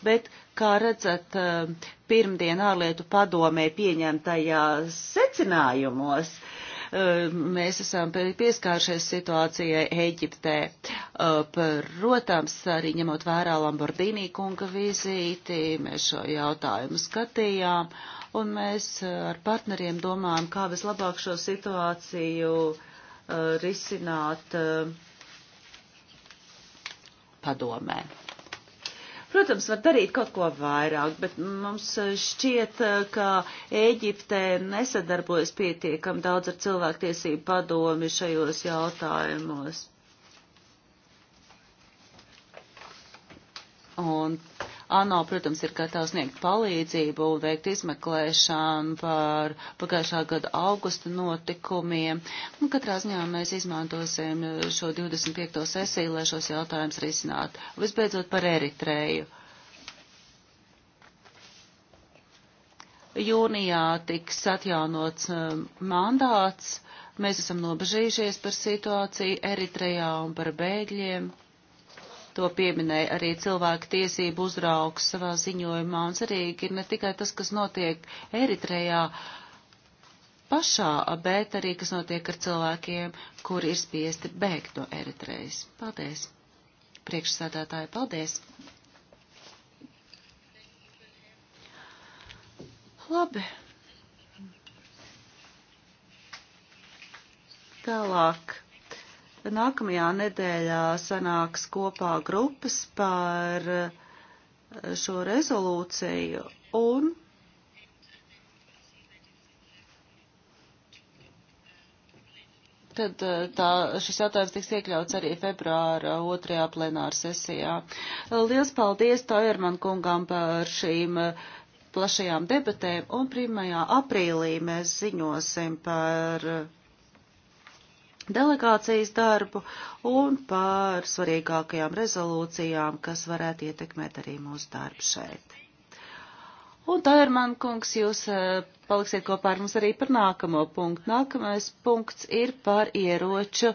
Bet, kā redzat, eh, pirmdien ārlietu padomē pieņemtajā secinājumos, uh, Ehm, mēs esam pieskāršies situācijai Eģiptē. Ehm, protams, arī ņemot vērā Lambordīnī kunga vizīti, mēs šo jautājumu skatījām, un mēs eh, ar partneriem domājam, kā vislabāk šo situāciju eh, risināt ehm, padomē. Protams, var darīt kaut ko vairāk, bet mums eh, šķiet, eh, ka Ēģipte nesadarbojas pietiekam daudz ar cilvēktiesību padomi šajos jautājumos. Un ANO, protams, ir gatavs sniegt palīdzību un veikt izmeklēšanu par pagājušā gada augusta notikumiem. Un katrā ziņā mēs izmantosim šo 25. sesiju, lai šos jautājumus risinātu. Visbeidzot par Eritreju. Jūnijā tiks atjaunots um, mandāts. Mēs esam nobežījušies par situāciju Eritrejā un par bēgļiem. To pieminēja arī cilvēku tiesību uzraugs savā ziņojumā. Un svarīgi ir ne tikai tas, kas notiek Eritrejā pašā, bet arī kas notiek ar cilvēkiem, kuri ir spiesti bēgt no Eritrejas. Paldies! Priekšsādātāji, paldies! Labi. Tālāk Nākamajā nedēļā sanāks kopā grupas par eh, šo rezolūciju un tad eh, tā, šis jautājums tiks iekļauts arī februāra otrajā plenāra sesijā. Liels paldies Tojerman kungam par šīm eh, plašajām debatēm, un 1. aprīlī mēs ziņosim par delegācijas darbu un par svarīgākajām rezolūcijām, kas varētu ietekmēt arī mūsu darbu šeit. Un tā ir man, kungs, jūs eh, paliksiet kopā ar mums arī par nākamo punktu. Nākamais punkts ir par ieroču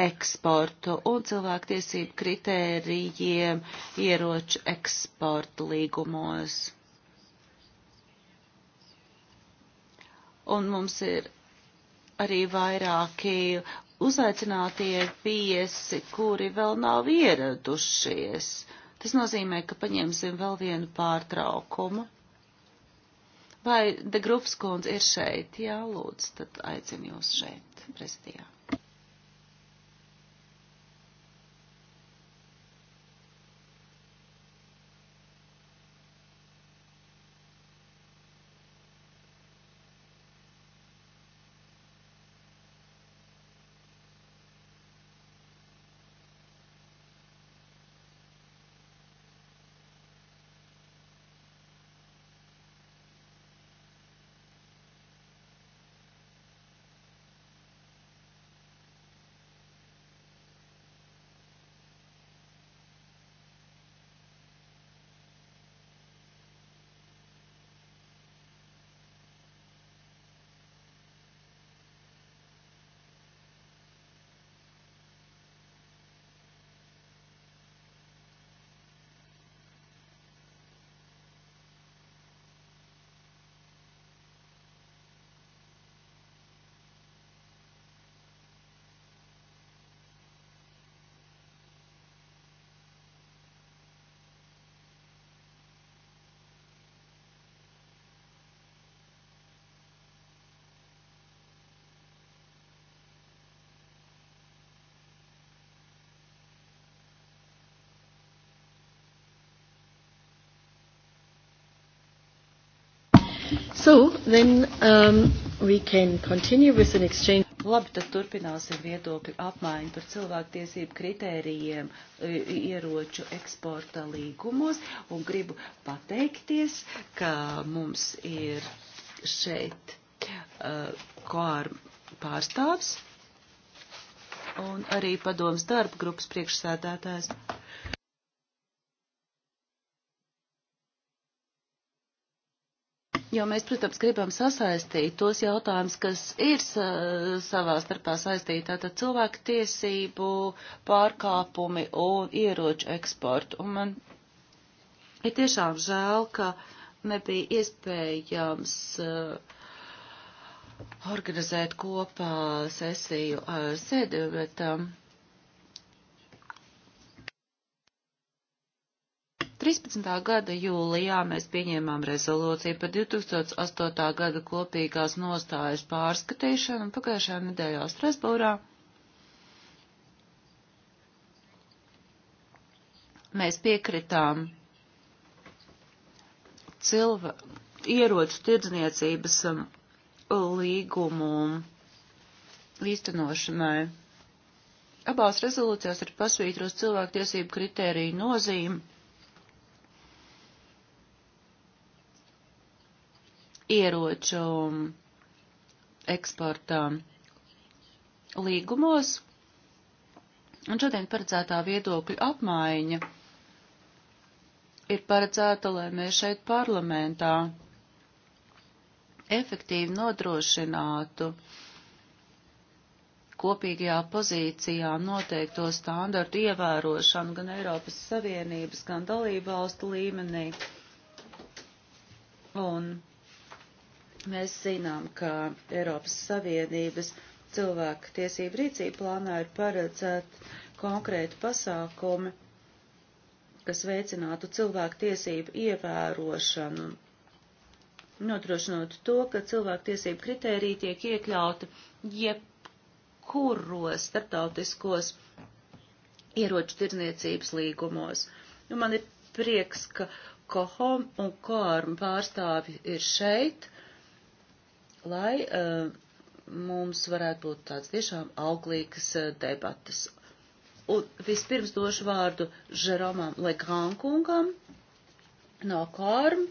eksportu un cilvēktiesību kritērijiem ieroču eksporta līgumos. Un mums ir arī vairāki uzaicinātie viesi, kuri vēl nav ieradušies. Tas nozīmē, ka paņemsim vēl vienu pārtraukumu. Vai De Grufskundze ir šeit? Jā, lūdzu, tad aicinu jūs šeit, prezidijā. So, then um, we can continue with an exchange. Labi, tad turpināsim viedokļu apmaiņu par cilvēktiesību kritērijiem e, ieroču eksporta līgumos un gribu pateikties, ka mums ir šeit uh, e, koār pārstāvs un arī padomas darba grupas priekšsēdētājs. Uh, Jo mēs, protams, gribam sasaistīt tos jautājumus, kas ir savā starpā saistītā, tad cilvēku tiesību pārkāpumi un ieroču eksportu. Un man ir tiešām žēl, ka nebija iespējams uh, organizēt kopā sesiju ar sēdi, bet um, 2013. gada jūlijā mēs pieņēmām rezolūciju par 2008. gada kopīgās nostājas pārskatīšanu un pagājušajā nedēļā Strasbūrā mēs piekritām cilva ieroču tirdzniecības um, līgumu īstenošanai. Abās rezolūcijās ir pasvītros cilvēktiesību kritēriju nozīme ieroču eksporta līgumos, un šodien paredzētā viedokļu apmaiņa ir paredzēta, lai mēs šeit parlamentā efektīvi nodrošinātu kopīgajā pozīcijā noteikto standartu ievērošanu gan Eiropas Savienības, gan dalību valstu līmenī. Un Mēs zinām, ka Eiropas Savienības cilvēku tiesību rīcību plānā ir paredzēt konkrēti pasākumi, kas veicinātu cilvēku tiesību ievērošanu, nodrošinot to, ka cilvēku tiesību kritēriji tiek iekļauti jebkuros starptautiskos ieroču tirdzniecības līgumos. Un nu, man ir prieks, ka Kohom un Korm pārstāvi ir šeit lai uh, mums varētu būt tāds tiešām auglīgas uh, eh, debatas. Un vispirms došu vārdu Žeromam Legānkungam no Korm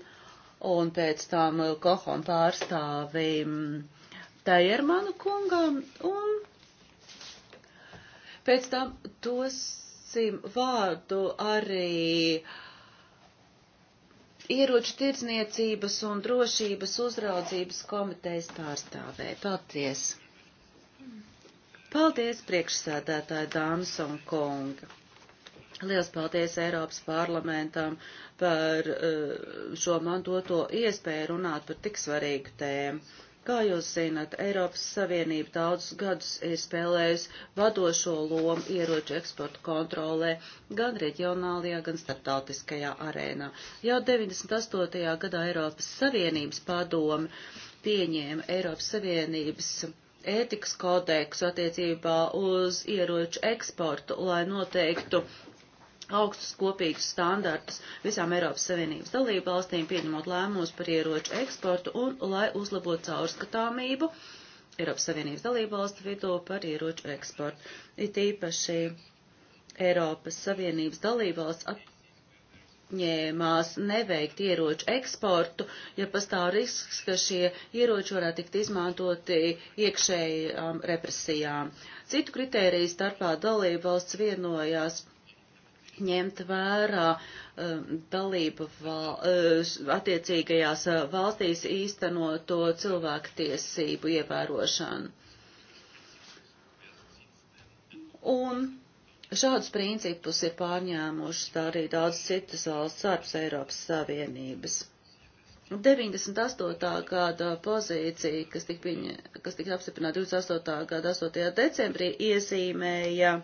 un pēc tam Kohon pārstāvim Tajermanu kungam un pēc tam dosim vārdu arī uh, ieroču tirdzniecības un drošības uzraudzības komitejas pārstāvē. Paldies! Paldies, priekšsēdētāji dāmas un kunga! Liels paldies Eiropas parlamentam par eh, šo man doto iespēju runāt par tik svarīgu tēmu. Kā jūs zinat, Eiropas Savienība daudzus gadus ir spēlējusi vadošo lomu ieroču eksporta kontrolē gan reģionālajā, gan starptautiskajā arēnā. Jau 98. gadā Eiropas Savienības padome pieņēma Eiropas Savienības ētikas kodeksu attiecībā uz ieroču eksportu, lai noteiktu augstus kopīgus standartus visām Eiropas Savienības dalību valstīm, pieņemot lēmumus par ieroču eksportu un lai uzlabotu caurskatāmību Eiropas Savienības dalību valstu vidū par ieroču eksportu. It īpaši Eiropas Savienības dalību valsts apņēmās neveikt ieroču eksportu, ja pastāv risks, ka šie ieroči varētu tikt izmantoti iekšējām represijām. Citu kritēriju starpā dalību valsts vienojās ņemt vērā um, dalību val, uh, attiecīgajās uh, valstīs īstenoto cilvēku tiesību ievērošanu. Un šādus principus ir pārņēmušas arī daudz citas valsts ārpus Eiropas Savienības. 98. gada pozīcija, kas tika, piņa, kas tika apstiprināta 28. gada 8. decembrī, iezīmēja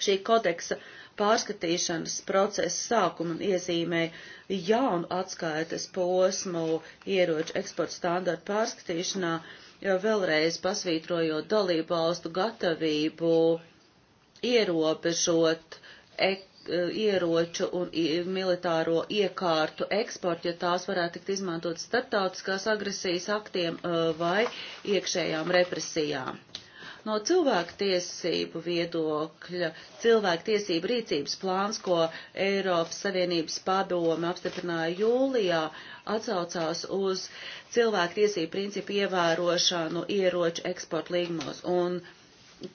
šī kodeksa uh, pārskatīšanas procesa sākumu un iezīmē jaunu atskaites posmu ieroču eksporta standartu pārskatīšanā, jo vēlreiz pasvītrojot dalību valstu gatavību ierobežot ek, ieroču un militāro iekārtu eksportu, ja tās varētu tikt izmantot starptautiskās agresijas aktiem vai iekšējām represijām. No cilvēktiesību viedokļa, cilvēktiesību rīcības plāns, ko Eiropas Savienības padome apstiprināja jūlijā, atsaucās uz cilvēktiesību principu ievērošanu ieroču eksporta līgumos. Un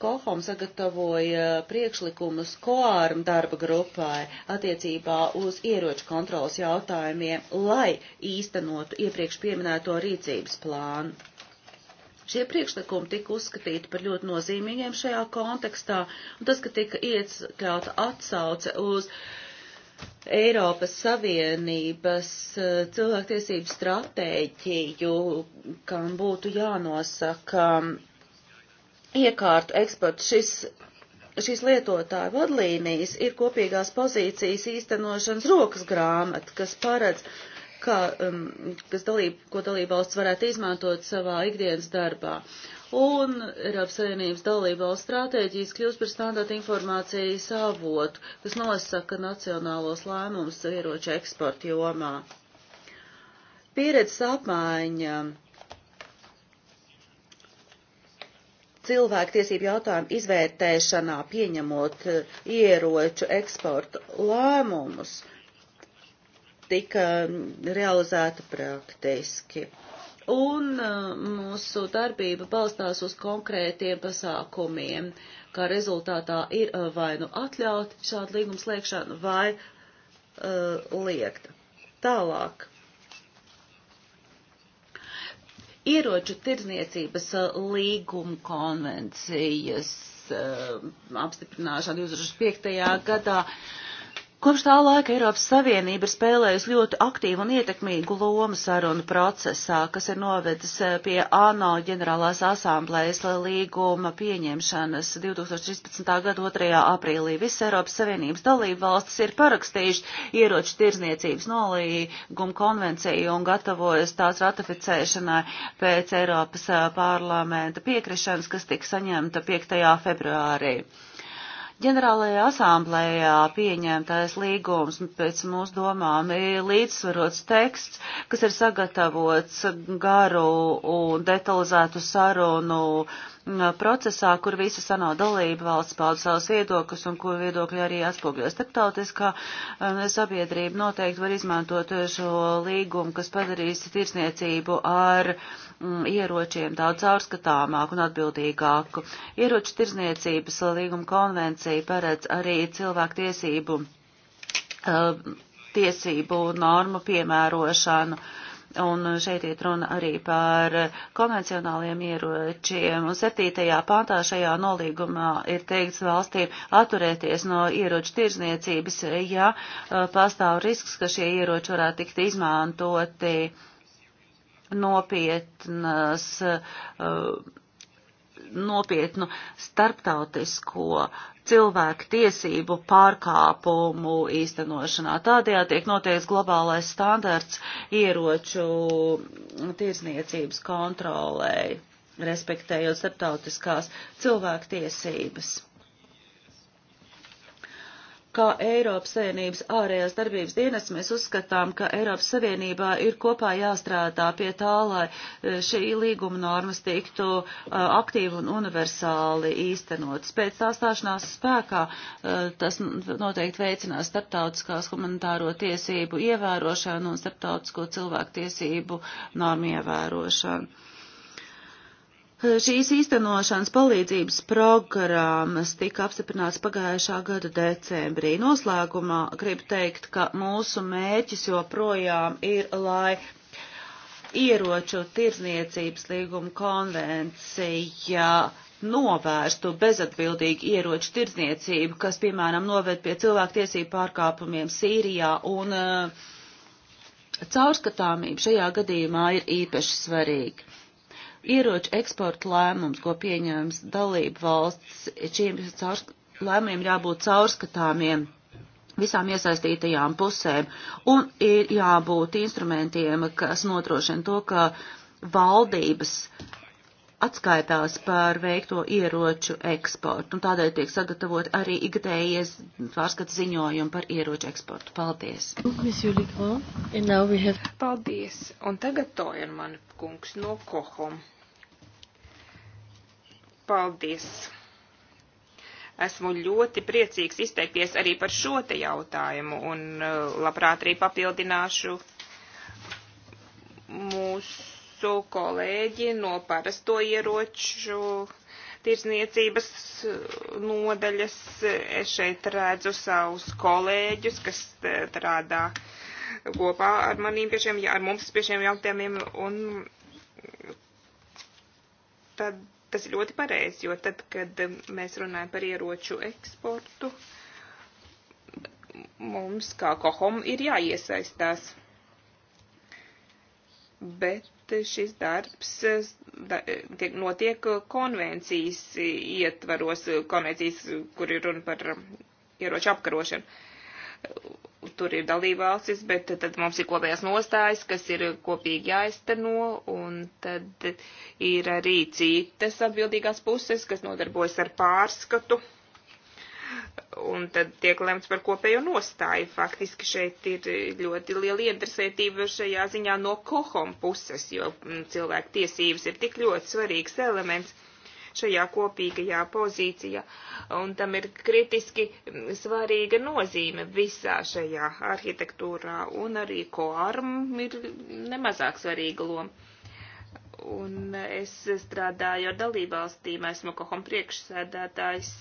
Kohom sagatavoja priekšlikumus koārm darba grupai attiecībā uz ieroču kontrolas jautājumiem, lai īstenotu iepriekš pieminēto rīcības plānu. Šie priekšlikumi tika uzskatīti par ļoti nozīmīgiem šajā kontekstā, un tas, ka tika iekļauta atsauce uz Eiropas Savienības eh, cilvēktiesību stratēģiju, kam būtu jānosaka mm, iekārtu eksports, šis šīs lietotāju vadlīnijas ir kopīgās pozīcijas īstenošanas rokas grāmata, kas paredz kā, um, kas dalība, ko dalībvalsts varētu izmantot savā ikdienas darbā. Un Eiropas Savienības dalībvalsts stratēģijas kļūst par standarta informācijas avotu, kas nosaka nacionālos lēmumus ieroču eksporta jomā. Pieredzes apmaiņa. cilvēktiesību jautājumu izvērtēšanā pieņemot uh, ieroču eksporta lēmumus tika realizēta praktiski. Un uh, mūsu darbība balstās uz konkrētiem pasākumiem, kā rezultātā ir uh, vai nu atļaut šādu līgumu slēgšanu vai uh, liegt. Tālāk. Ieroču tirdzniecības uh, līguma konvencijas uh, apstiprināšana 2005. gadā uh, Kopš tā laika Eiropas Savienība ir spēlējusi ļoti aktīvu un ietekmīgu lomu sarunu procesā, kas ir novedis eh, pie ANO ģenerālās asamblējas līguma pieņemšanas 2013. gada 2. aprīlī. Visas Eiropas Savienības dalība valstis ir parakstījuši ieroču tirzniecības nolīgumu konvenciju un gatavojas tās ratificēšanai pēc Eiropas eh, parlamenta piekrišanas, kas tika saņemta 5. februārī. Ģenerālajā asamblējā pieņemtais līgums pēc mūsu domām ir līdzsvarots teksts, kas ir sagatavots garu un detalizētu sarunu procesā, kur visi sanā dalība valsts pauda savus viedokļus un kur viedokļi arī atspogļos. Starptautiskā sabiedrība noteikti var izmantot šo līgumu, kas padarīs tirsniecību ar Mm, ieročiem daudz caurskatāmāku un atbildīgāku. Ieroču tirzniecības līguma konvencija paredz arī cilvēktiesību eh, tiesību normu piemērošanu. Un šeit iet runa arī par konvencionāliem ieročiem. Un 7. pantā šajā nolīgumā ir teikts valstīm atturēties no ieroču tirzniecības, ja eh, pastāv risks, ka šie ieroči varētu tikt izmantoti uh, nopietnas, eh, nopietnu starptautisko cilvēku tiesību pārkāpumu īstenošanā. Tādējā tiek noteikts globālais standarts ieroču tiesniecības kontrolēji, respektējot starptautiskās cilvēku tiesības. Kā Eiropas Savienības ārējās darbības dienas mēs uzskatām, ka Eiropas Savienībā ir kopā jāstrādā pie tā, lai e, šī līguma normas tiktu uh, aktīvi un universāli īstenotas. Pēc tā stāšanās spēkā uh, tas noteikti veicinās starptautiskās humanitāro tiesību ievērošanu un starptautisko cilvēku tiesību normu ievērošanu. Eh, šīs īstenošanas palīdzības programmas tika apstiprināts pagājušā gada decembrī. Noslēgumā gribu teikt, ka mūsu mērķis joprojām ir, lai ieroču tirdzniecības līguma konvencija novērstu bezatbildīgu ieroču tirdzniecību, kas, piemēram, noved pie cilvēktiesību pārkāpumiem Sīrijā, un uh, caurskatāmība šajā gadījumā ir īpaši svarīga ieroču eksporta lēmums, ko pieņems dalību valsts, šiem caurs, lēmumiem jābūt caurskatāmiem visām iesaistītajām pusēm un ir jābūt instrumentiem, kas notrošina to, ka valdības atskaitās par veikto ieroču eksportu, un tādēļ tiek sagatavot arī ikdējies pārskats ziņojumi par ieroču eksportu. Paldies! Paldies! Un tagad to ir mani kungs no Kohom. Paldies! Esmu ļoti priecīgs izteikties arī par šo te jautājumu un uh, labprāt arī papildināšu mūsu kolēģi no parasto ieroču tirsniecības uh, nodaļas. Es šeit redzu savus kolēģus, kas uh, strādā kopā ar manīm pie šiem, ar mums pie šiem jautājumiem. Un tad tas ir ļoti pareizi, jo tad, kad um, mēs runājam par ieroču eksportu, mums kā kohom ir jāiesaistās. Bet šis darbs da, tiek, notiek konvencijas ietvaros, konvencijas, kur ir runa par um, ieroču apkarošanu tur ir dalībvalstis, bet tad mums ir kopējās nostājas, kas ir kopīgi jāizteno, un tad ir arī citas atbildīgās puses, kas nodarbojas ar pārskatu, un tad tiek lemts par kopējo nostāju. Faktiski šeit ir ļoti liela interesētība šajā ziņā no kohom puses, jo mm, cilvēku tiesības ir tik ļoti svarīgs elements šajā kopīgajā pozīcijā. Un tam ir kritiski svarīga nozīme visā šajā arhitektūrā, un arī koarm ir nemazāk svarīga loma. Un es strādāju ar dalībvalstīm, esmu kohom priekšsēdētājs,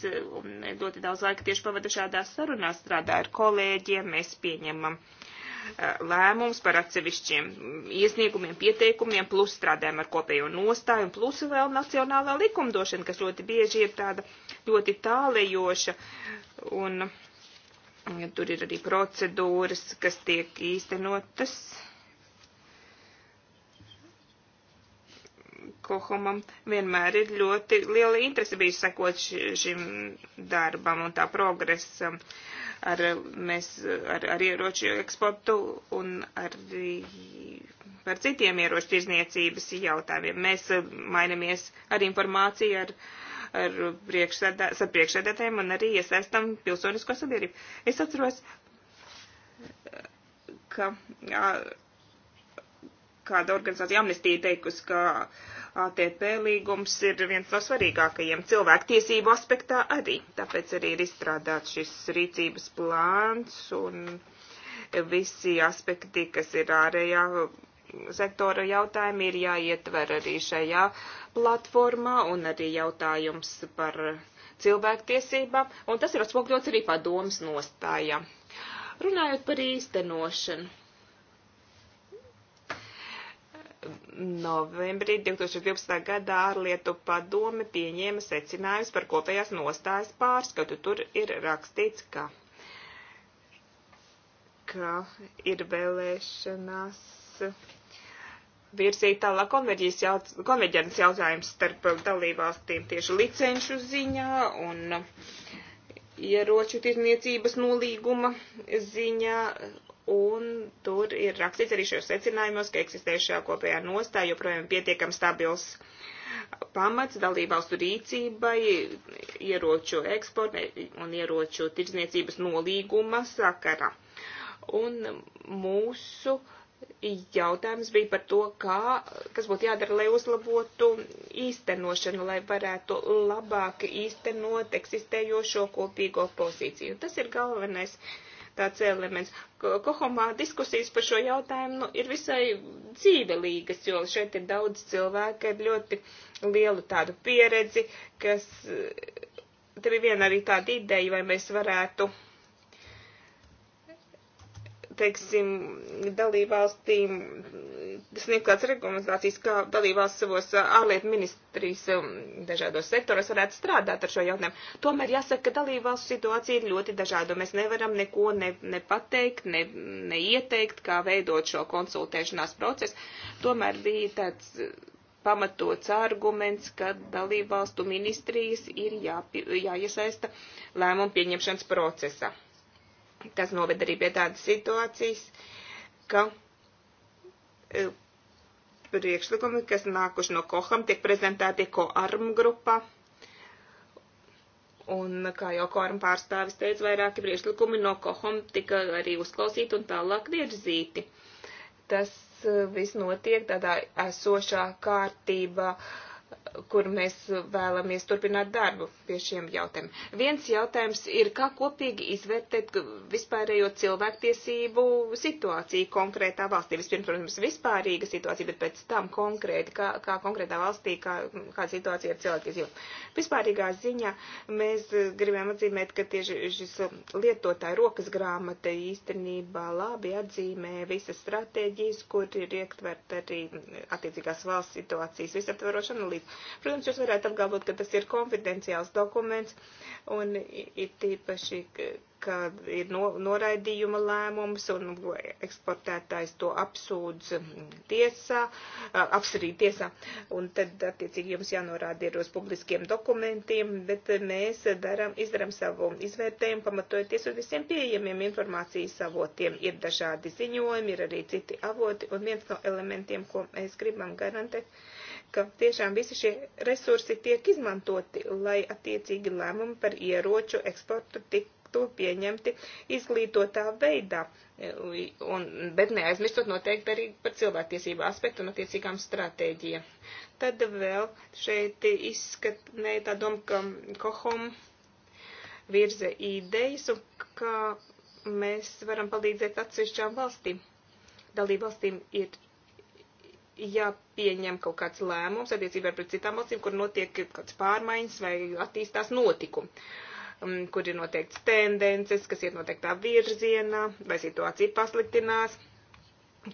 un ļoti daudz laika tieši pavadu šādās sarunās, strādāju ar kolēģiem, mēs pieņemam uh, lēmums par atsevišķiem iesniegumiem, pieteikumiem, plus strādājam ar kopējo nostāju, plus vēl nacionālā likumdošana, kas ļoti bieži ir tāda ļoti tālējoša. Un ja tur ir arī procedūras, kas tiek īstenotas. Kohomam vienmēr ir ļoti liela interese bijusi sekot šim darbam un tā progresam. Uh, ar, mēs, ar, ar ieroču eksportu un arī par citiem ieroču tirzniecības jautājumiem. Mēs eh, mainamies ar informāciju ar, ar priekšsēdētājiem un arī iesaistam pilsonisko sabiedrību. Es atceros, ka jā, kāda organizācija amnestija teikusi, ka uh, ATP līgums ir viens no svarīgākajiem cilvēktiesību aspektā arī. Tāpēc arī ir izstrādāts šis rīcības plāns un visi aspekti, kas ir ārējā sektora jautājumi, ir jāietver arī šajā platformā un arī jautājums par cilvēktiesībām, un tas ir atspoguļots arī padomas nostājā. Runājot par īstenošanu novembrī 2012. gadā ārlietu padome pieņēma secinājumus par kopējās nostājas pārskatu. Tur ir rakstīts, ka, ka ir vēlēšanās virzīt tālāk konverģents jautājums starp dalībvalstīm tieši licenšu ziņā un ieroču tirniecības nolīguma ziņā Un tur ir rakstīts arī šajos secinājumos, ka eksistējušajā kopējā nostāja joprojām pietiekam stabils pamats dalībvalstu rīcībai ieroču eksporta un ieroču tirdzniecības nolīguma sakara. Un mūsu jautājums bija par to, kā, kas būtu jādara, lai uzlabotu īstenošanu, lai varētu labāk īstenot eksistējošo kopīgo pozīciju. Tas ir galvenais. Uh, tāds elements. Kohomā diskusijas par šo jautājumu nu, ir visai dzīvelīgas, jo šeit ir daudz cilvēku ar ļoti lielu tādu pieredzi, kas, eh, te bija viena arī tāda ideja, vai mēs varētu teiksim, dalībvalstīm sniegt kādas rekomendācijas, kā dalībvalsts savos ārlietu ministrijas dažādos sektoros varētu strādāt ar šo jautājumu. Tomēr jāsaka, ka dalībvalstu situācija ir ļoti dažāda, un mēs nevaram neko ne, ne pateikt, ne, neieteikt, kā veidot šo konsultēšanās procesu. Tomēr bija tāds pamatots arguments, ka dalībvalstu ministrijas ir jā, jāiesaista lēmumu pieņemšanas procesā. Tas noved arī pie tādas situācijas, ka e, priekšlikumi, kas nākuši no Koham, tiek prezentēti Koarm grupā. Un, kā jau Koarm pārstāvis teica, vairāki priekšlikumi no Koham tika arī uzklausīti un tālāk virzīti. Tas e, viss notiek tādā esošā kārtībā. Uh, kur mēs vēlamies turpināt darbu pie šiem jautājumiem. Viens jautājums ir, kā kopīgi izvērtēt vispārējo cilvēktiesību situāciju konkrētā valstī. Vispirms, protams, vispārīga situācija, bet pēc tam konkrēti, kā, kā konkrētā valstī, kā, kā situācija ar cilvēktiesībām. Vispārīgā ziņā mēs gribējām atzīmēt, ka tieši šis lietotāja rokas grāmata īstenībā labi atzīmē visas stratēģijas, kur ir ietvert arī attiecīgās valsts situācijas visaptvarošana līdz Protams, jūs varētu apgalvot, ka tas ir konfidenciāls dokuments, un ir tīpaši, ka ir no, noraidījuma lēmums, un eksportētājs to apsūdz tiesā, apsarīja tiesā, un tad, attiecīgi, jums jānorāda ir uz publiskiem dokumentiem, bet mēs daram, izdaram savu izvērtējumu, pamatojoties uz visiem pieejamiem informācijas avotiem. Ir dažādi ziņojumi, ir arī citi avoti, un viens no elementiem, ko mēs gribam garantēt, ka tiešām visi šie resursi tiek izmantoti, lai attiecīgi lēmumi par ieroču eksportu tiktu pieņemti izglītotā veidā, un, bet neaizmirstot noteikti arī par cilvēktiesību aspektu un attiecīgām stratēģijām. Tad vēl šeit izskatnē tā doma, ka Kohom virza idejas un kā mēs varam palīdzēt atsevišķām valstīm. Dalībvalstīm ir jāpieņem kaut kāds lēmums attiecībā pret citām valstīm, kur notiek kāds pārmaiņas vai attīstās notikumi, mm, kur ir noteikts tendences, kas iet noteiktā virzienā, vai situācija pasliktinās.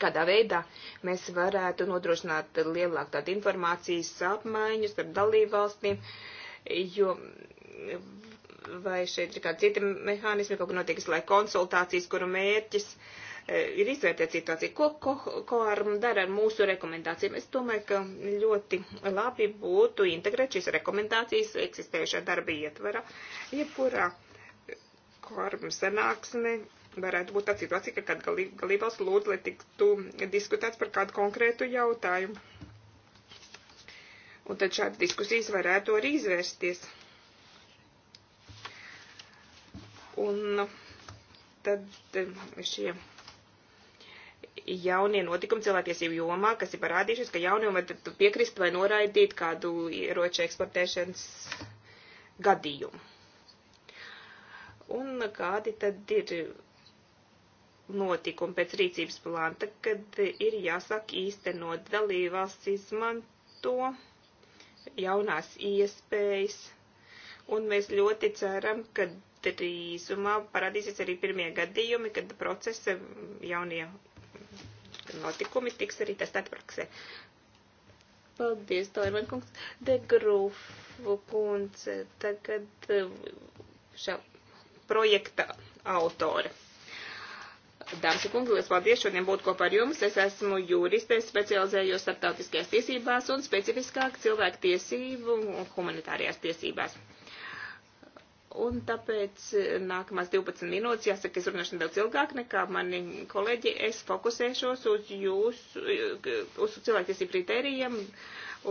Kādā veidā mēs varētu nodrošināt lielāku tādu informācijas apmaiņu starp dalībvalstīm, jo vai šeit ir kādi citi mehānismi, kaut kur notiek, lai konsultācijas, kuru mērķis uh, Eh, ir izvērtēt situāciju. Ko, ko, ko ar dara ar mūsu rekomendācijām? Es domāju, ka ļoti labi būtu integrēt šīs rekomendācijas eksistējušā darba ietvara, jebkurā eh, korma sanāksme varētu būt tāda situācija, ka kad galībās lūdzu, lai tiktu diskutēts par kādu konkrētu jautājumu. Un tad šādas diskusijas varētu arī izvērsties. Un tad eh, šie jaunie notikumi cilvēktiesību jomā, kas ir parādījušies, ka jaunie var piekrist vai noraidīt kādu ieroču eksportēšanas gadījumu. Un kādi tad ir notikumi pēc rīcības plānta, kad ir jāsāk īstenot dalībvalsts izmanto jaunās iespējas. Un mēs ļoti ceram, ka drīzumā parādīsies arī pirmie gadījumi, kad procesa jaunie notikumi tiks arī testēti praksē. Paldies, Tolerman kungs. De Grūfu kungs, tagad eh, šā projekta autore. Dāmas un kungi, liels paldies šodien būt kopā ar jums. Es esmu juriste, specializējos starptautiskajās tiesībās un specifiskāk cilvēku tiesību un humanitārajās tiesībās. Un tāpēc eh, nākamās 12 minūtes, jāsaka, es runāšu nedaudz ilgāk nekā mani kolēģi, es fokusēšos uz jūsu, eh, uz cilvēktiesību kritērijiem,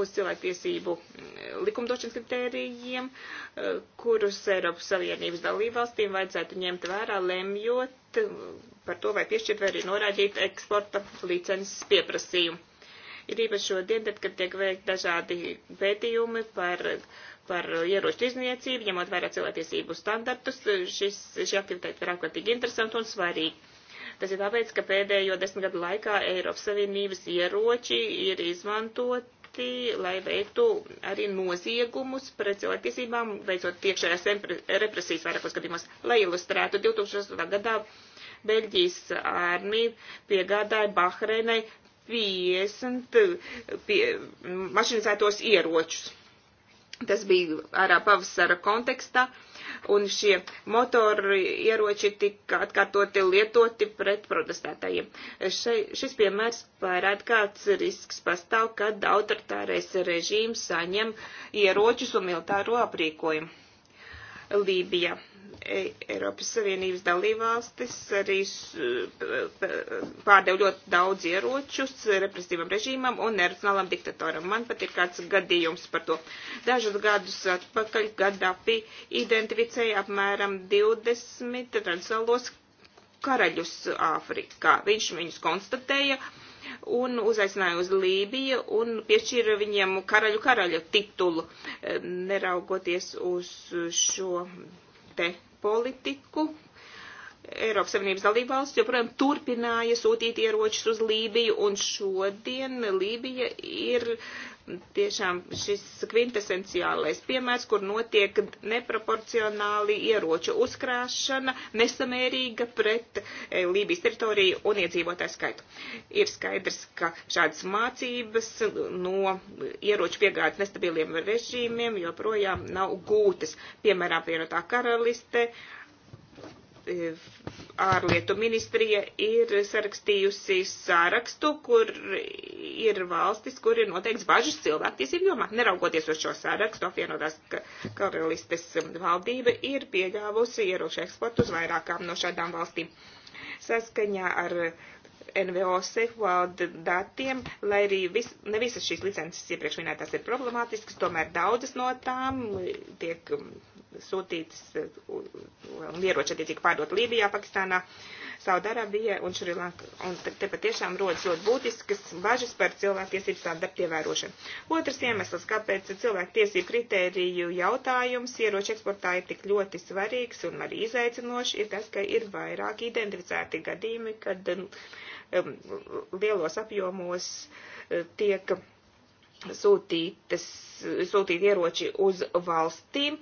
uz cilvēktiesību mm, likumdošanas kritērijiem, eh, kurus Eiropas Savienības dalībvalstīm vajadzētu ņemt vērā, lemjot mm, par to, vai piešķirt vai arī norādīt eksporta licences pieprasījumu. Ir īpaši šodien, tad, kad tiek veikt dažādi pētījumi par par ieroču izniecību, ņemot vērā cilvēktiesību standartus, šis, šī aktivitāte ir ārkārtīgi interesanta un svarīga. Tas ir tāpēc, ka pēdējo desmit gadu laikā Eiropas Savienības ieroči ir izmantoti, lai veiktu arī noziegumus pret cilvēktiesībām, veicot iekšējās represijas vairākos gadījumos, lai ilustrētu 2008. gadā. Beļģijas armija piegādāja Bahreinai 50 pie, mašinizētos ieročus Tas bija ārā pavasara kontekstā, un šie motori ieroči tika atkārtoti lietoti pret protestētājiem. Še, šis piemērs parāda, kāds risks pastāv, kad autoritārais režīms saņem ieročus un militāro aprīkojumu. Lībija. E, Eiropas Savienības dalībvalstis arī pārdev ļoti daudz ieročus represīvam režīmam un neracionālam diktatoram. Man pat ir kāds gadījums par to. Dažus gadus atpakaļ Gaddafi identificēja apmēram 20 tradicionālos karaļus Āfrikā. Viņš viņus konstatēja un uzaicināja uz Lībiju un piešķīra viņiem karaļu karaļa titulu, e, neraugoties uz šo te politiku, Eiropas Savienības dalībvalsts joprojām turpināja sūtīt ieročus uz Lībiju, un šodien Lībija ir tiešām šis kvintesenciālais piemērs, kur notiek neproporcionāli ieroču uzkrāšana, nesamērīga pret eh, Lībijas teritoriju un iedzīvotāju skaitu. Ir skaidrs, ka šādas mācības no ieroču piegādes nestabiliem režīmiem joprojām nav gūtas. Piemēram, apvienotā karaliste. Uh, ārlietu ministrija ir sarakstījusi sārakstu, kur ir valstis, kur ir noteikts bažas cilvēktiesību jomā. Neraugoties uz šo sārakstu, apvienotās karalistes valdība ir pieļāvusi ieroču eksportu uz vairākām no šādām valstīm. Saskaņā ar NVO safeguard datiem, lai arī vis, ne visas šīs licences iepriekš minētās ir problemātiskas, tomēr daudzas no tām tiek sūtīts eh, un ieroči attiecīgi pārdot Lībijā, Pakistānā, Saudarābija un Šrilanka. Un te patiešām rodas ļoti būtiskas bažas par cilvēku tiesību standartu ievērošanu. Otrs iemesls, kāpēc cilvēku tiesību kritēriju jautājums ieroči eksportā ir tik ļoti svarīgs un arī izaicinoši, ir tas, ka ir vairāk identificēti gadījumi, kad um, um lielos apjomos uh, tiek sūtītas, sūtīt ieroči uz valstīm, uh,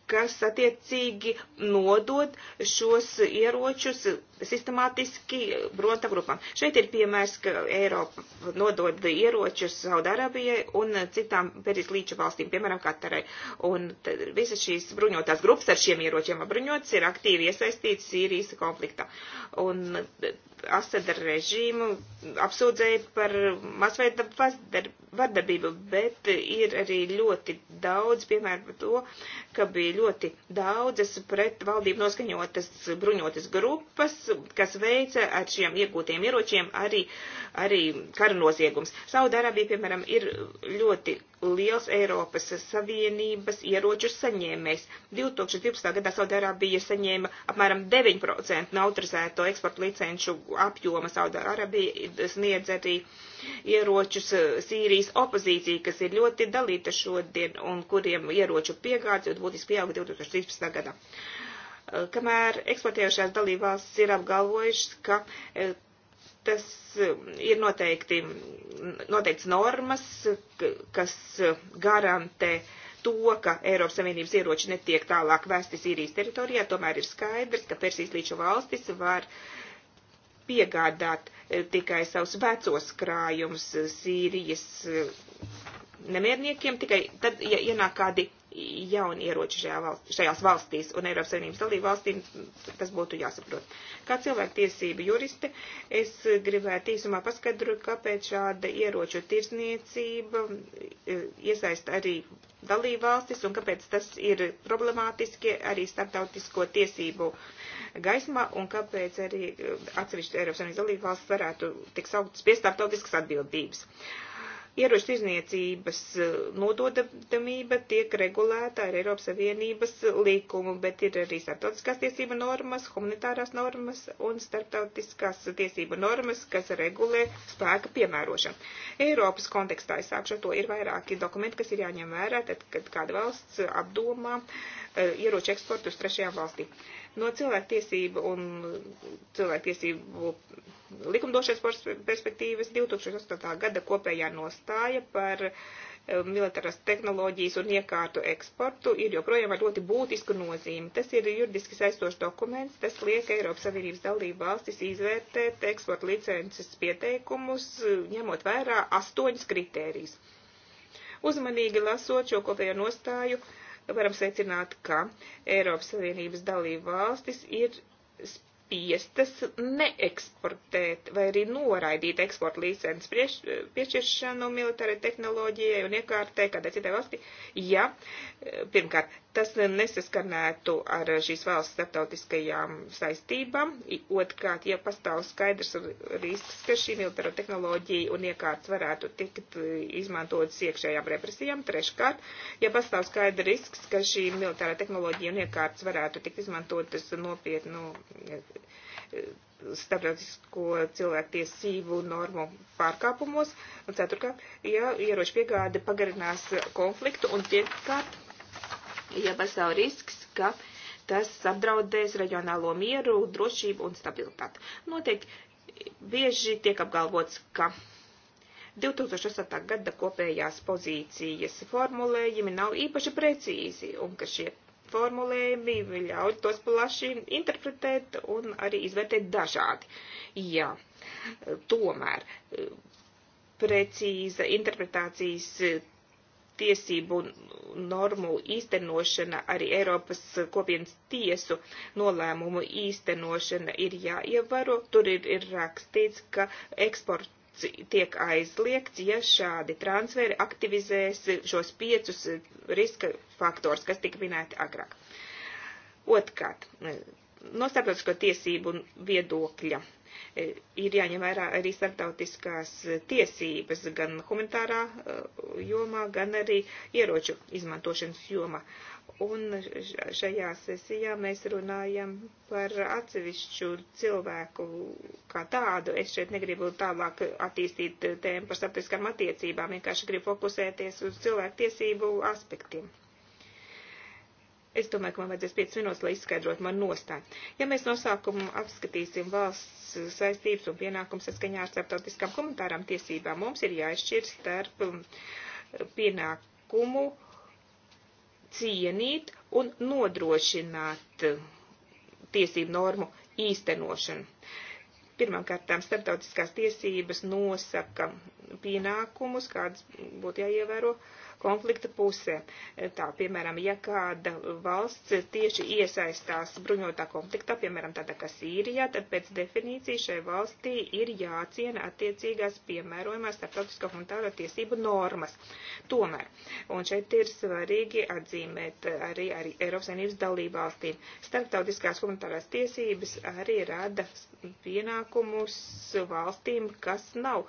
kas attiecīgi nodod šos ieročus sistemātiski brota grupām. Šeit ir piemērs, ka Eiropa nodod ieročus Saudārābijai un citām Persijas līča valstīm, piemēram, Katarai. Un visas šīs bruņotās grupas ar šiem ieročiem apbruņotas ir aktīvi iesaistītas Sīrijas konfliktā. Un Asada režīmu apsūdzēja par masveida vardarbību, bet ir arī ļoti daudz, piemēram, par to, ka bija ļoti ļoti daudzas pret valdību noskaņotas bruņotas grupas, kas veica ar šiem iegūtiem ieročiem arī, arī kara noziegums. Saudārābija, piemēram, ir ļoti liels Eiropas Savienības ieroču saņēmējs. 2012. gadā Saudārābija saņēma apmēram 9% no autorizēto eksporta licenču apjoma. Saudārābija sniedz arī uh, ieročus eh, Sīrijas opozīcija, kas ir ļoti dalīta šodien un kuriem ieroču piegādes ļoti būtiski pieauga 2013. gadā. Eh, kamēr eksportējušās dalībvalstis ir apgalvojušas, ka eh, tas ir noteikti, noteikts normas, kas garantē to, ka Eiropas Savienības ieroči netiek tālāk vēsti Sīrijas teritorijā, tomēr ir skaidrs, ka Persijas līča valstis var piegādāt uh, tikai savus vecos krājumus eh, Sīrijas eh, nemierniekiem, tikai tad, ja ienāk kādi jaunieroči šajā valst, šajās valstīs un Eiropas Savienības dalību valstīm, tas būtu jāsaprot. Kā cilvēktiesība juriste, es gribētu īsumā paskaidrot, kāpēc šāda ieroču tirsniecība e, iesaista arī dalību valstis un kāpēc tas ir problemātiski arī starptautisko tiesību gaismā un kāpēc arī e, atsevišķi Eiropas Savienības dalību valsts varētu tik sauktas pie starptautiskas atbildības. Uh, Ieroču izniecības eh, nododamība tiek regulēta ar Eiropas Savienības līkumu, bet ir arī starptautiskās tiesība normas, humanitārās normas un starptautiskās tiesība normas, kas regulē spēka piemērošanu. Eiropas kontekstā, es sākšu ar to, ir vairāki dokumenti, kas ir jāņem vērā, tad, kad kāda valsts apdomā eh, ieroču eksportu uz trešajām valstīm. No cilvēktiesību un cilvēktiesību likumdošanas perspektīvas 2008. gada kopējā nostāja par eh, militāras tehnoloģijas un iekārtu eksportu ir joprojām ar ļoti būtisku nozīmi. Tas ir juridiski saistošs dokuments, tas liek Eiropas Savienības dalību valstis izvērtēt eksporta licences pieteikumus, ņemot vērā astoņas kritērijas. Uzmanīgi lasot šo kopējo nostāju, uh, varam secināt, ka Eiropas Savienības dalība valstis ir spiestas neeksportēt vai arī noraidīt eksporta licences prieš, piešķiršanu militārai tehnoloģijai un iekārtai kādai citai valstī, ja pirmkārt tas nesaskanētu ar šīs valsts starptautiskajām saistībām. Otrkārt, ja pastāv skaidrs risks, ka šī militāra tehnoloģija un iekārts varētu tikt izmantotas iekšējām represijām. Treškārt, ja pastāv skaidrs risks, ka šī militāra tehnoloģija un iekārts varētu tikt izmantotas nopietnu e, e, starptautisko cilvēktiesību normu pārkāpumos. Un ceturkārt, ja ieroču piegāde pagarinās konfliktu un piekārt, ja pastāv risks, ka tas apdraudēs reģionālo mieru, drošību un stabilitāti. Noteikti bieži tiek apgalvots, ka 2008. gada kopējās pozīcijas formulējumi nav īpaši precīzi un ka šie formulējumi ļauj tos plaši interpretēt un arī izvērtēt dažādi. Jā, tomēr precīza interpretācijas tiesību normu īstenošana, arī Eiropas kopienas tiesu nolēmumu īstenošana ir jāievaro. Tur ir, ir rakstīts, ka eksporta tiek aizliegts, ja šādi transferi aktivizēs šos piecus riska faktors, kas tika minēti agrāk. Otkārt, no starptautisko tiesību viedokļa E, ir jāņem vērā arī starptautiskās tiesības gan humanitārā e, jomā, gan arī ieroču izmantošanas jomā. Un šajā sesijā mēs runājam par atsevišķu cilvēku kā tādu. Es šeit negribu tālāk attīstīt tēmu par starptautiskām attiecībām, vienkārši gribu fokusēties uz cilvēku tiesību aspektiem. Es domāju, ka man vajadzēs 5 minūtes, lai izskaidrotu manu nostāju. Ja mēs no sākuma apskatīsim valsts saistības un pienākums saskaņā ar starptautiskām komentārām tiesībām. Mums ir jāizšķir starp um, pienākumu cienīt un nodrošināt um, tiesību normu īstenošanu. Pirmkārt, starptautiskās tiesības nosaka pienākumus, kādas būtu jāievēro uh, konflikta pusēm. Tā, piemēram, ja kāda valsts tieši iesaistās bruņotā konfliktā, piemēram, tādā kā Sīrijā, tad pēc definīcijas šai valstī ir jāciena attiecīgās piemērojumās starptautiskā humanitāro tiesību normas. Tomēr, un šeit ir svarīgi atzīmēt arī, arī Eiropas Savienības dalībvalstīm, starptautiskās humanitārās tiesības arī rada pienākumus valstīm, kas nav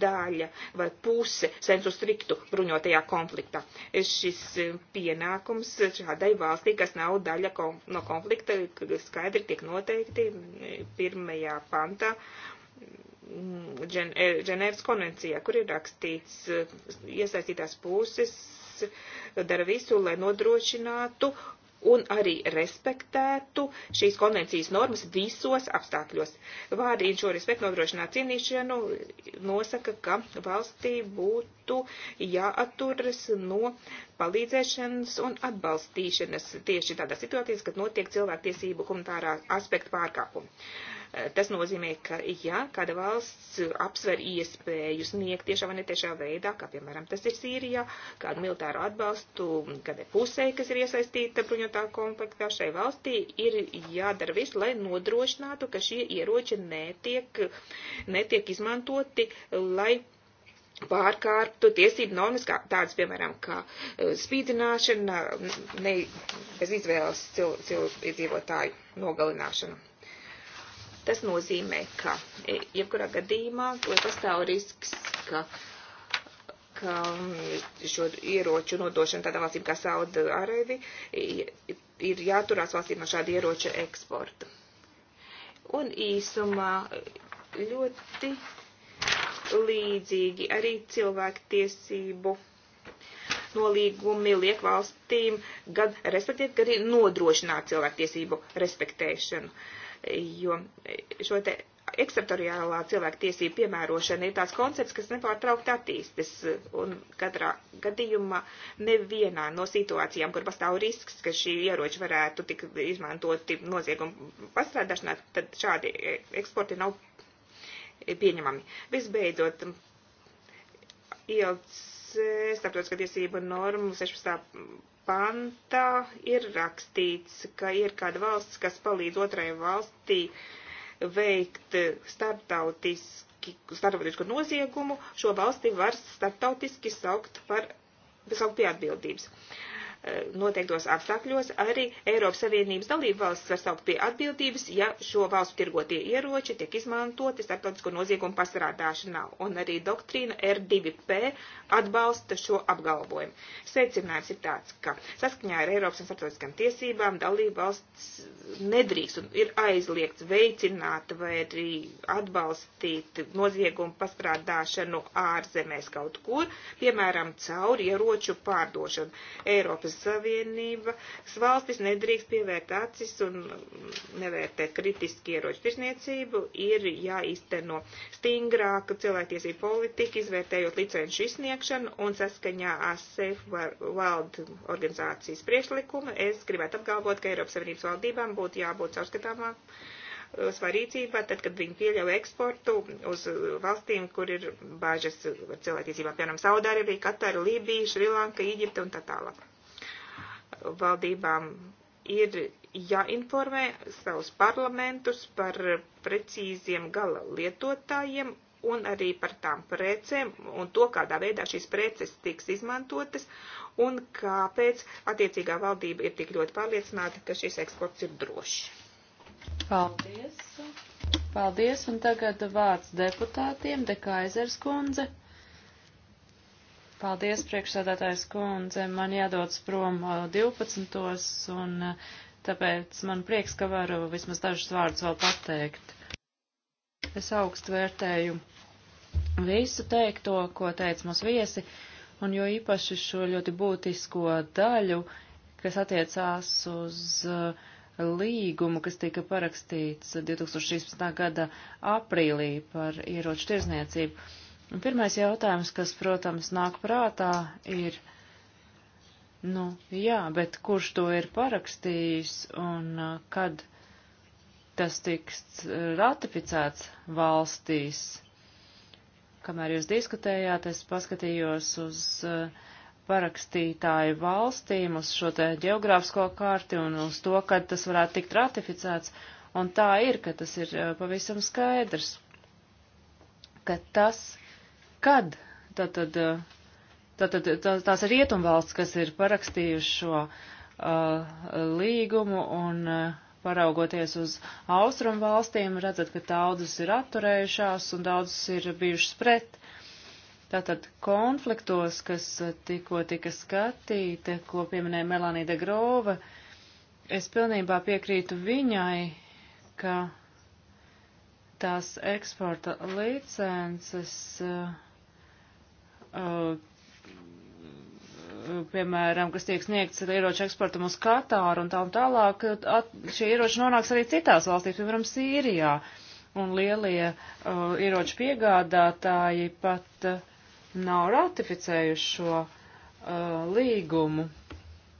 daļa vai puse sensu striktu bruņotajā konflikta. Šis e, pienākums šādai valstī, kas nav daļa no konflikta, skaidri tiek noteikti e, pirmajā pantā. Mm, e, Ženēvas konvencijā, kur ir rakstīts iesaistītās puses dara visu, lai nodrošinātu un arī respektētu šīs konvencijas normas visos apstākļos. Vārdiņš šo respektu nodrošināt cienīšanu nosaka, ka valstī būtu jāatturas no palīdzēšanas un atbalstīšanas tieši tādā situācijā, kad notiek cilvēktiesību humanitārā aspekta pārkāpumi. Tas nozīmē, ka, ja kāda valsts apsver iespēju sniegt tiešā vai netiešā veidā, kā piemēram tas ir Sīrijā, kādu militāru atbalstu kādai pusē, kas ir iesaistīta bruņotā konfliktā šai valstī, ir jādara viss, lai nodrošinātu, ka šie ieroči netiek, netiek izmantoti, lai pārkārtu tiesību normas, kā, tādas, piemēram, kā eh, spīdzināšana, ne, bez izvēles cil, cil, iedzīvotāju nogalināšana. Tas nozīmē, ka e, jebkurā gadījumā, lai pastāv risks, ka ka mm, šo ieroču nodošana tādā valstīm kā Sauda Arēvi ir jāturās valstīm no šāda ieroča eksporta. Un īsumā ļoti līdzīgi arī cilvēktiesību nolīgumi liek valstīm gan respektēt, gan arī nodrošināt cilvēktiesību respektēšanu. Uh, jo šo te ekstrateriālā cilvēku tiesību piemērošana ir tās koncepts, kas nepārtraukt attīstas, un katrā gadījumā nevienā no situācijām, kur pastāv risks, ka šī ieroča varētu tik izmantoti noziegumu pastrādāšanā, tad šādi e, eksporti nav pieņemami. Visbeidzot, ILC starptautiskā tiesība norma 16 pantā ir rakstīts, ka ir kāda valsts, kas palīdz otrai valstī veikt starptautiski, starptautisku noziegumu, šo valsti var starptautiski saukt par saukt pie atbildības noteiktos apstākļos arī Eiropas Savienības dalību valsts var saukt pie atbildības, ja šo valstu tirgotie ieroči tiek izmantoti starptautisko noziegumu pasrādāšanā, un arī doktrīna R2P atbalsta šo apgalvojumu. Secinājums ir tāds, ka saskaņā ar Eiropas un starptautiskām tiesībām dalību valsts nedrīkst un ir aizliegts veicināt vai arī atbalstīt noziegumu pasrādāšanu ārzemēs kaut kur, piemēram, caur ieroču pārdošanu. Eiropas Eiropas Savienība valstis nedrīkst pievērt acis un nevērtēt kritiski ieroču tirsniecību, ir jāizteno stingrāka cilvēktiesība politika, izvērtējot licenšu izsniegšanu un saskaņā ASEF valdu organizācijas priekšlikumu. Es gribētu apgalvot, ka Eiropas Savienības valdībām būtu jābūt caurskatāmām uh, svarīcībā, tad, kad viņi pieļauj eksportu uz valstīm, kur ir bāžas cilvēktiesībām, piemēram, Saudārija, Katara, Lībija, Šrilanka, Īģipte un tā tālāk. Valdībām ir jāinformē savus parlamentus par precīziem gala lietotājiem un arī par tām precēm un to, kādā veidā šīs preces tiks izmantotas un kāpēc attiecīgā valdība ir tik ļoti pārliecināta, ka šis eksports ir drošs. Paldies! Paldies, un tagad vārds deputātiem, Dekaizers kundze. Paldies, priekšsādātājs kundze. Man jādodas prom 12. Uh, un uh, tāpēc man prieks, ka varu vismaz dažus vārdus vēl pateikt. Es augstu vērtēju visu teikto, ko teica mūsu viesi, un jo īpaši šo ļoti būtisko daļu, kas attiecās uz uh, līgumu, kas tika parakstīts 2016. gada aprīlī par ieroču tirzniecību. Un pirmais jautājums, kas, protams, nāk prātā, ir, nu, jā, bet kurš to ir parakstījis un kad tas tiks ratificēts valstīs? Kamēr jūs diskutējāt, es paskatījos uz parakstītāju valstīm, uz šo te geogrāfisko karti un uz to, kad tas varētu tikt ratificēts. Un tā ir, ka tas ir pavisam skaidrs, ka tas, uh, Kad tātad, eh, tātad tās rietumvalsts, kas ir parakstījuši šo uh, līgumu un uh, paraugoties uz austrumu valstīm, redzat, ka daudzas ir atturējušās un daudzas ir bijušas pret. Tātad konfliktos, kas tikko tika skatīta, ko pieminēja Melanija de Grova, es pilnībā piekrītu viņai, ka tās eksporta licences uh, Uh, piemēram, kas tiek sniegts ieroču eksportam uz Katāru un tā un tālāk, at, šie ieroči nonāks arī citās valstīs, piemēram, Sīrijā. Un lielie uh, ieroču piegādātāji pat uh, nav ratificējuši šo uh, līgumu.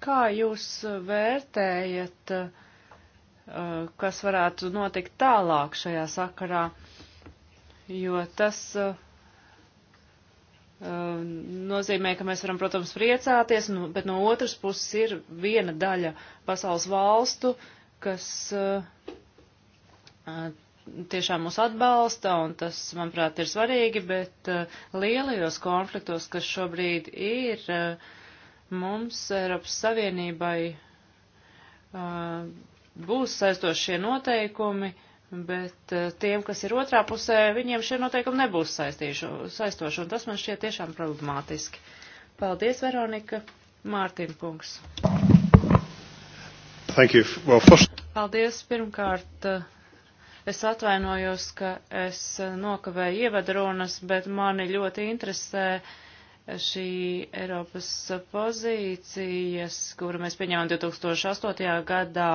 Kā jūs vērtējat, uh, kas varētu notikt tālāk šajā sakarā? Jo tas. Uh, Ehm, nozīmē, ka mēs varam, protams, priecāties, nu, bet no otras puses ir viena daļa pasaules valstu, kas eh, eh, tiešām mūs atbalsta, un tas, manuprāt, ir svarīgi, bet eh, lielajos konfliktos, kas šobrīd ir, mums Eiropas Savienībai būs saistošie noteikumi, uh, Bet eh, tiem, kas ir otrā pusē, viņiem šie noteikumi nebūs saistoši, un tas man šķiet tiešām problemātiski. Paldies, Veronika. Mārtiņa kungs. Thank you. Well, first... Paldies. Pirmkārt, eh, es atvainojos, ka es eh, nokavēju ievadrunas, bet mani ļoti interesē šī Eiropas pozīcijas, kuru mēs pieņēmām 2008. gadā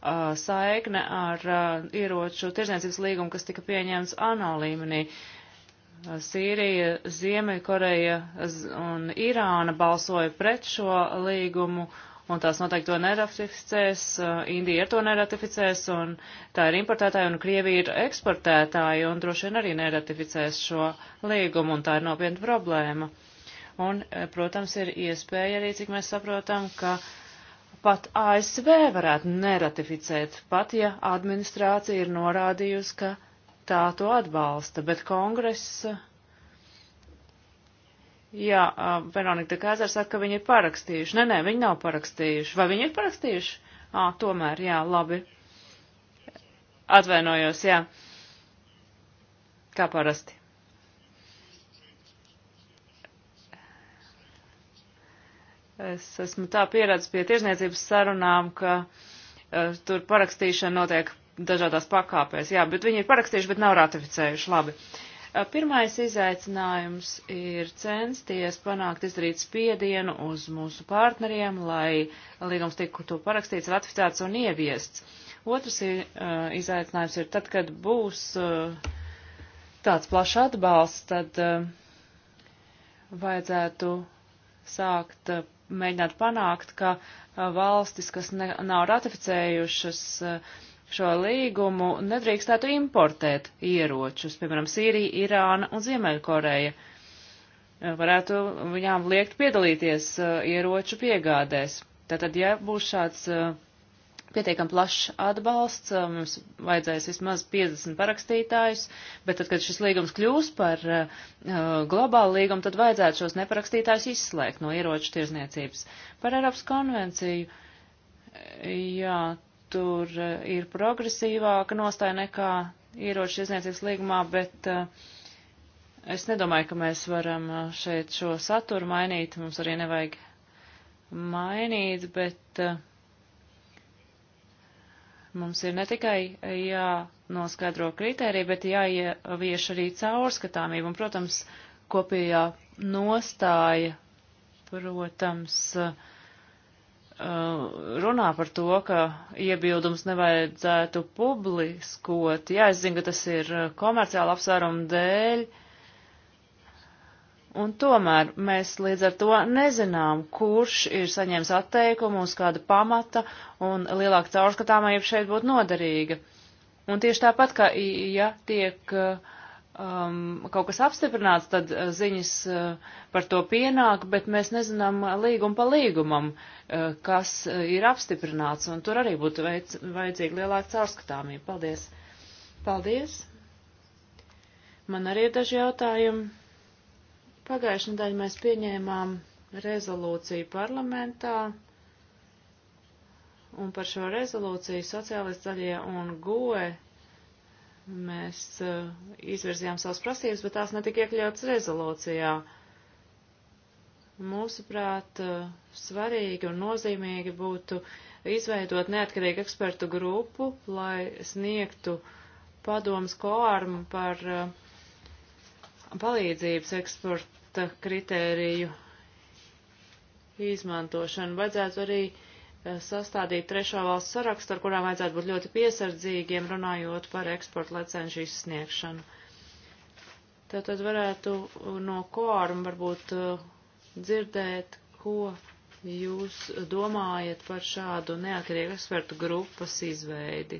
Uh, saikne ar uh, ieroču tirzniecības līgumu, kas tika pieņemts ANO līmenī. Uh, Sīrija, Ziemeļkoreja un Irāna balsoja pret šo līgumu, un tās noteikti to neratificēs, Indija ir to neratificēs, un tā ir importētāja, un Krievija ir eksportētāja, un droši vien arī neratificēs šo līgumu, un tā ir nopietna problēma. Un, protams, ir iespēja arī, cik mēs saprotam, ka uh, pat ASV varētu neratificēt, pat ja administrācija ir norādījusi, ka tā to atbalsta, bet kongress. Jā, Veronika Kazars saka, ka viņi ir parakstījuši. Nē, nē, viņi nav parakstījuši. Vai viņi ir parakstījuši? Ā, tomēr, jā, labi. Atvainojos, jā. Kā parasti. Es esmu tā pieredzis pie tirzniecības sarunām, ka uh, tur parakstīšana notiek dažādās pakāpēs. Jā, bet viņi ir parakstījuši, bet nav ratificējuši. Labi. Uh, pirmais izaicinājums ir censties panākt izdarīt spiedienu uz mūsu partneriem, lai līgums tiktu parakstīts, ratificēts un ieviests. Otrs ir, uh, e, izaicinājums ir tad, kad būs uh, tāds plašs atbalsts, tad uh, vajadzētu sākt uh, mēģināt panākt, ka valstis, kas ne, nav ratificējušas šo līgumu, nedrīkstētu importēt ieročus, piemēram, Sīrija, Irāna un Ziemeļkoreja. Varētu viņām liekt piedalīties ieroču piegādēs. Tātad, ja būs šāds uh, pietiekam plašs atbalsts, um, mums vajadzēs vismaz 50 parakstītājus, bet tad, kad šis līgums kļūs par uh, globālu līgumu, tad vajadzētu šos neparakstītājus izslēgt no ieroču tirzniecības. Par Eiropas konvenciju, jā, tur uh, ir progresīvāka nostāja nekā ieroču tirzniecības līgumā, bet uh, es nedomāju, ka mēs varam uh, šeit šo saturu mainīt, mums arī nevajag mainīt, bet. Uh, Mums ir ne tikai jānoskaidro kritērija, bet jāievieš arī caurskatāmība. Un, protams, kopējā nostāja, protams, uh, runā par to, ka iebildums nevajadzētu publiskot. Jā, es zinu, ka tas ir uh, komerciāla apsvēruma dēļ. Uh, Un tomēr mēs līdz ar to nezinām, kurš ir saņēmis atteikumu uz kāda pamata, un lielāka caurskatāmība šeit būtu noderīga. Un tieši tāpat, kā ja tiek um, kaut kas apstiprināts, tad uh, ziņas uh, par to pienāk, bet mēs nezinām līgumu pa līgumam, uh, kas uh, ir apstiprināts, un tur arī būtu veic, vajadzīga lielāka caurskatāmība. Paldies! Paldies! Man arī ir daži jautājumi. Pagājušajā nedēļā mēs pieņēmām rezolūciju parlamentā, un par šo rezolūciju sociālisti zaļie un goe mēs uh, izvirzījām savas prasības, bet tās netika iekļautas rezolūcijā. Mūsuprāt, uh, svarīgi un nozīmīgi būtu izveidot neatkarīgu ekspertu grupu, lai sniegtu padomus koārmu par uh, palīdzības eksporta kritēriju izmantošanu. Vajadzētu arī eh, sastādīt trešo valstu sarakstu, ar kurām vajadzētu būt ļoti piesardzīgiem, runājot par eksporta licenšu izsniegšanu. Tātad varētu eh, no kōruma varbūt eh, dzirdēt, ko jūs domājat par šādu neatkarīgu ekspertu grupas izveidi.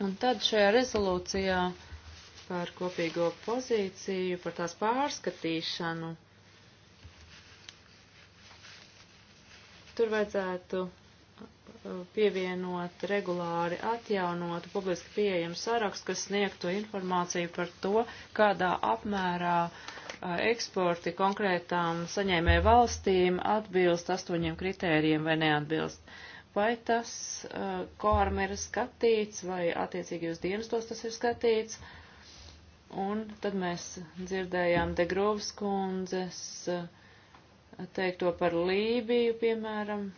Un tad šajā rezolūcijā uh, par kopīgo pozīciju, par tās pārskatīšanu. Tur vajadzētu uh, pievienot regulāri atjaunotu publiski pieejamu sarakstu, kas sniegtu informāciju par to, kādā apmērā uh, eksporti konkrētām saņēmē valstīm atbilst astoņiem kritērijiem vai neatbilst. Vai tas uh, korm ir skatīts, vai attiecīgi uz dienestos tas ir skatīts, uh, Un tad mēs dzirdējām Degrovas kundzes eh, teikto par Lībiju, piemēram,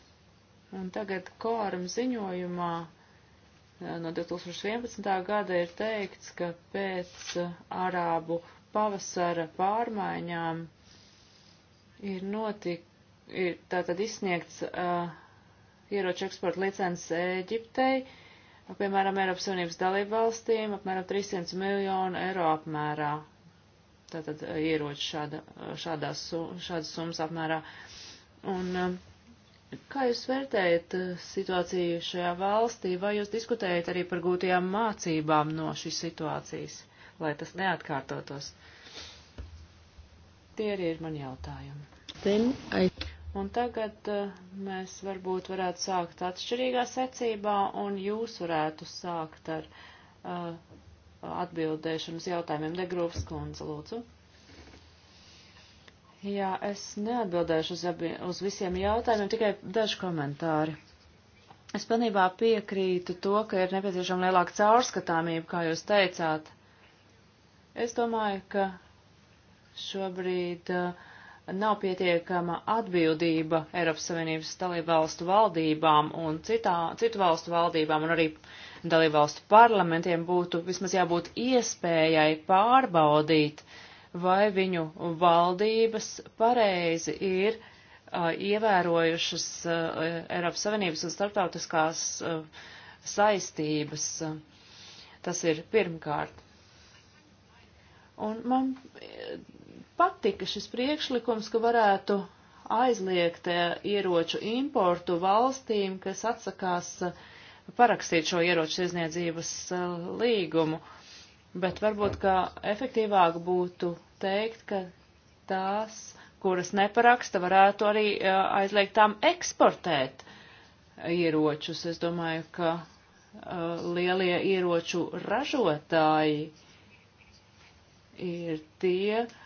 un tagad Kōram ziņojumā eh, no 2011. gada ir teikts, ka pēc eh, arābu pavasara pārmaiņām ir notik, ir tātad izsniegts uh, ieroču eksporta licences Eģiptei, uh, Nu, piemēram, Eiropas Savienības dalību valstīm apmēram 300 miljonu eiro apmērā. Tātad uh, ieroči šāda, uh, šādā, šādas summas apmērā. Un uh, kā jūs vērtējat situāciju šajā valstī, vai jūs diskutējat arī par gūtajām mācībām no šīs situācijas, lai tas neatkārtotos? Tie arī ir mani jautājumi. Then I... Un tagad uh, mēs varbūt varētu sākt atšķirīgā secībā, un jūs varētu sākt ar uh, atbildēšanu uz jautājumiem. Degrūvs kundze, lūdzu. Jā, es neatbildēšu uz, abi, uz visiem jautājumiem, tikai daži komentāri. Es pilnībā piekrītu to, ka ir nepieciešama lielāka caurskatāmība, kā jūs teicāt. Es domāju, ka šobrīd uh, nav pietiekama atbildība Eiropas Savienības dalībvalstu valdībām un citā, citu valstu valdībām un arī dalībvalstu parlamentiem būtu vismaz jābūt iespējai pārbaudīt, vai viņu valdības pareizi ir uh, ievērojušas uh, Eiropas Savienības un starptautiskās uh, saistības. Tas ir pirmkārt. Un man patika šis priekšlikums, ka varētu aizliegt eh, ieroču importu valstīm, kas atsakās eh, parakstīt šo ieroču izniedzības eh, līgumu. Bet varbūt, ka efektīvāk būtu teikt, ka tās, kuras neparaksta, varētu arī aizliegt tām eksportēt ieročus. Es domāju, ka lielie ieroču ražotāji ir tie, uh,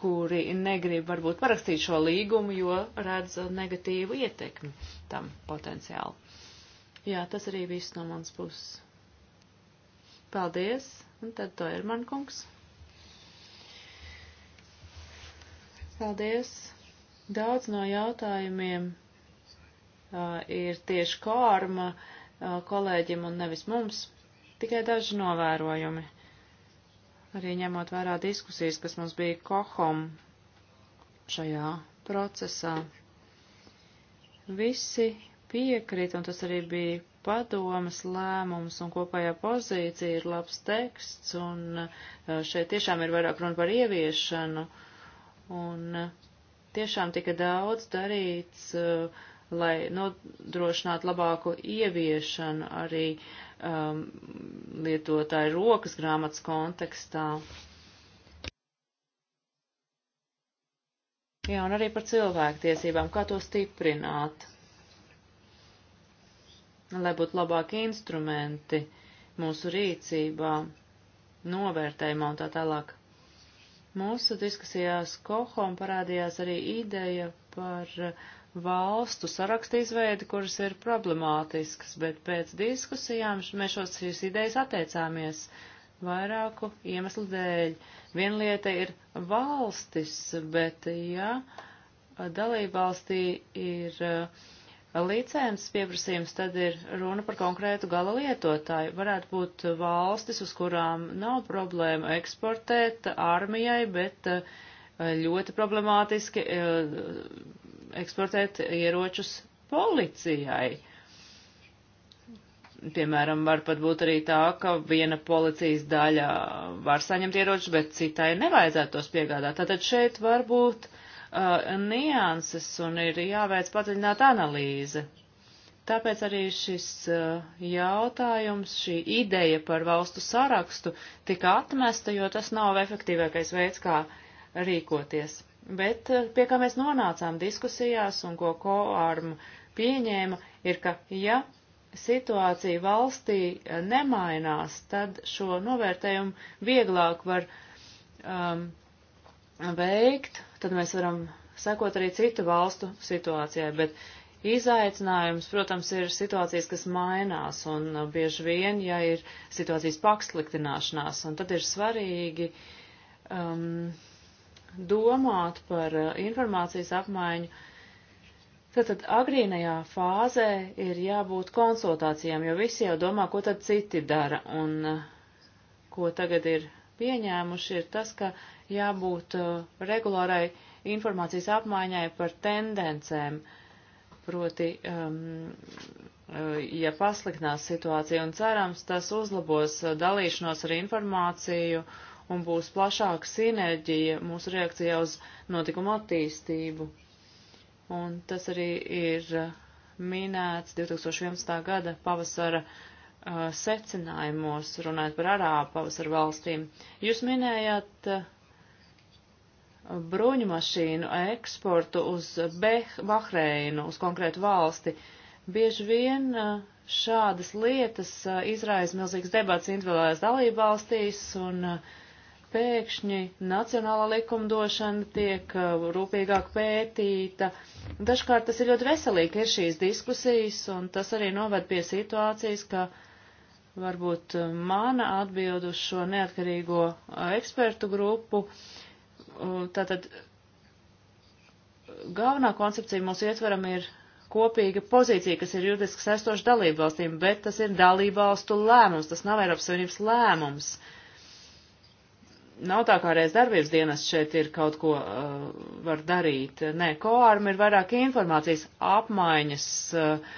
kuri negrib varbūt parakstīt šo līgumu, jo redz negatīvu ietekmi tam potenciāli. Jā, tas arī viss no mans puses. Paldies, un tad to ir man kungs. Paldies. Daudz no jautājumiem uh, ir tieši kārma uh, kolēģim un nevis mums. Tikai daži novērojumi arī ņemot vērā diskusijas, kas mums bija kohom šajā procesā. Visi piekrīt, un tas arī bija padomas lēmums un kopējā pozīcija ir labs teksts, un uh, šeit tiešām ir vairāk runa par ieviešanu, un uh, tiešām tika daudz darīts, uh, lai nodrošinātu labāku ieviešanu arī uh, um, lietotāju rokas grāmatas kontekstā. Jā, un arī par cilvēktiesībām, kā to stiprināt, lai būtu labāki instrumenti mūsu rīcībā, novērtējumā un tā tālāk. Mūsu diskusijās Kohom parādījās arī ideja par uh, valstu sarakstu izveidi, kuras ir problemātiskas, bet pēc diskusijām mēs šos šīs idejas atteicāmies vairāku iemeslu dēļ. Viena lieta ir valstis, bet ja dalībvalstī ir uh, licences pieprasījums, tad ir runa par konkrētu gala lietotāju. Varētu būt valstis, uz kurām nav problēma eksportēt armijai, bet uh, ļoti problemātiski uh, eksportēt ieročus policijai. Piemēram, var pat būt arī tā, ka viena policijas daļa var saņemt ieročus, bet citai nevajadzētu tos piegādāt. Tātad šeit var būt uh, nianses un ir jāveic padziļināta analīze. Tāpēc arī šis uh, jautājums, šī ideja par valstu sarakstu tika atmesta, jo tas nav efektīvākais veids, kā rīkoties. Bet eh, pie kā mēs nonācām diskusijās un ko koārm pieņēma, ir, ka ja situācija valstī eh, nemainās, tad šo novērtējumu vieglāk var um, veikt, tad mēs varam sekot arī citu valstu situācijai. Bet izaicinājums, protams, ir situācijas, kas mainās, un eh, bieži vien, ja ir situācijas paksliktināšanās, un tad ir svarīgi um, domāt par uh, informācijas apmaiņu. Tātad agrīnajā fāzē ir jābūt konsultācijām, jo visi jau domā, ko tad citi dara, un uh, ko tagad ir pieņēmuši, ir tas, ka jābūt uh, regulārai informācijas apmaiņai par tendencēm, proti, um, ja pasliknās situācija, un cerams, tas uzlabos dalīšanos ar informāciju, uh, un būs plašāka sinerģija mūsu reakcijā uz notikumu attīstību. Un tas arī ir uh, minēts 2011. gada pavasara uh, secinājumos, runājot par arābu pavasaru valstīm. Jūs minējāt uh, bruņu mašīnu eksportu uz Beh Bahreinu, uz konkrētu valsti. Bieži vien uh, šādas lietas uh, izraisa milzīgas debats individuālajās dalībvalstīs un uh, pēkšņi nacionālā likumdošana tiek uh, rūpīgāk pētīta. Dažkārt tas ir ļoti veselīgi, ir šīs diskusijas, un tas arī noved pie situācijas, ka varbūt uh, mana atbild uz šo neatkarīgo uh, ekspertu grupu, tātad galvenā koncepcija mūsu ietveram ir kopīga pozīcija, kas ir juridiski saistoša dalību valstīm, bet tas ir dalību valstu lēmums, tas nav Eiropas Savienības lēmums. Uh, nav tā kā reiz darbības dienas šeit ir kaut ko uh, var darīt. Nē, koārm ir vairāk informācijas apmaiņas uh,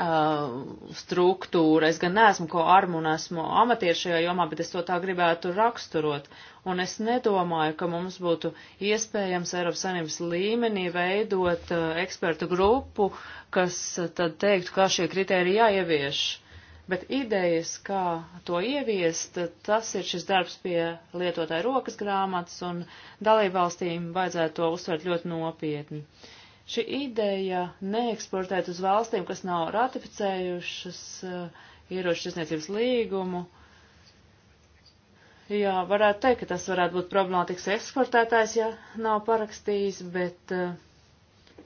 uh, struktūra. Es gan neesmu koārm un esmu amatieši šajā jomā, bet es to tā gribētu raksturot. Un es nedomāju, ka mums būtu iespējams Eiropas Savienības līmenī veidot uh, ekspertu grupu, kas uh, tad teiktu, kā šie kriteriji jāievieš. Uh, bet idejas, kā to ieviest, tas ir šis darbs pie lietotāja rokas grāmatas, un dalībvalstīm vajadzētu to uztvert ļoti nopietni. Šī ideja neeksportēt uz valstīm, kas nav ratificējušas uh, ieroču izniecības līgumu, jā, varētu teikt, ka tas varētu būt problemātikas eksportētājs, ja nav parakstījis, bet uh,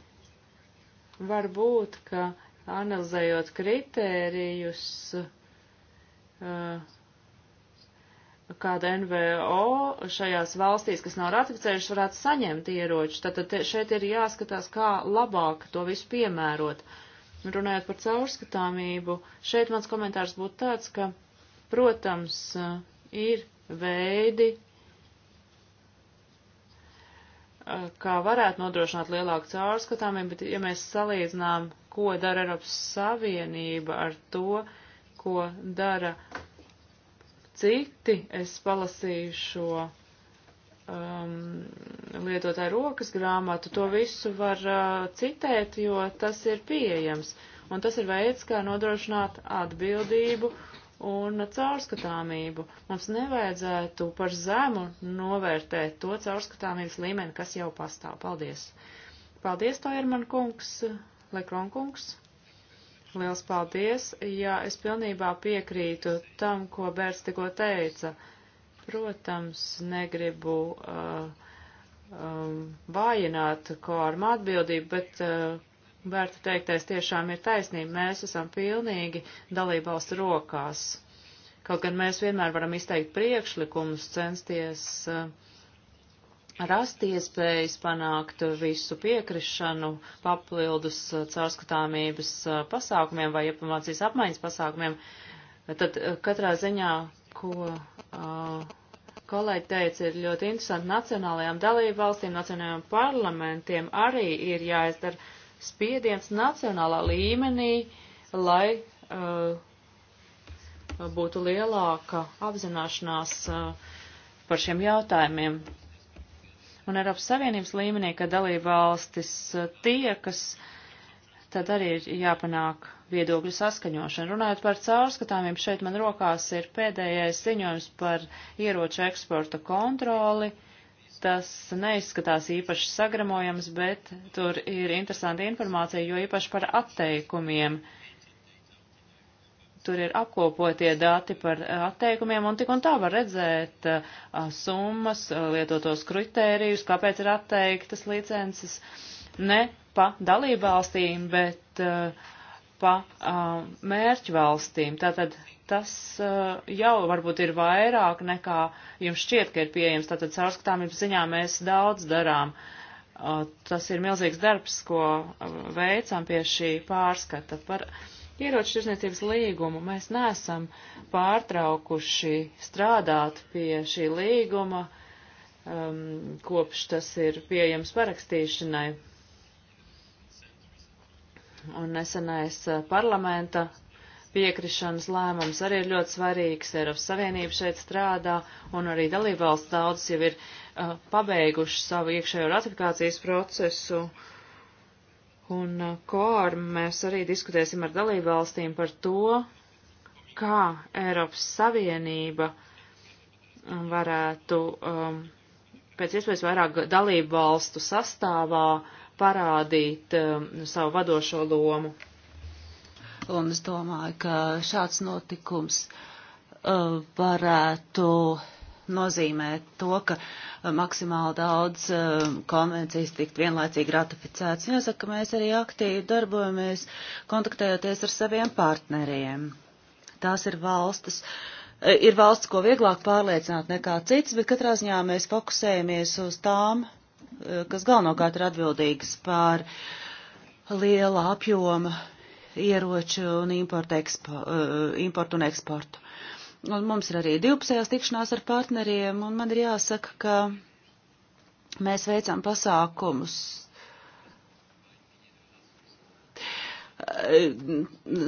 varbūt, ka analizējot kritērijus, eh, kāda NVO šajās valstīs, kas nav ratificējušas, varētu saņemt ieročus. Tātad te, šeit ir jāskatās, kā labāk to visu piemērot. Runājot par caurskatāmību, šeit mans komentārs būtu tāds, ka, protams, eh, ir veidi, kā varētu nodrošināt lielāku caurskatāmību, bet ja mēs salīdzinām, ko dara Eiropas Savienība ar to, ko dara citi, es palasīju šo um, lietotāju rokas grāmatu, to visu var uh, citēt, jo tas ir pieejams. Un tas ir veids, kā nodrošināt atbildību un caurskatāmību. Mums nevajadzētu par zemu novērtēt to caurskatāmības līmeni, kas jau pastāv. Paldies! Paldies, to ir man kungs, Lekron kungs. Liels paldies! Jā, es pilnībā piekrītu tam, ko Bērts tikko teica. Protams, negribu uh, um, vājināt korma atbildību, bet uh, Vērta teiktais tiešām ir taisnība, mēs esam pilnīgi dalībvalstu rokās. Kaut gan mēs vienmēr varam izteikt priekšlikumus, censties uh, rast iespējas panākt visu piekrišanu papildus eh, caurskatāmības eh, pasākumiem vai informācijas apmaiņas pasākumiem, tad katrā ziņā, ko uh, kolēģi teica, ir ļoti interesanti nacionālajām dalību valstīm, nacionālajiem parlamentiem arī ir jāizdara spiediens nacionālā līmenī, lai uh, būtu lielāka apzināšanās uh, par šiem jautājumiem. Un Eiropas Savienības līmenī, kad dalība valstis uh, tiekas, tad arī ir jāpanāk viedokļu saskaņošana. Runājot par caurskatāmību, šeit man rokās ir pēdējais ziņojums par ieroču eksporta kontroli. Uh, tas neizskatās īpaši sagramojams, bet tur ir interesanta informācija, jo īpaši par atteikumiem. Tur ir apkopotie dati par atteikumiem, un tik un tā var redzēt uh, summas, lietotos kritērijus, kāpēc ir atteiktas licences ne pa dalībvalstīm, bet uh, pa uh, mērķvalstīm. Tātad tas uh, jau varbūt ir vairāk nekā jums šķiet, ka ir pieejams. Tātad caurskatāmības ziņā mēs daudz darām. Uh, tas ir milzīgs darbs, ko uh, veicam pie šī pārskata. Par ieroču tirzniecības līgumu mēs nesam pārtraukuši strādāt pie šī līguma, um, kopš tas ir pieejams parakstīšanai. Un nesenais parlamenta piekrišanas lēmums arī ir ļoti svarīgs. Eiropas Savienība šeit strādā, un arī dalībvalsts daudzas jau ir uh, pabeiguši savu iekšējo ratifikācijas procesu. Un uh, korm mēs arī diskutēsim ar dalībvalstīm par to, kā Eiropas Savienība um, varētu um, pēc iespējas vairāk dalību valstu sastāvā parādīt um, savu vadošo lomu. Un es domāju, ka šāds notikums uh, varētu nozīmē to, ka uh, maksimāli daudz uh, konvencijas tikt vienlaicīgi ratificēts. Jāsaka, ka mēs arī aktīvi darbojamies, kontaktējoties ar saviem partneriem. Tās ir valstis. Uh, ir valsts, ko vieglāk pārliecināt nekā cits, bet katrā ziņā mēs fokusējamies uz tām, kas galvenokārt ir atbildīgas par liela apjoma ieroču un importu, ekspo, eh, importu un eksportu. Un mums ir arī divpusējās tikšanās ar partneriem, un man ir jāsaka, ka mēs veicam pasākumus Eh,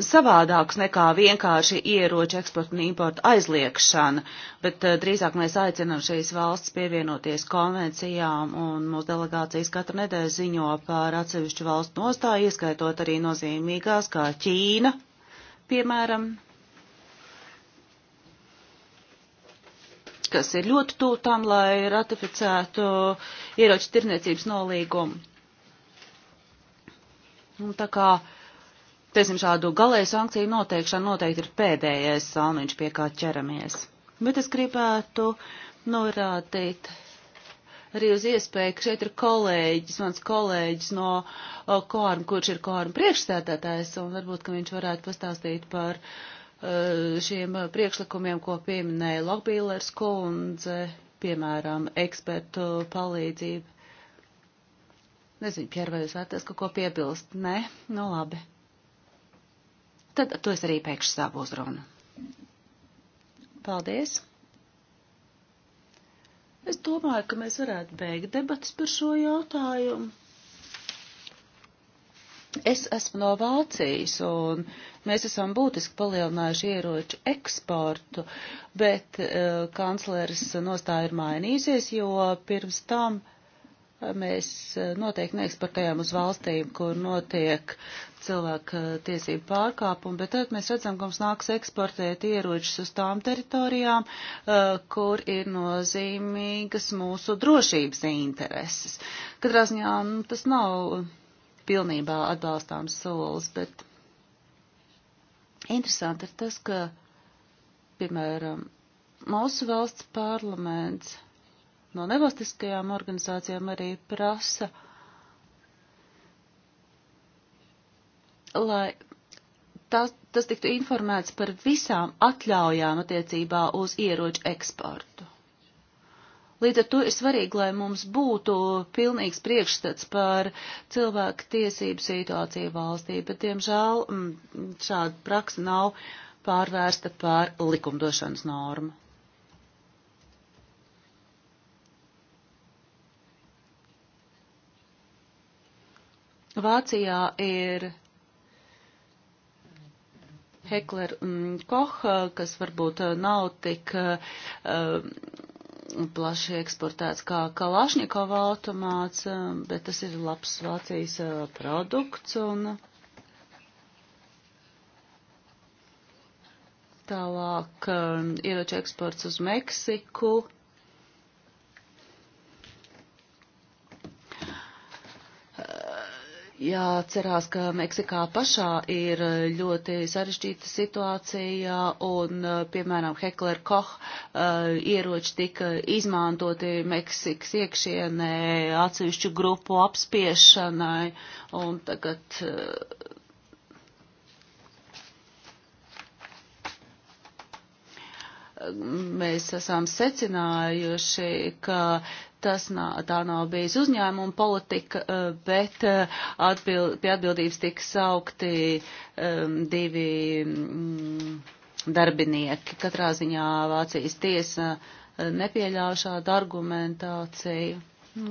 savādāks nekā vienkārši ieroču eksporta un importa aizliekšana, bet eh, drīzāk mēs aicinām šīs valsts pievienoties konvencijām un mūsu delegācijas katru nedēļu ziņo par atsevišķu valstu nostāju, ieskaitot arī nozīmīgās kā Ķīna, piemēram, kas ir ļoti tuvu tam, lai ratificētu ieroču tirniecības nolīgumu. Un tā kā uh, teiksim, šādu galēju sankciju noteikšana noteikti ir pēdējais salmiņš, pie kā ķeramies. Bet es gribētu norādīt arī uz iespēju, ka šeit ir kolēģis, mans kolēģis no Korn, kurš ir Korn priekšstādātājs, un varbūt, ka viņš varētu pastāstīt par e, šiem priekšlikumiem, ko pieminēja Lokbīlers kundze, piemēram, ekspertu palīdzību. Nezinu, Pjer, vai jūs vēlaties kaut ko piebilst? Nē, nu labi tad to es arī pēkšu savu uzrunu. Paldies! Es domāju, ka mēs varētu beigt debatas par šo jautājumu. Es esmu no Vācijas, un mēs esam būtiski palielinājuši ieroču eksportu, bet uh, eh, kancleris nostāja ir mainīsies, jo pirms tam uh, mēs eh, noteikti neeksportējam uz valstīm, kur notiek cilvēku eh, tiesību pārkāpumi, bet tagad mēs redzam, ka mums nāks eksportēt ieročus uz tām teritorijām, eh, kur ir nozīmīgas mūsu drošības intereses. Katrā ziņā nu, tas nav pilnībā atbalstāms solis, bet interesanti ir tas, ka, piemēram, mūsu valsts parlaments no nevalstiskajām organizācijām arī prasa, lai tas, tas tiktu informēts par visām atļaujām attiecībā uz ieroču eksportu. Līdz ar to ir svarīgi, lai mums būtu pilnīgs priekšstats par cilvēku tiesību situāciju valstī, bet, diemžēl, mm, šāda praksa nav pārvērsta par likumdošanas normu. Vācijā ir Hekler mm, Koch, kas varbūt eh, nav tik uh, plaši eksportēts kā Kalašņikova automāts, eh, bet tas ir labs Vācijas produkts. Un tālāk ieroču eksports uz Meksiku Jācerās, ka Meksikā pašā ir eh, ļoti sarežģīta situācija un, eh, piemēram, Hekler Koch uh, ieroči tika izmantoti Meksikas iekšienē atsevišķu grupu apspiešanai un tagad. Uh, mēs esam secinājuši, ka tas nā, tā nav bijis uzņēmuma politika, eh, bet eh, atbild, pie atbildības tika saukti um, divi um, darbinieki. Katrā ziņā Vācijas tiesa eh, nepieļāva šādu argumentāciju.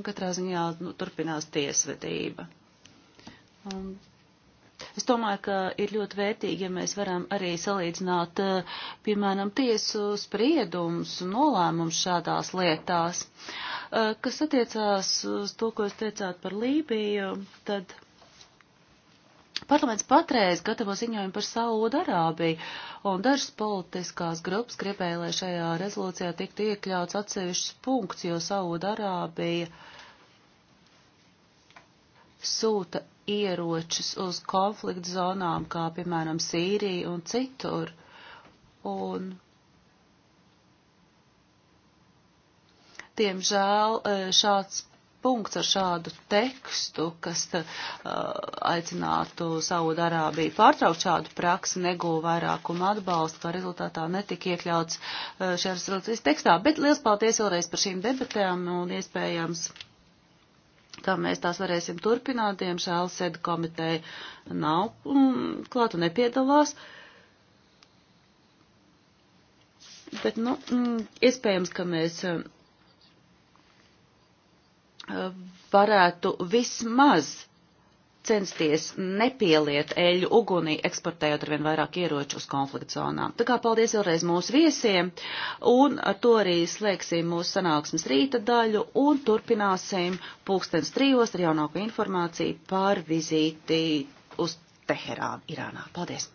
Katrā ziņā nu, turpinās tiesvedība. Un Es domāju, ka ir ļoti vērtīgi, ja mēs varam arī salīdzināt, eh, piemēram, tiesu spriedumus, nolēmumus šādās lietās. Eh, kas attiecās uz to, ko jūs teicāt par Lībiju, tad. Parlaments patreiz gatavo ziņojumu par Saudu Arābiju, un dažas politiskās grupas gribēja, lai šajā rezolūcijā tiktu iekļauts atsevišķs punkts, jo Saudu Arābija sūta ieročus uz konfliktu zonām, kā piemēram Sīrija un citur. Un Tiemžēl e, šāds punkts ar šādu tekstu, kas uh, aicinātu Saudarābiju pārtraukt šādu praksi, negūva vairākumu atbalstu, kā rezultātā netika iekļauts uh, e, šajās rezolūcijas tekstā. Bet liels paldies vēlreiz par šīm debatēm un iespējams kā mēs tās varēsim turpināt. Diemžēl sēdu komiteja nav mm, klāt un nepiedalās. Bet, nu, mm, iespējams, ka mēs mm, varētu vismaz censties nepieliet eļu ugunī, eksportējot arvien vairāk ieroču uz konflikta zonām. Tā kā paldies vēlreiz mūsu viesiem, un ar to arī slēgsim mūsu sanāksmes rīta daļu, un turpināsim pulkstens trijos ar jaunāko informāciju par vizīti uz Teherānu, Irānā. Paldies!